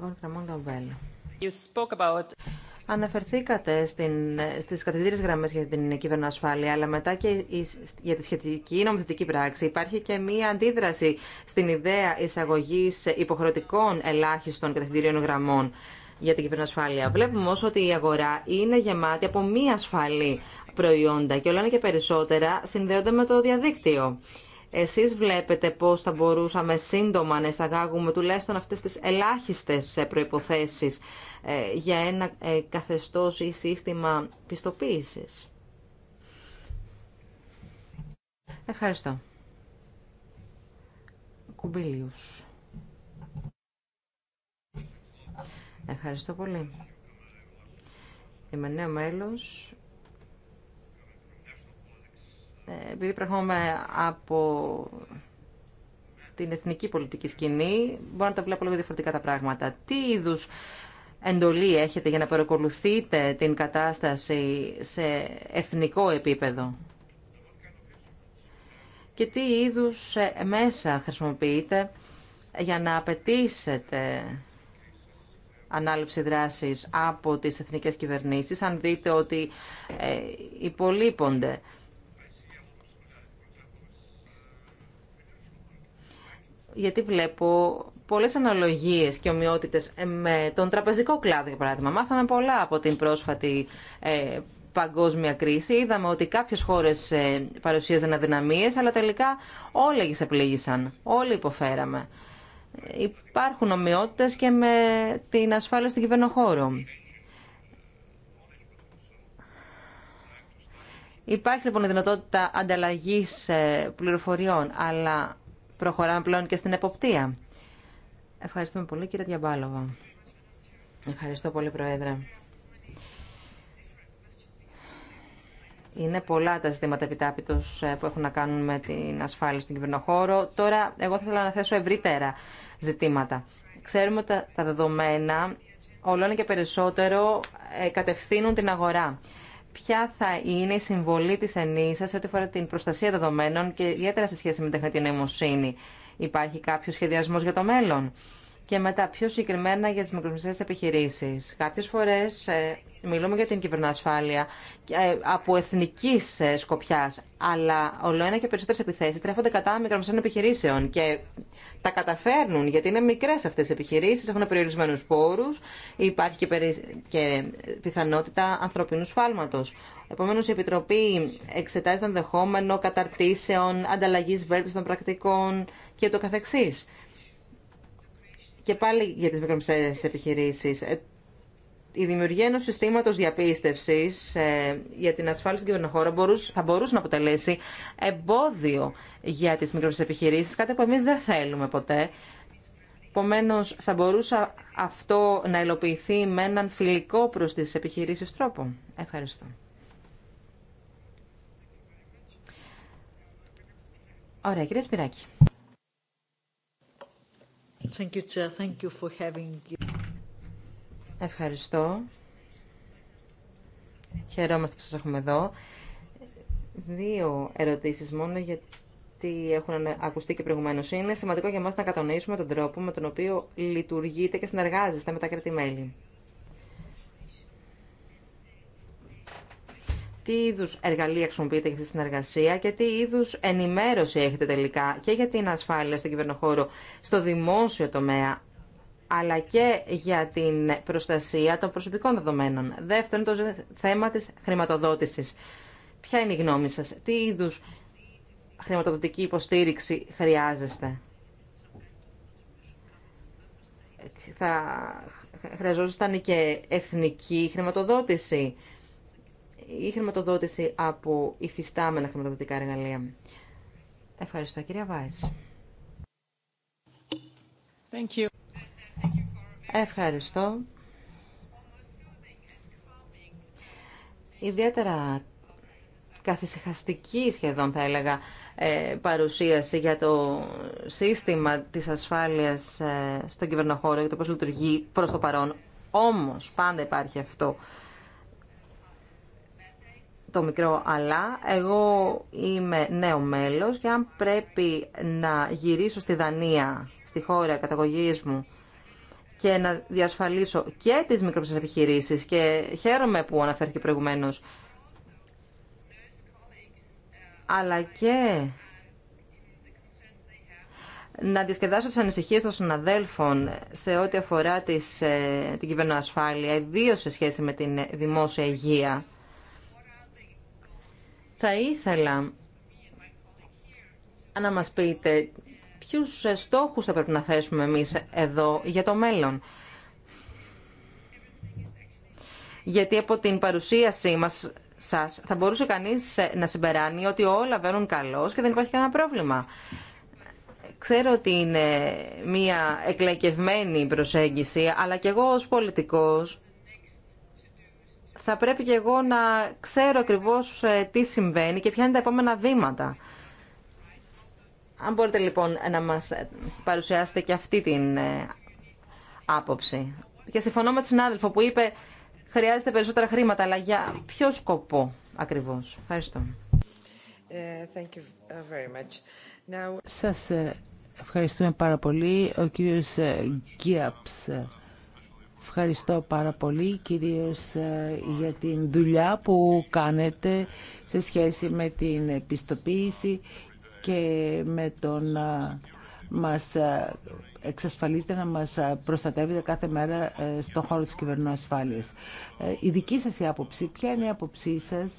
Λοιπόν, Αναφερθήκατε στην, στις γραμμέ γραμμές για την ασφάλεια, αλλά μετά και για τη σχετική νομοθετική πράξη υπάρχει και μία αντίδραση στην ιδέα εισαγωγής υποχρεωτικών ελάχιστων κατευθυντήριων γραμμών για την ασφάλεια. Βλέπουμε όμως ότι η αγορά είναι γεμάτη από μία ασφαλή προϊόντα και όλα είναι και περισσότερα συνδέονται με το διαδίκτυο. Εσείς βλέπετε πώς θα μπορούσαμε σύντομα να εισαγάγουμε τουλάχιστον αυτές τις ελάχιστες ε, προϋποθέσεις ε, για ένα ε, καθεστώς ή σύστημα πιστοποίησης. Ευχαριστώ. Κουμπίλιους. Ευχαριστώ πολύ. Είμαι νέο μέλος ε, επειδή προχωρούμε από την εθνική πολιτική σκηνή, μπορώ να τα βλέπω λίγο διαφορετικά τα πράγματα. Τι είδου εντολή έχετε για να παρακολουθείτε την κατάσταση σε εθνικό επίπεδο και τι είδους ε, μέσα χρησιμοποιείτε για να απαιτήσετε ανάληψη δράσης από τις εθνικές κυβερνήσεις αν δείτε ότι ε, υπολείπονται γιατί βλέπω πολλές αναλογίε και ομοιότητες ε, με τον τραπεζικό κλάδο, για παράδειγμα. Μάθαμε πολλά από την πρόσφατη ε, παγκόσμια κρίση. Είδαμε ότι κάποιες χώρες ε, παρουσίαζαν αδυναμίες, αλλά τελικά τι εξεπλήγησαν, όλοι υποφέραμε. Υπάρχουν ομοιότητες και με την ασφάλεια στην κυβερνοχώρο. Υπάρχει λοιπόν η δυνατότητα ανταλλαγής πληροφοριών, αλλά προχωράμε πλέον και στην εποπτεία. Ευχαριστούμε πολύ κύριε Διαμπάλοβα. Ευχαριστώ πολύ Πρόεδρε. Είναι πολλά τα ζητήματα επιτάπητο ε, που έχουν να κάνουν με την ασφάλεια στον κυβερνοχώρο. Τώρα, εγώ θα ήθελα να θέσω ευρύτερα ζητήματα. Ξέρουμε ότι τα δεδομένα όλο και περισσότερο ε, κατευθύνουν την αγορά ποια θα είναι η συμβολή της ΕΝΗΣΑ σε ό,τι αφορά την προστασία δεδομένων και ιδιαίτερα σε σχέση με την τεχνητή νοημοσύνη. Υπάρχει κάποιο σχεδιασμός για το μέλλον και μετά πιο συγκεκριμένα για τις μικρομεσαίες επιχειρήσεις. Κάποιες φορές ε, μιλούμε για την κυβερνοασφάλεια ε, από εθνικής ε, σκοπιάς, αλλά ολοένα και περισσότερες επιθέσεις τρέφονται κατά μικρομεσαίων επιχειρήσεων και τα καταφέρνουν γιατί είναι μικρές αυτές οι επιχειρήσεις, έχουν περιορισμένους πόρους, υπάρχει και, και πιθανότητα ανθρωπίνου σφάλματος. Επομένως, η Επιτροπή εξετάζει τον δεχόμενο καταρτήσεων, ανταλλαγής βέλτιστων πρακτικών και το καθεξής. Και πάλι για τις μικρομεσαίες επιχειρήσεις. Ε, η δημιουργία ενός συστήματος διαπίστευσης ε, για την ασφάλιση του κυβερνοχώρου θα μπορούσε να αποτελέσει εμπόδιο για τις μικρομεσαίες επιχειρήσεις, κάτι που εμείς δεν θέλουμε ποτέ. Επομένω, θα μπορούσε αυτό να υλοποιηθεί με έναν φιλικό προς τις επιχειρήσεις τρόπο. Ευχαριστώ. Ωραία, κύριε Σπυράκη. Ευχαριστώ. Χαιρόμαστε που σας έχουμε εδώ. Δύο ερωτήσεις μόνο γιατί έχουν ακουστεί και προηγουμένως. Είναι σημαντικό για μας να κατανοήσουμε τον τρόπο με τον οποίο λειτουργείτε και συνεργάζεστε με τα κρατη τι είδου εργαλεία χρησιμοποιείτε για αυτή τη συνεργασία και τι είδου ενημέρωση έχετε τελικά και για την ασφάλεια στον κυβερνοχώρο, στο δημόσιο τομέα, αλλά και για την προστασία των προσωπικών δεδομένων. Δεύτερον, το θέμα τη χρηματοδότησης. Ποια είναι η γνώμη σας, τι είδους χρηματοδοτική υποστήριξη χρειάζεστε. Θα χρειαζόσασταν και εθνική χρηματοδότηση η χρηματοδότηση από υφιστάμενα χρηματοδοτικά εργαλεία. Ευχαριστώ, κυρία Βάης. Thank you. Ευχαριστώ. Ιδιαίτερα καθησυχαστική σχεδόν θα έλεγα ε, παρουσίαση για το σύστημα της ασφάλειας ε, στον κυβερνοχώρο και το πώς λειτουργεί προς το παρόν. Όμως πάντα υπάρχει αυτό το μικρό αλλά. Εγώ είμαι νέο μέλος και αν πρέπει να γυρίσω στη Δανία, στη χώρα καταγωγής μου, και να διασφαλίσω και τις μικρομεσαίες επιχειρήσεις και χαίρομαι που αναφέρθηκε προηγουμένως αλλά και να διασκεδάσω τις ανησυχίες των συναδέλφων σε ό,τι αφορά τις, ε, την ασφάλεια, ιδίως σε σχέση με την δημόσια υγεία. Θα ήθελα να μας πείτε ποιους στόχους θα πρέπει να θέσουμε εμείς εδώ για το μέλλον. Γιατί από την παρουσίασή μας σας θα μπορούσε κανείς να συμπεράνει ότι όλα βαίνουν καλώς και δεν υπάρχει κανένα πρόβλημα. Ξέρω ότι είναι μία εκλεκευμένη προσέγγιση, αλλά και εγώ ως πολιτικός θα πρέπει και εγώ να ξέρω ακριβώς ε, τι συμβαίνει και ποια είναι τα επόμενα βήματα. Αν μπορείτε λοιπόν να μας παρουσιάσετε και αυτή την ε, άποψη. Και συμφωνώ με τη συνάδελφο που είπε χρειάζεται περισσότερα χρήματα, αλλά για ποιο σκοπό ακριβώς. Ευχαριστώ. Ε, thank uh, Σας ευχαριστούμε πάρα πολύ. Ο κύριος Ευχαριστώ πάρα πολύ κυρίως ε, για την δουλειά που κάνετε σε σχέση με την επιστοποίηση και με τον ε, μας ε, εξασφαλίζετε να μας ε, προστατεύετε κάθε μέρα ε, στον χώρο της κυβερνοασφάλειας. Ε, η δική σας η άποψη, ποια είναι η άποψή σας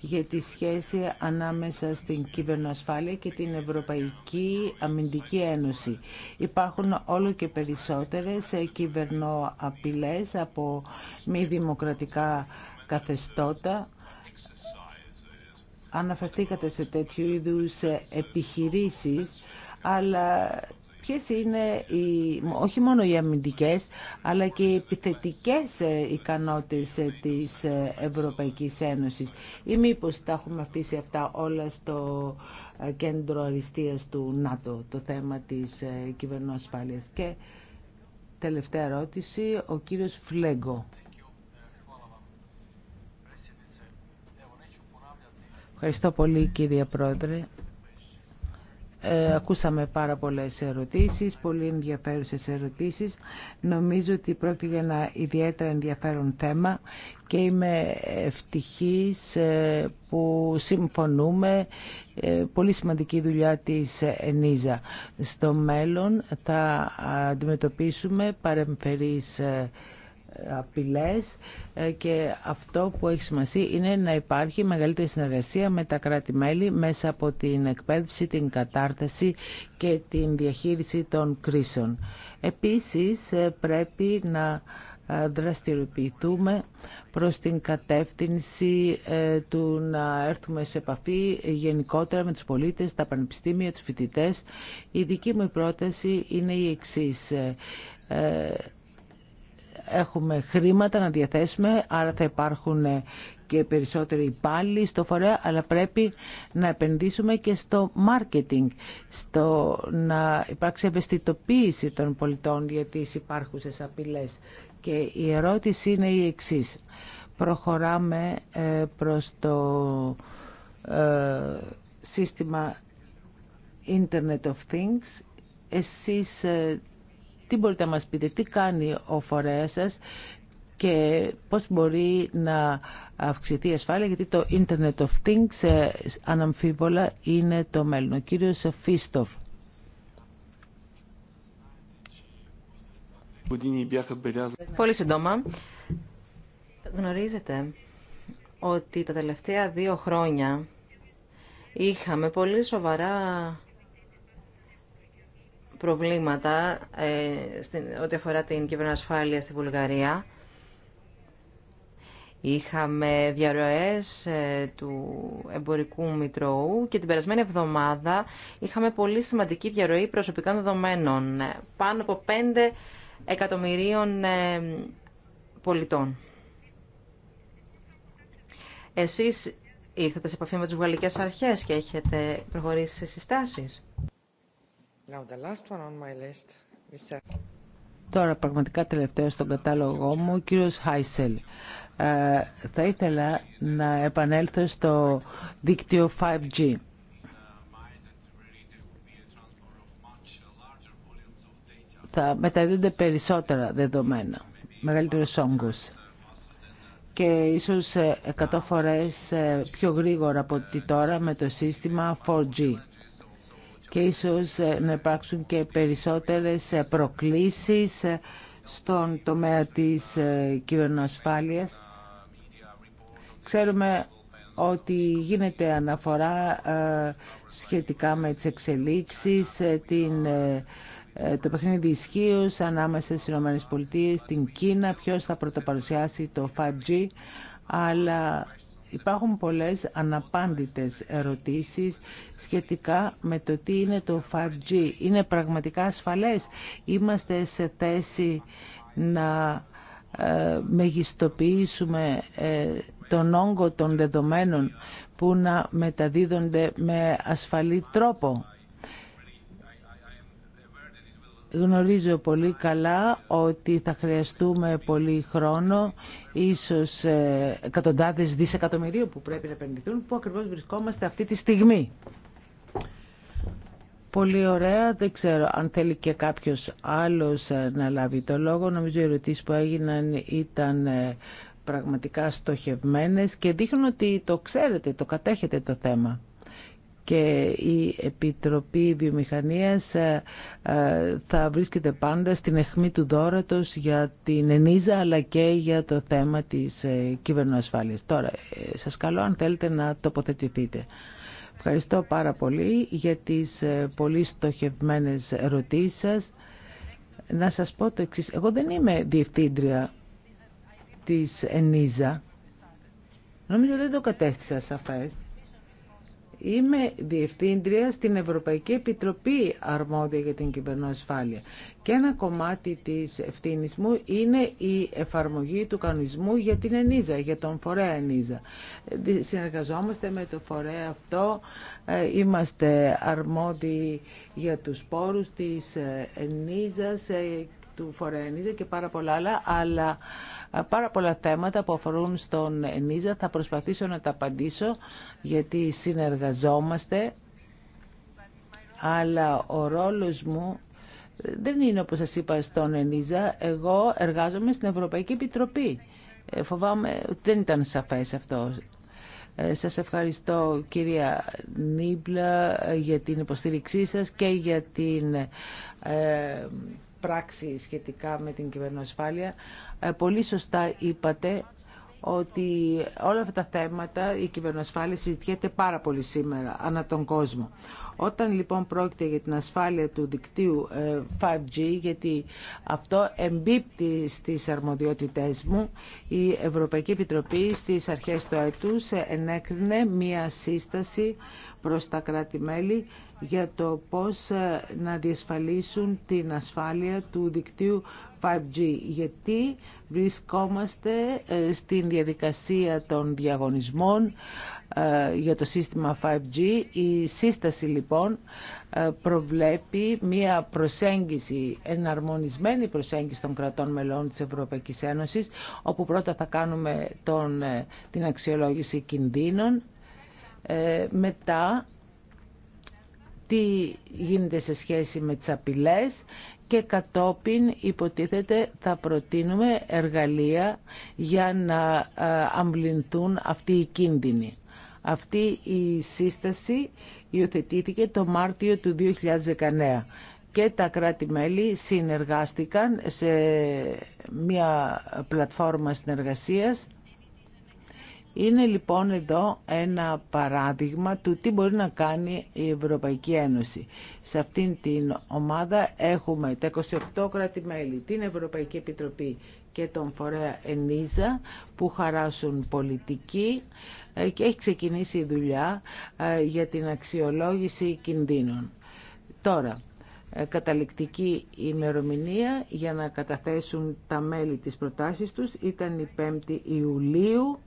για τη σχέση ανάμεσα στην κυβερνοασφάλεια και την Ευρωπαϊκή Αμυντική Ένωση. Υπάρχουν όλο και περισσότερες κυβερνοαπειλές από μη δημοκρατικά καθεστώτα. Αναφερθήκατε σε τέτοιου είδους επιχειρήσεις, αλλά Ποιε είναι όχι μόνο οι αμυντικές αλλά και οι επιθετικές ε, ικανότητες ε, της ε, Ευρωπαϊκής Ένωσης ή μήπω τα έχουμε αφήσει αυτά όλα στο κέντρο αριστείας του ΝΑΤΟ το θέμα της κυβερνοασφάλειας και τελευταία ερώτηση ο κύριος Φλέγκο Ευχαριστώ πολύ κύριε Πρόεδρε ε, ακούσαμε πάρα πολλές ερωτήσεις, πολύ ενδιαφέρουσες ερωτήσεις. Νομίζω ότι πρόκειται για ένα ιδιαίτερα ενδιαφέρον θέμα και είμαι ευτυχής ε, που συμφωνούμε ε, πολύ σημαντική δουλειά της ΕΝΙΖΑ. Στο μέλλον θα αντιμετωπίσουμε παρεμφερείς απειλές ε, και αυτό που έχει σημασία είναι να υπάρχει μεγαλύτερη συνεργασία με τα κράτη-μέλη μέσα από την εκπαίδευση, την κατάρταση και την διαχείριση των κρίσεων. Επίσης ε, πρέπει να ε, δραστηριοποιηθούμε προς την κατεύθυνση του να έρθουμε σε επαφή γενικότερα με τους πολίτες, τα πανεπιστήμια, τους φοιτητές. Η δική μου πρόταση είναι η εξής έχουμε χρήματα να διαθέσουμε, άρα θα υπάρχουν και περισσότεροι υπάλληλοι στο φορέα, αλλά πρέπει να επενδύσουμε και στο μάρκετινγκ, στο να υπάρξει ευαισθητοποίηση των πολιτών για τις υπάρχουσες απειλές. Και η ερώτηση είναι η εξής. Προχωράμε ε, προς το ε, σύστημα Internet of Things. Εσείς ε, τι μπορείτε να μας πείτε, τι κάνει ο φορέας σας και πώς μπορεί να αυξηθεί η ασφάλεια, γιατί το Internet of Things ε, αναμφίβολα είναι το μέλλον. Ο κύριος Φίστοφ. Πολύ συντόμα. Γνωρίζετε ότι τα τελευταία δύο χρόνια είχαμε πολύ σοβαρά προβλήματα ε, στην, ό,τι αφορά την κυβερνοασφάλεια στη Βουλγαρία. Είχαμε διαρροές ε, του εμπορικού Μητρώου και την περασμένη εβδομάδα είχαμε πολύ σημαντική διαρροή προσωπικών δεδομένων, ε, πάνω από 5 εκατομμυρίων ε, πολιτών. Εσείς ήρθατε σε επαφή με τις βουλγαρικές αρχές και έχετε προχωρήσει σε συστάσεις. Τώρα πραγματικά τελευταίο στον κατάλογό μου, ο κύριος Χάισελ. Ε, θα ήθελα να επανέλθω στο δίκτυο 5G. Θα μεταδίδονται περισσότερα δεδομένα, μεγαλύτερο όγκος και ίσως 100 ε, φορές ε, πιο γρήγορα από ότι τώρα με το σύστημα 4G και ίσως ε, να υπάρξουν και περισσότερες ε, προκλήσεις ε, στον τομέα της κυβερνοασφάλειας. Ξέρουμε ότι γίνεται αναφορά σχετικά με τις εξελίξεις, την, το παιχνίδι ισχύω ανάμεσα στις ΗΠΑ, την Κίνα, ποιος θα πρωτοπαρουσιάσει το 5 αλλά Υπάρχουν πολλές αναπάντητες ερωτήσεις σχετικά με το τι είναι το 5G. Είναι πραγματικά ασφαλές. Είμαστε σε θέση να ε, μεγιστοποιήσουμε ε, τον όγκο των δεδομένων που να μεταδίδονται με ασφαλή τρόπο. Γνωρίζω πολύ καλά ότι θα χρειαστούμε πολύ χρόνο, ίσως ε, εκατοντάδες δισεκατομμυρίων που πρέπει να επενδυθούν, που ακριβώς βρισκόμαστε αυτή τη στιγμή. Πολύ ωραία. Δεν ξέρω αν θέλει και κάποιος άλλος ε, να λάβει το λόγο. Νομίζω οι ερωτήσεις που έγιναν ήταν ε, πραγματικά στοχευμένες και δείχνουν ότι το ξέρετε, το κατέχετε το θέμα και η Επιτροπή Βιομηχανίας ε, ε, θα βρίσκεται πάντα στην αιχμή του δόρατος για την ΕΝΙΖΑ αλλά και για το θέμα της ε, κυβερνοασφάλειας. Τώρα, σας καλώ αν θέλετε να τοποθετηθείτε. Ευχαριστώ πάρα πολύ για τις πολύ στοχευμένες ερωτήσεις σας. Να σας πω το εξής. Εγώ δεν είμαι διευθύντρια της ΕΝΙΖΑ. Νομίζω δεν το κατέστησα σαφές. Είμαι διευθύντρια στην Ευρωπαϊκή Επιτροπή αρμόδια για την κυβερνοασφάλεια. Και ένα κομμάτι της ευθύνη μου είναι η εφαρμογή του κανονισμού για την ΕΝΙΖΑ, για τον φορέα ΕΝΙΖΑ. Συνεργαζόμαστε με το φορέα αυτό, ε, είμαστε αρμόδιοι για τους πόρους της ε, ΕΝΙΖΑ του Φορένιζα και πάρα πολλά άλλα, αλλά ε, πάρα πολλά θέματα που αφορούν στον Ενίζα. Θα προσπαθήσω να τα απαντήσω γιατί συνεργαζόμαστε, αλλά ο ρόλος μου ε, δεν είναι όπως σας είπα στον Ενίζα. Εγώ εργάζομαι στην Ευρωπαϊκή Επιτροπή. Ε, φοβάμαι ότι δεν ήταν σαφές αυτό. Σας ευχαριστώ κυρία Νίμπλα για την υποστήριξή σας και για την πράξη σχετικά με την κυβερνοασφάλεια. Ε, πολύ σωστά είπατε ότι όλα αυτά τα θέματα, η κυβερνοασφάλεια συζητιέται πάρα πολύ σήμερα ανά τον κόσμο. Όταν λοιπόν πρόκειται για την ασφάλεια του δικτύου 5G, ε, γιατί αυτό εμπίπτει στις αρμοδιότητές μου, η Ευρωπαϊκή Επιτροπή στις αρχές του έτους ε, ενέκρινε μία σύσταση προς τα κράτη-μέλη για το πώς ε, να διασφαλίσουν την ασφάλεια του δικτύου 5G. Γιατί βρισκόμαστε ε, στην διαδικασία των διαγωνισμών ε, για το σύστημα 5G. Η σύσταση λοιπόν προβλέπει μία προσέγγιση, εναρμονισμένη προσέγγιση των κρατών μελών της Ευρωπαϊκής Ένωσης, όπου πρώτα θα κάνουμε τον, την αξιολόγηση κινδύνων, ε, μετά, τι γίνεται σε σχέση με τις απειλές και κατόπιν υποτίθεται θα προτείνουμε εργαλεία για να ε, αμβληνθούν αυτοί οι κίνδυνοι. Αυτή η σύσταση υιοθετήθηκε το Μάρτιο του 2019 και τα κράτη-μέλη συνεργάστηκαν σε μια πλατφόρμα συνεργασίας είναι λοιπόν εδώ ένα παράδειγμα του τι μπορεί να κάνει η Ευρωπαϊκή Ένωση. Σε αυτήν την ομάδα έχουμε τα 28 κράτη-μέλη, την Ευρωπαϊκή Επιτροπή και τον φορέα ΕΝΙΖΑ που χαράσουν πολιτική ε, και έχει ξεκινήσει η δουλειά ε, για την αξιολόγηση κινδύνων. Τώρα, ε, καταληκτική ημερομηνία για να καταθέσουν τα μέλη της προτάσεις τους ήταν η 5η Ιουλίου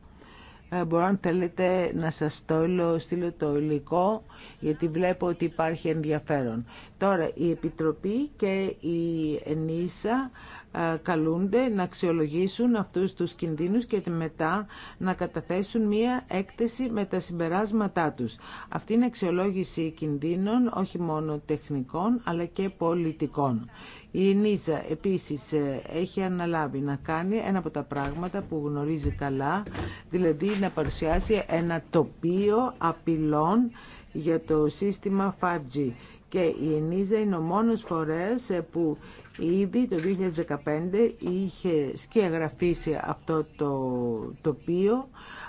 ε, μπορώ αν θέλετε να σας στόλω, στείλω το υλικό γιατί βλέπω ότι υπάρχει ενδιαφέρον. Τώρα η Επιτροπή και η ΕΝΙΣΑ ε, καλούνται να αξιολογήσουν αυτούς τους κινδύνους και μετά να καταθέσουν μία έκθεση με τα συμπεράσματά τους. Αυτή είναι αξιολόγηση κινδύνων όχι μόνο τεχνικών αλλά και πολιτικών. Η Ενίζα επίσης ε, έχει αναλάβει να κάνει ένα από τα πράγματα που γνωρίζει καλά, δηλαδή να παρουσιάσει ένα τοπίο απειλών για το σύστημα Και η Ενίζα είναι ο μόνος φορέας ε, που Ήδη το 2015 είχε σκιαγραφίσει αυτό το τοπίο,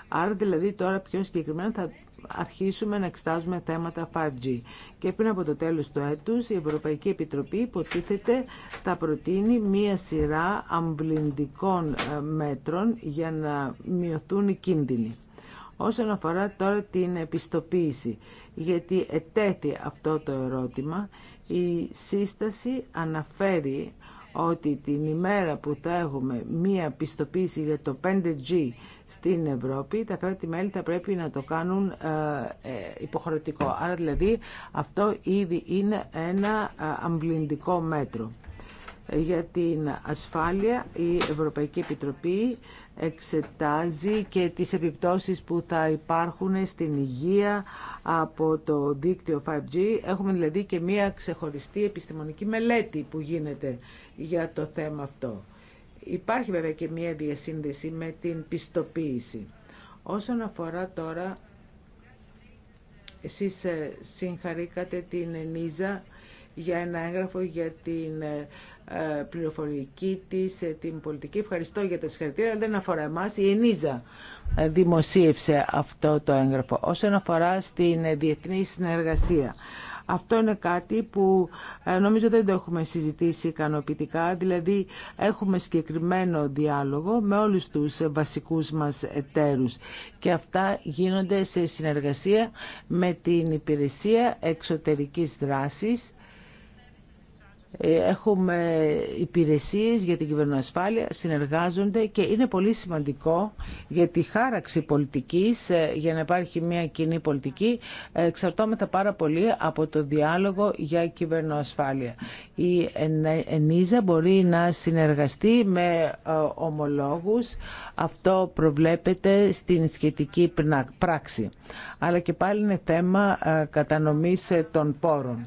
άρα δηλαδή τώρα πιο συγκεκριμένα θα αρχίσουμε να εξετάζουμε θέματα 5G. Και πριν από το τέλος του έτους η Ευρωπαϊκή Επιτροπή υποτίθεται θα προτείνει μία σειρά αμβλυντικών ε, μέτρων για να μειωθούν οι κίνδυνοι. Όσον αφορά τώρα την επιστοποίηση, γιατί ετέθη αυτό το ερώτημα, η σύσταση αναφέρει ότι την ημέρα που θα έχουμε μία πιστοποίηση για το 5G στην Ευρώπη, τα κράτη-μέλη θα πρέπει να το κάνουν ε, ε, υποχρεωτικό. Άρα δηλαδή αυτό ήδη είναι ένα ε, αμπλυντικό μέτρο. Για την ασφάλεια η Ευρωπαϊκή Επιτροπή εξετάζει και τις επιπτώσεις που θα υπάρχουν στην υγεία από το δίκτυο 5G. Έχουμε δηλαδή και μία ξεχωριστή επιστημονική μελέτη που γίνεται για το θέμα αυτό. Υπάρχει βέβαια και μία διασύνδεση με την πιστοποίηση. Όσον αφορά τώρα, εσείς ε, συγχαρήκατε την Ενίζα για ένα έγγραφο για την ε, ε, πληροφορική της, ε, την πολιτική. Ευχαριστώ για τα συγχαρητήρια. Δεν αφορά εμάς. Η Ενίζα δημοσίευσε αυτό το έγγραφο. Όσον αφορά στην διεθνή συνεργασία. Αυτό είναι κάτι που νομίζω δεν το έχουμε συζητήσει ικανοποιητικά, δηλαδή έχουμε συγκεκριμένο διάλογο με όλους τους βασικούς μας εταίρους και αυτά γίνονται σε συνεργασία με την Υπηρεσία Εξωτερικής Δράσης ε, έχουμε υπηρεσίες για την κυβερνοασφάλεια, συνεργάζονται και είναι πολύ σημαντικό για τη χάραξη πολιτικής, ε, για να υπάρχει μια κοινή πολιτική, ε, εξαρτώμεθα πάρα πολύ από το διάλογο για κυβερνοασφάλεια. Η ΕΝΙΖΑ μπορεί να συνεργαστεί με ομολόγους, αυτό προβλέπεται στην σχετική πράξη. Αλλά και πάλι είναι θέμα κατανομής των πόρων.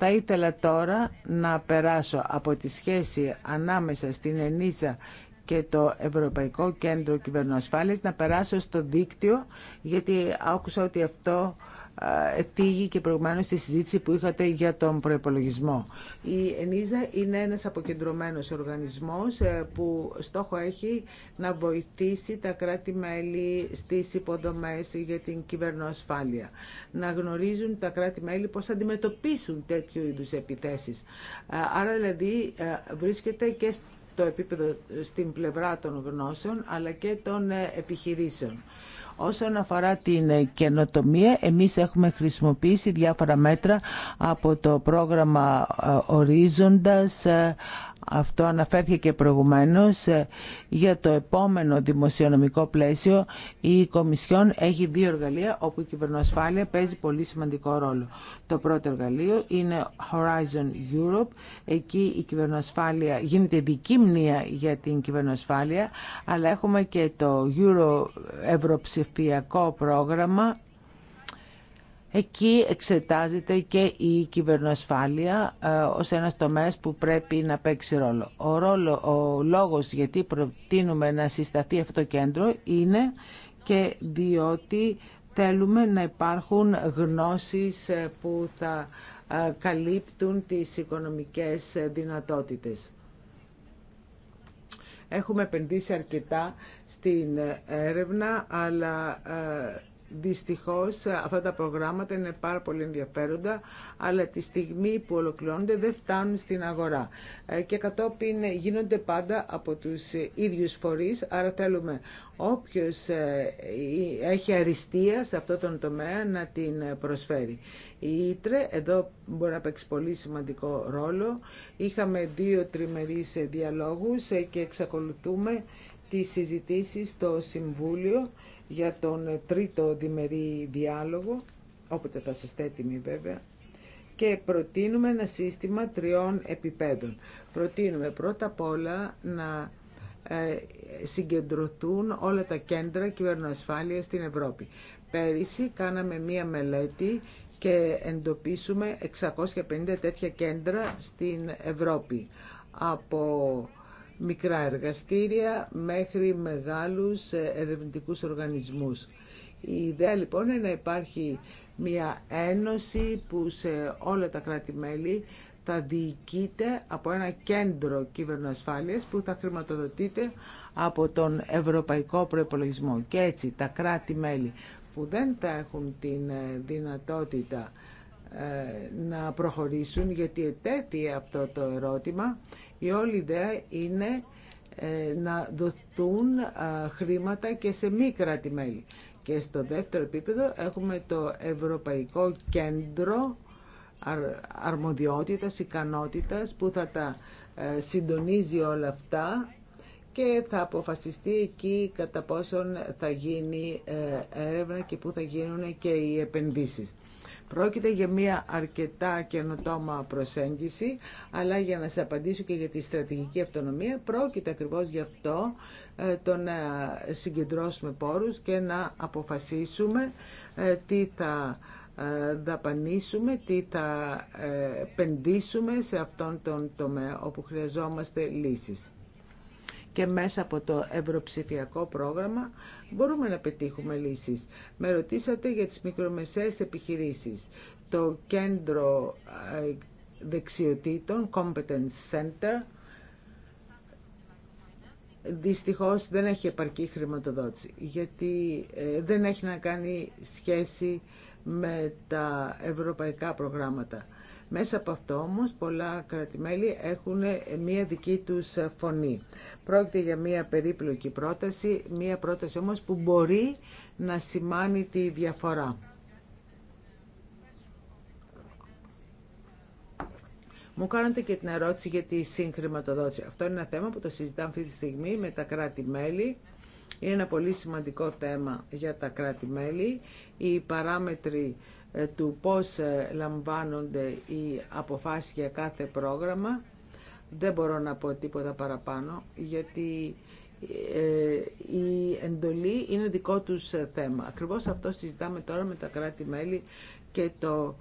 Θα ήθελα τώρα να περάσω από τη σχέση ανάμεσα στην ΕΝΙΣΑ και το Ευρωπαϊκό Κέντρο Κυβερνοασφάλειας να περάσω στο δίκτυο γιατί άκουσα ότι αυτό φύγει και προηγουμένως στη συζήτηση που είχατε για τον προϋπολογισμό. Η ΕΝΙΖΑ είναι ένας αποκεντρωμένος οργανισμός ε, που στόχο έχει να βοηθήσει τα κράτη-μέλη στις υποδομές για την κυβερνοασφάλεια. Να γνωρίζουν τα κράτη-μέλη πώς αντιμετωπίσουν τέτοιου είδους επιθέσεις. Ε, άρα δηλαδή ε, βρίσκεται και στο επίπεδο στην πλευρά των γνώσεων αλλά και των επιχειρήσεων. Όσον αφορά την ε, καινοτομία, εμείς έχουμε χρησιμοποιήσει διάφορα μέτρα από το πρόγραμμα ε, Ορίζοντας, ε, αυτό αναφέρθηκε και προηγουμένως, ε, για το επόμενο δημοσιονομικό πλαίσιο η Κομισιόν έχει δύο εργαλεία όπου η κυβερνοασφάλεια παίζει πολύ σημαντικό ρόλο. Το πρώτο εργαλείο είναι Horizon Europe. Εκεί η κυβερνοασφάλεια γίνεται βικίμνια για την κυβερνοασφάλεια, αλλά έχουμε και το Euro Ευρωψηφιακό πρόγραμμα Εκεί εξετάζεται και η κυβερνοασφάλεια ε, ως ένας τομέας που πρέπει να παίξει ρόλο. Ο, ρόλο, ο λόγος γιατί προτείνουμε να συσταθεί αυτό το κέντρο είναι και διότι θέλουμε να υπάρχουν γνώσεις ε, που θα ε, καλύπτουν τις οικονομικές δυνατότητες. Έχουμε επενδύσει αρκετά στην έρευνα, αλλά Δυστυχώ, αυτά τα προγράμματα είναι πάρα πολύ ενδιαφέροντα, αλλά τη στιγμή που ολοκληρώνονται δεν φτάνουν στην αγορά. Ε, και κατόπιν γίνονται πάντα από τους ίδιους φορείς, άρα θέλουμε όποιος ε, ε, έχει αριστεία σε αυτό τον τομέα να την προσφέρει. Η Ήτρε εδώ μπορεί να παίξει πολύ σημαντικό ρόλο. Είχαμε δύο τριμερείς διαλόγους και εξακολουθούμε τις συζητήσεις στο Συμβούλιο για τον τρίτο διμερή διάλογο, όποτε θα είστε έτοιμοι βέβαια, και προτείνουμε ένα σύστημα τριών επιπέδων. Προτείνουμε πρώτα απ' όλα να ε, συγκεντρωθούν όλα τα κέντρα κυβερνοασφάλειας στην Ευρώπη. Πέρυσι κάναμε μία μελέτη και εντοπίσουμε 650 τέτοια κέντρα στην Ευρώπη από μικρά εργαστήρια μέχρι μεγάλους ε, ερευνητικούς οργανισμούς. Η ιδέα λοιπόν είναι να υπάρχει μια ένωση που σε όλα τα κράτη-μέλη θα διοικείται από ένα κέντρο κυβερνοασφάλειας που θα χρηματοδοτείται από τον Ευρωπαϊκό Προϋπολογισμό. Και έτσι τα κράτη-μέλη που δεν θα έχουν την ε, δυνατότητα ε, να προχωρήσουν, γιατί ετέθη αυτό το ερώτημα, η όλη ιδέα είναι ε, να δοθούν χρήματα και σε μη κράτη-μέλη. Και στο δεύτερο επίπεδο έχουμε το Ευρωπαϊκό Κέντρο Αρμοδιότητας, Ικανότητας που θα τα ε, συντονίζει όλα αυτά και θα αποφασιστεί εκεί κατά πόσον θα γίνει ε, έρευνα και πού θα γίνουν και οι επενδύσεις. Πρόκειται για μια αρκετά καινοτόμα προσέγγιση, αλλά για να σας απαντήσω και για τη στρατηγική αυτονομία, πρόκειται ακριβώς γι' αυτό ε, το να συγκεντρώσουμε πόρους και να αποφασίσουμε ε, τι θα ε, δαπανίσουμε, τι θα επενδύσουμε σε αυτόν τον τομέα όπου χρειαζόμαστε λύσεις και μέσα από το ευρωψηφιακό πρόγραμμα μπορούμε να πετύχουμε λύσεις. Με ρωτήσατε για τις μικρομεσαίες επιχειρήσεις. Το κέντρο ε, δεξιοτήτων, Competence Center, δυστυχώς δεν έχει επαρκή χρηματοδότηση, γιατί ε, δεν έχει να κάνει σχέση με τα ευρωπαϊκά προγράμματα. Μέσα από αυτό όμως πολλά κρατημέλη έχουν μία δική τους φωνή. Πρόκειται για μία περίπλοκη πρόταση, μία πρόταση όμως που μπορεί να σημάνει τη διαφορά. Μου κάνατε και την ερώτηση για τη συγχρηματοδότηση. Αυτό είναι ένα θέμα που το συζητάμε αυτή τη στιγμή με τα κράτη-μέλη. Είναι ένα πολύ σημαντικό θέμα για τα κράτη-μέλη. Οι παράμετροι ε, του πώς ε, λαμβάνονται οι αποφάσεις για κάθε πρόγραμμα. Δεν μπορώ να πω τίποτα παραπάνω, γιατί ε, η εντολή είναι δικό τους θέμα. Ακριβώς αυτό συζητάμε τώρα με τα κράτη-μέλη και το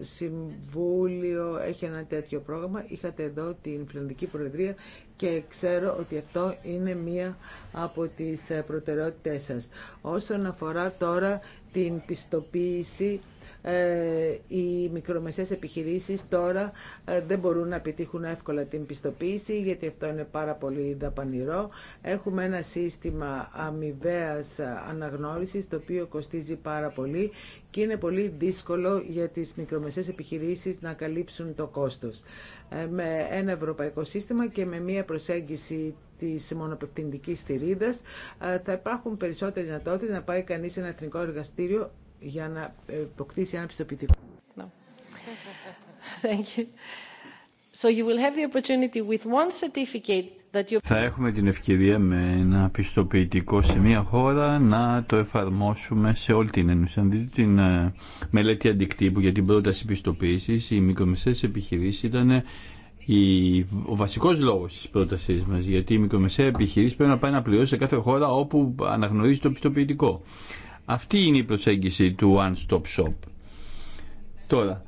Συμβούλιο έχει ένα τέτοιο πρόγραμμα. Είχατε εδώ την Φιλανδική Προεδρία και ξέρω ότι αυτό είναι μία από τις προτεραιότητές σας. Όσον αφορά τώρα την πιστοποίηση ε, οι μικρομεσαίες επιχειρήσεις τώρα ε, δεν μπορούν να επιτύχουν εύκολα την πιστοποίηση γιατί αυτό είναι πάρα πολύ δαπανηρό. Έχουμε ένα σύστημα αμοιβαία αναγνώρισης το οποίο κοστίζει πάρα πολύ και είναι πολύ δύσκολο για τις μικρομεσαίες επιχειρήσεις να καλύψουν το κόστος. Ε, με ένα ευρωπαϊκό σύστημα και με μία προσέγγιση της μονοπευθυντικής στηρίδας θα υπάρχουν περισσότερες δυνατότητες να πάει κανείς σε ένα εθνικό εργαστήριο για να υποκτήσει ένα πιστοποιητικό. Θα έχουμε την ευκαιρία με ένα πιστοποιητικό σε μια χώρα να το εφαρμόσουμε σε όλη την Ένωση. Αν δείτε την ε, μελέτη αντικτύπου για την πρόταση πιστοποίησης, οι μικρομεσαίες επιχειρήσει ήταν ε, ο βασικό λόγο τη πρότασή μα, γιατί η μικρομεσαία επιχειρήση πρέπει να πάει να πληρώσει σε κάθε χώρα όπου αναγνωρίζει το πιστοποιητικό. Αυτή είναι η προσέγγιση του One Stop Shop. Τώρα,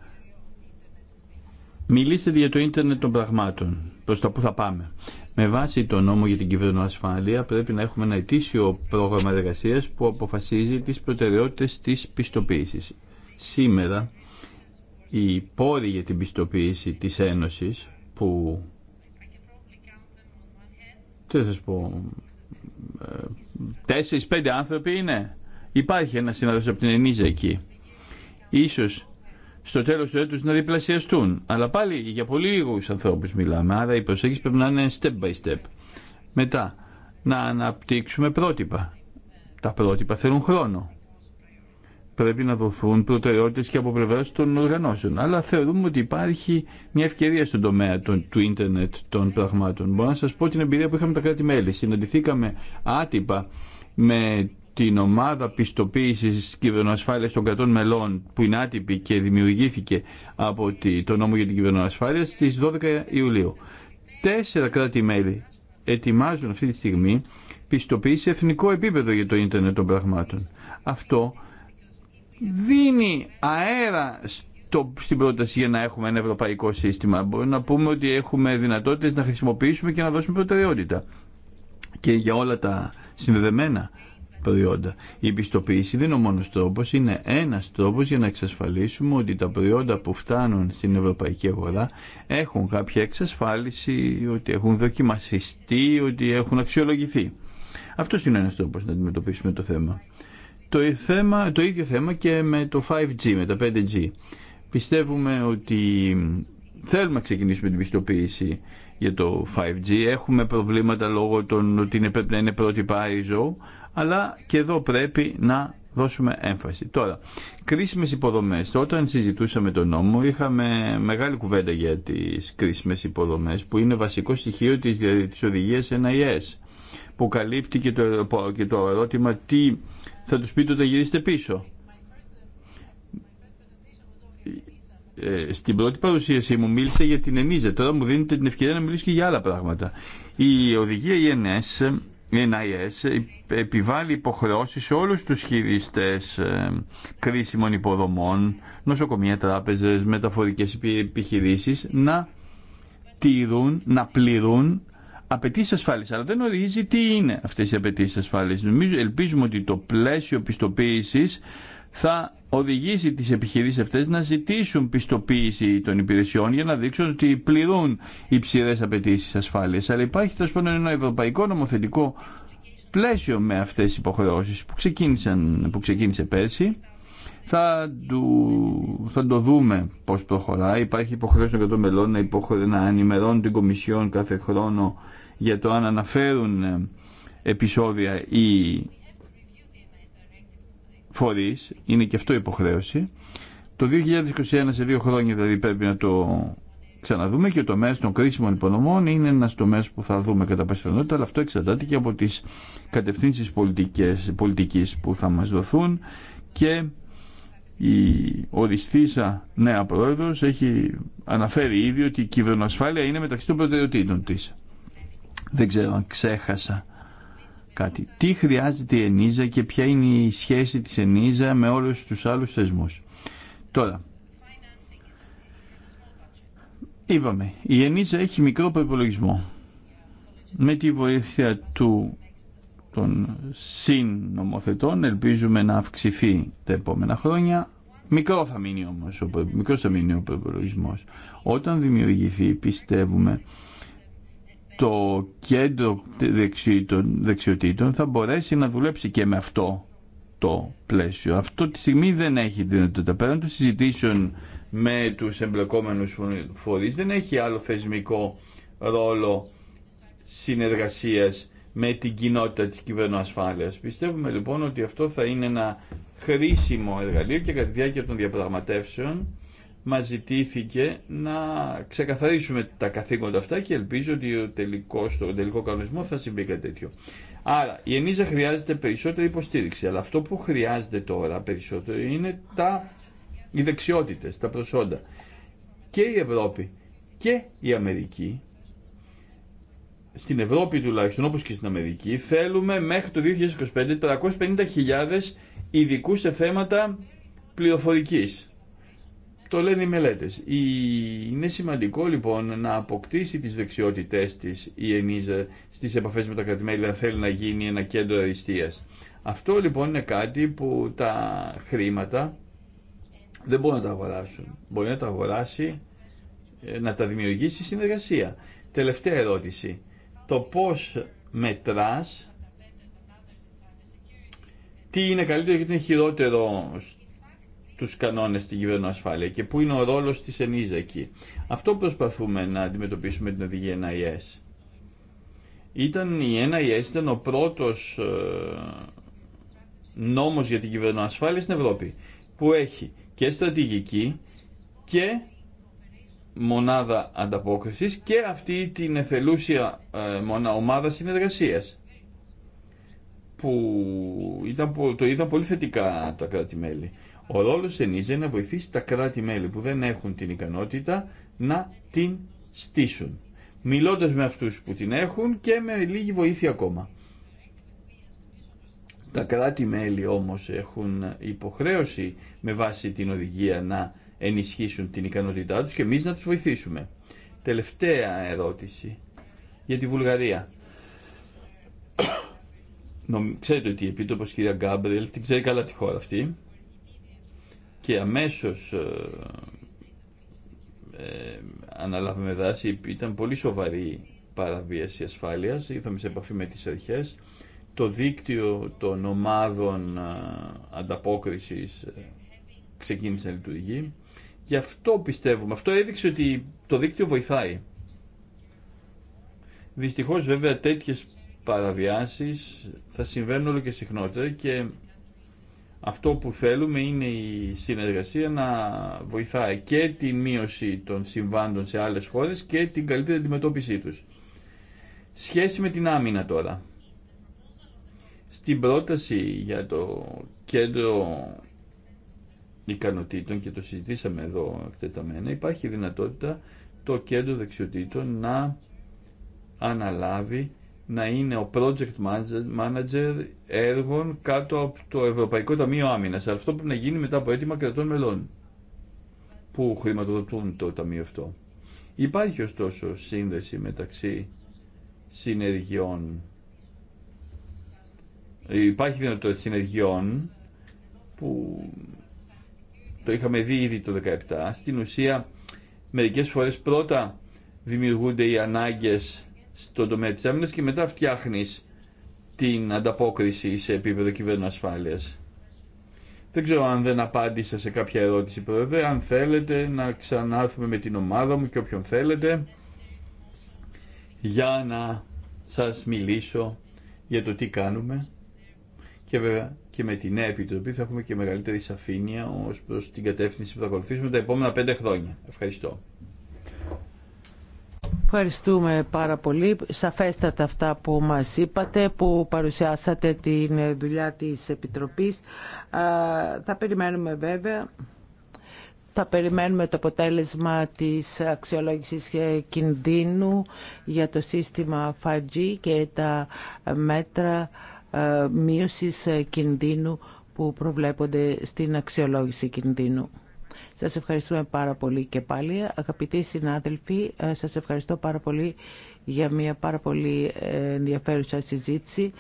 μιλήστε για το ίντερνετ των πραγμάτων, προς τα που θα πάμε. Με βάση το νόμο για την ασφάλεια πρέπει να έχουμε ένα ετήσιο πρόγραμμα εργασία που αποφασίζει τις προτεραιότητες της πιστοποίησης. Σήμερα, η πόροι για την πιστοποίηση τη Ένωσης που τι θα σας πω ε, τέσσερις πέντε άνθρωποι είναι Υπάρχει ένα συνάδελφο από την Ενίζα εκεί. Ίσως στο τέλος του έτους να διπλασιαστούν. Αλλά πάλι για πολύ λίγους ανθρώπους μιλάμε. Άρα η προσέγγιση πρέπει να είναι step by step. Μετά, να αναπτύξουμε πρότυπα. Τα πρότυπα θέλουν χρόνο. Πρέπει να δοθούν προτεραιότητες και από πλευρά των οργανώσεων. Αλλά θεωρούμε ότι υπάρχει μια ευκαιρία στον τομέα των, του ίντερνετ των πραγμάτων. Μπορώ να σας πω την εμπειρία που είχαμε τα κράτη-μέλη. Συναντηθήκαμε άτυπα με την ομάδα πιστοποίησης κυβερνοασφάλεια των κρατών μελών που είναι άτυπη και δημιουργήθηκε από το νόμο για την κυβερνοασφάλεια στι 12 Ιουλίου. Τέσσερα κράτη-μέλη ετοιμάζουν αυτή τη στιγμή πιστοποίηση σε εθνικό επίπεδο για το ίντερνετ των πραγμάτων. Αυτό δίνει αέρα στο, στην πρόταση για να έχουμε ένα ευρωπαϊκό σύστημα. Μπορούμε να πούμε ότι έχουμε δυνατότητες να χρησιμοποιήσουμε και να δώσουμε προτεραιότητα. Και για όλα τα συνδεδεμένα προϊόντα. Η πιστοποίηση, δεν είναι ο μόνο τρόπο, είναι ένα τρόπο για να εξασφαλίσουμε ότι τα προϊόντα που φτάνουν στην ευρωπαϊκή αγορά έχουν κάποια εξασφάλιση, ότι έχουν δοκιμασιστεί, ότι έχουν αξιολογηθεί. Αυτό είναι ένα τρόπο να αντιμετωπίσουμε το θέμα. Το, ε, θέμα. το ίδιο θέμα και με το 5G, με τα 5G. Πιστεύουμε ότι θέλουμε να ξεκινήσουμε την πιστοποίηση για το 5G. Έχουμε προβλήματα λόγω των ότι είναι, πρέπει να είναι πρότυπα ISO, αλλά και εδώ πρέπει να δώσουμε έμφαση. Τώρα, κρίσιμες υποδομές. Όταν συζητούσαμε τον νόμο είχαμε μεγάλη κουβέντα για τις κρίσιμες υποδομές που είναι βασικό στοιχείο της, της οδηγίας NIS που καλύπτει και το, και το ερώτημα τι θα τους πείτε όταν γυρίσετε πίσω. Ε, στην πρώτη παρουσίασή μου μίλησα για την ΕΝΙΖΑ. Τώρα μου δίνετε την ευκαιρία να μιλήσω και για άλλα πράγματα. Η οδηγία ΙΕΝΕΣ NIS ε, επιβάλλει υποχρεώσει σε όλους τους χειριστέ ε, κρίσιμων υποδομών, νοσοκομεία, τράπεζε, μεταφορικές επιχειρήσεις να τηρούν, να πληρούν απαιτήσει ασφάλεια, αλλά δεν ορίζει τι είναι αυτές οι απαιτήσει ασφάλεια. ελπίζουμε ότι το πλαίσιο πιστοποίηση θα οδηγήσει τις επιχειρήσεις αυτές να ζητήσουν πιστοποίηση των υπηρεσιών για να δείξουν ότι πληρούν υψηλές απαιτήσει ασφάλειας. Αλλά υπάρχει τόσο πάνω ένα ευρωπαϊκό νομοθετικό πλαίσιο με αυτές τις υποχρεώσεις που, ξεκίνησαν, που ξεκίνησε πέρσι. Θα, του, θα το δούμε πώς προχωράει. Υπάρχει υποχρέωση των κρατών μελών να, να ενημερώνουν την Κομισιόν κάθε χρόνο για το αν αναφέρουν ε, επεισόδια ή φορείς, είναι και αυτό υποχρέωση. Το 2021 σε δύο χρόνια δηλαδή πρέπει να το ξαναδούμε και το τομέα των κρίσιμων υποδομών είναι ένα τομέα που θα δούμε κατά πάση αλλά αυτό εξαρτάται και από τι κατευθύνσει πολιτική που θα μα δοθούν και η οριστήσα νέα πρόεδρο έχει αναφέρει ήδη ότι η κυβερνοασφάλεια είναι μεταξύ των προτεραιοτήτων τη. Δεν ξέρω αν ξέχασα κάτι. Τι χρειάζεται η ΕΝΙΖΑ και ποια είναι η σχέση της ΕΝΙΖΑ με όλους τους άλλους θεσμούς. Τώρα, είπαμε, η ΕΝΙΖΑ έχει μικρό προπολογισμό. Με τη βοήθεια του, των συνομοθετών ελπίζουμε να αυξηθεί τα επόμενα χρόνια. Μικρό θα μείνει όμως, ο, μικρός θα Όταν δημιουργηθεί πιστεύουμε το κέντρο δεξιοτήτων θα μπορέσει να δουλέψει και με αυτό το πλαίσιο. Αυτό τη στιγμή δεν έχει δυνατότητα. Πέραν των συζητήσεων με τους εμπλεκόμενους φορείς δεν έχει άλλο θεσμικό ρόλο συνεργασίας με την κοινότητα της κυβερνοασφάλειας. Πιστεύουμε λοιπόν ότι αυτό θα είναι ένα χρήσιμο εργαλείο και κατά τη διάρκεια των διαπραγματεύσεων Μα ζητήθηκε να ξεκαθαρίσουμε τα καθήκοντα αυτά και ελπίζω ότι ο τελικό, στο τελικό κανονισμό θα συμβεί κάτι τέτοιο. Άρα η ΕΝΙΖΑ χρειάζεται περισσότερη υποστήριξη, αλλά αυτό που χρειάζεται τώρα περισσότερο είναι τα, οι δεξιότητε, τα προσόντα. Και η Ευρώπη και η Αμερική, στην Ευρώπη τουλάχιστον όπως και στην Αμερική, θέλουμε μέχρι το 2025 350.000 ειδικού σε θέματα πληροφορικής το λένε οι μελέτες. Είναι σημαντικό λοιπόν να αποκτήσει τις δεξιότητές της η ΕΝΙΖΑ στις επαφές με τα κρατημέλη αν θέλει να γίνει ένα κέντρο αριστείας. Αυτό λοιπόν είναι κάτι που τα χρήματα δεν μπορούν να τα αγοράσουν. Μπορεί να τα αγοράσει, ε, να τα δημιουργήσει συνεργασία. Τελευταία ερώτηση. Το πώς μετράς τι είναι καλύτερο και τι είναι χειρότερο του κανόνε στην κυβερνοασφάλεια και πού είναι ο ρόλο τη ΕΝΙΖΑ εκεί. Αυτό προσπαθούμε να αντιμετωπίσουμε την οδηγία NIS. Ήταν, η NIS ήταν ο πρώτος ε, νόμο για την κυβερνοασφάλεια στην Ευρώπη που έχει και στρατηγική και μονάδα ανταπόκρισης και αυτή την εθελούσια ε, ομάδα συνεργασίας που ήταν, το είδα πολύ θετικά τα κράτη-μέλη. Ο ρόλο ενίζει να βοηθήσει τα κράτη-μέλη που δεν έχουν την ικανότητα να την στήσουν. Μιλώντας με αυτούς που την έχουν και με λίγη βοήθεια ακόμα. Τα κράτη-μέλη όμως έχουν υποχρέωση με βάση την οδηγία να ενισχύσουν την ικανότητά τους και εμείς να τους βοηθήσουμε. Τελευταία ερώτηση για τη Βουλγαρία. Ξέρετε ότι η Επίτροπος κυρία Γκάμπρελ την ξέρει καλά τη χώρα αυτή και αμέσως ε, ε αναλάβαμε δράση, ήταν πολύ σοβαρή παραβίαση ασφάλειας, ήρθαμε σε επαφή με τις αρχές, το δίκτυο των ομάδων ε, ανταπόκρισης ε, ξεκίνησε να λειτουργεί. Γι' αυτό πιστεύουμε, αυτό έδειξε ότι το δίκτυο βοηθάει. Δυστυχώς βέβαια τέτοιες παραβιάσεις θα συμβαίνουν όλο και συχνότερα και αυτό που θέλουμε είναι η συνεργασία να βοηθάει και τη μείωση των συμβάντων σε άλλες χώρες και την καλύτερη αντιμετώπιση τους. Σχέση με την άμυνα τώρα. Στην πρόταση για το κέντρο ικανοτήτων και το συζητήσαμε εδώ εκτεταμένα, υπάρχει δυνατότητα το κέντρο δεξιοτήτων να αναλάβει να είναι ο project manager έργων κάτω από το Ευρωπαϊκό Ταμείο Άμυνα. Αλλά αυτό πρέπει να γίνει μετά από έτοιμα κρατών μελών που χρηματοδοτούν το ταμείο αυτό. Υπάρχει ωστόσο σύνδεση μεταξύ συνεργειών. Υπάρχει δυνατότητα συνεργειών που το είχαμε δει ήδη το 2017. Στην ουσία μερικές φορές πρώτα δημιουργούνται οι ανάγκες στον τομέα τη άμυνα και μετά φτιάχνει την ανταπόκριση σε επίπεδο κυβέρνηση ασφάλεια. Δεν ξέρω αν δεν απάντησα σε κάποια ερώτηση πρόεδρε, αν θέλετε να ξανάρθουμε με την ομάδα μου και όποιον θέλετε για να σας μιλήσω για το τι κάνουμε και βέβαια και με την νέα επιτροπή θα έχουμε και μεγαλύτερη σαφήνεια ως προς την κατεύθυνση που θα ακολουθήσουμε τα επόμενα πέντε χρόνια. Ευχαριστώ. Ευχαριστούμε πάρα πολύ. Σαφέστατα αυτά που μας είπατε, που παρουσιάσατε την δουλειά της Επιτροπής. Θα περιμένουμε βέβαια θα περιμένουμε το αποτέλεσμα της αξιολόγησης κινδύνου για το σύστημα 5G και τα μέτρα μείωσης κινδύνου που προβλέπονται στην αξιολόγηση κινδύνου. Σας ευχαριστούμε πάρα πολύ και πάλι. Αγαπητοί συνάδελφοι, ε, σας ευχαριστώ πάρα πολύ για μια πάρα πολύ ε, ενδιαφέρουσα συζήτηση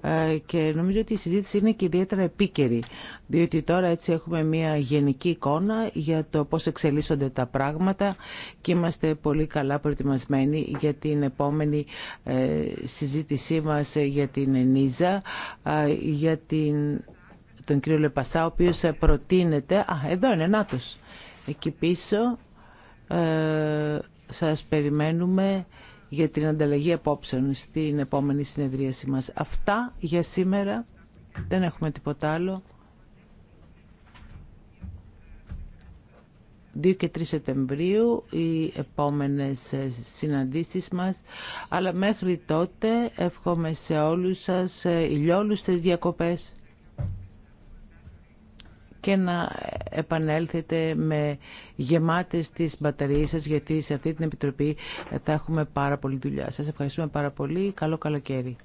ε, και νομίζω ότι η συζήτηση είναι και ιδιαίτερα επίκαιρη διότι τώρα έτσι έχουμε μια γενική εικόνα για το πώς εξελίσσονται τα πράγματα και είμαστε πολύ καλά προετοιμασμένοι για την επόμενη συζήτησή μας για την ΕΝΙΖΑ, για την... τον κύριο Λεπασά ο οποίος προτείνεται... Α, εδώ είναι, νάτος. Εκεί πίσω ε, σας περιμένουμε για την ανταλλαγή απόψεων στην επόμενη συνεδρίαση μας. Αυτά για σήμερα. Δεν έχουμε τίποτα άλλο. 2 και 3 Σεπτεμβρίου οι επόμενες ε, συναντήσεις μας. Αλλά μέχρι τότε εύχομαι σε όλους σας ε, ηλιόλουστες διακοπές και να επανέλθετε με γεμάτες τις μπαταρίες σας γιατί σε αυτή την επιτροπή θα έχουμε πάρα πολύ δουλειά. Σας ευχαριστούμε πάρα πολύ. Καλό καλοκαίρι.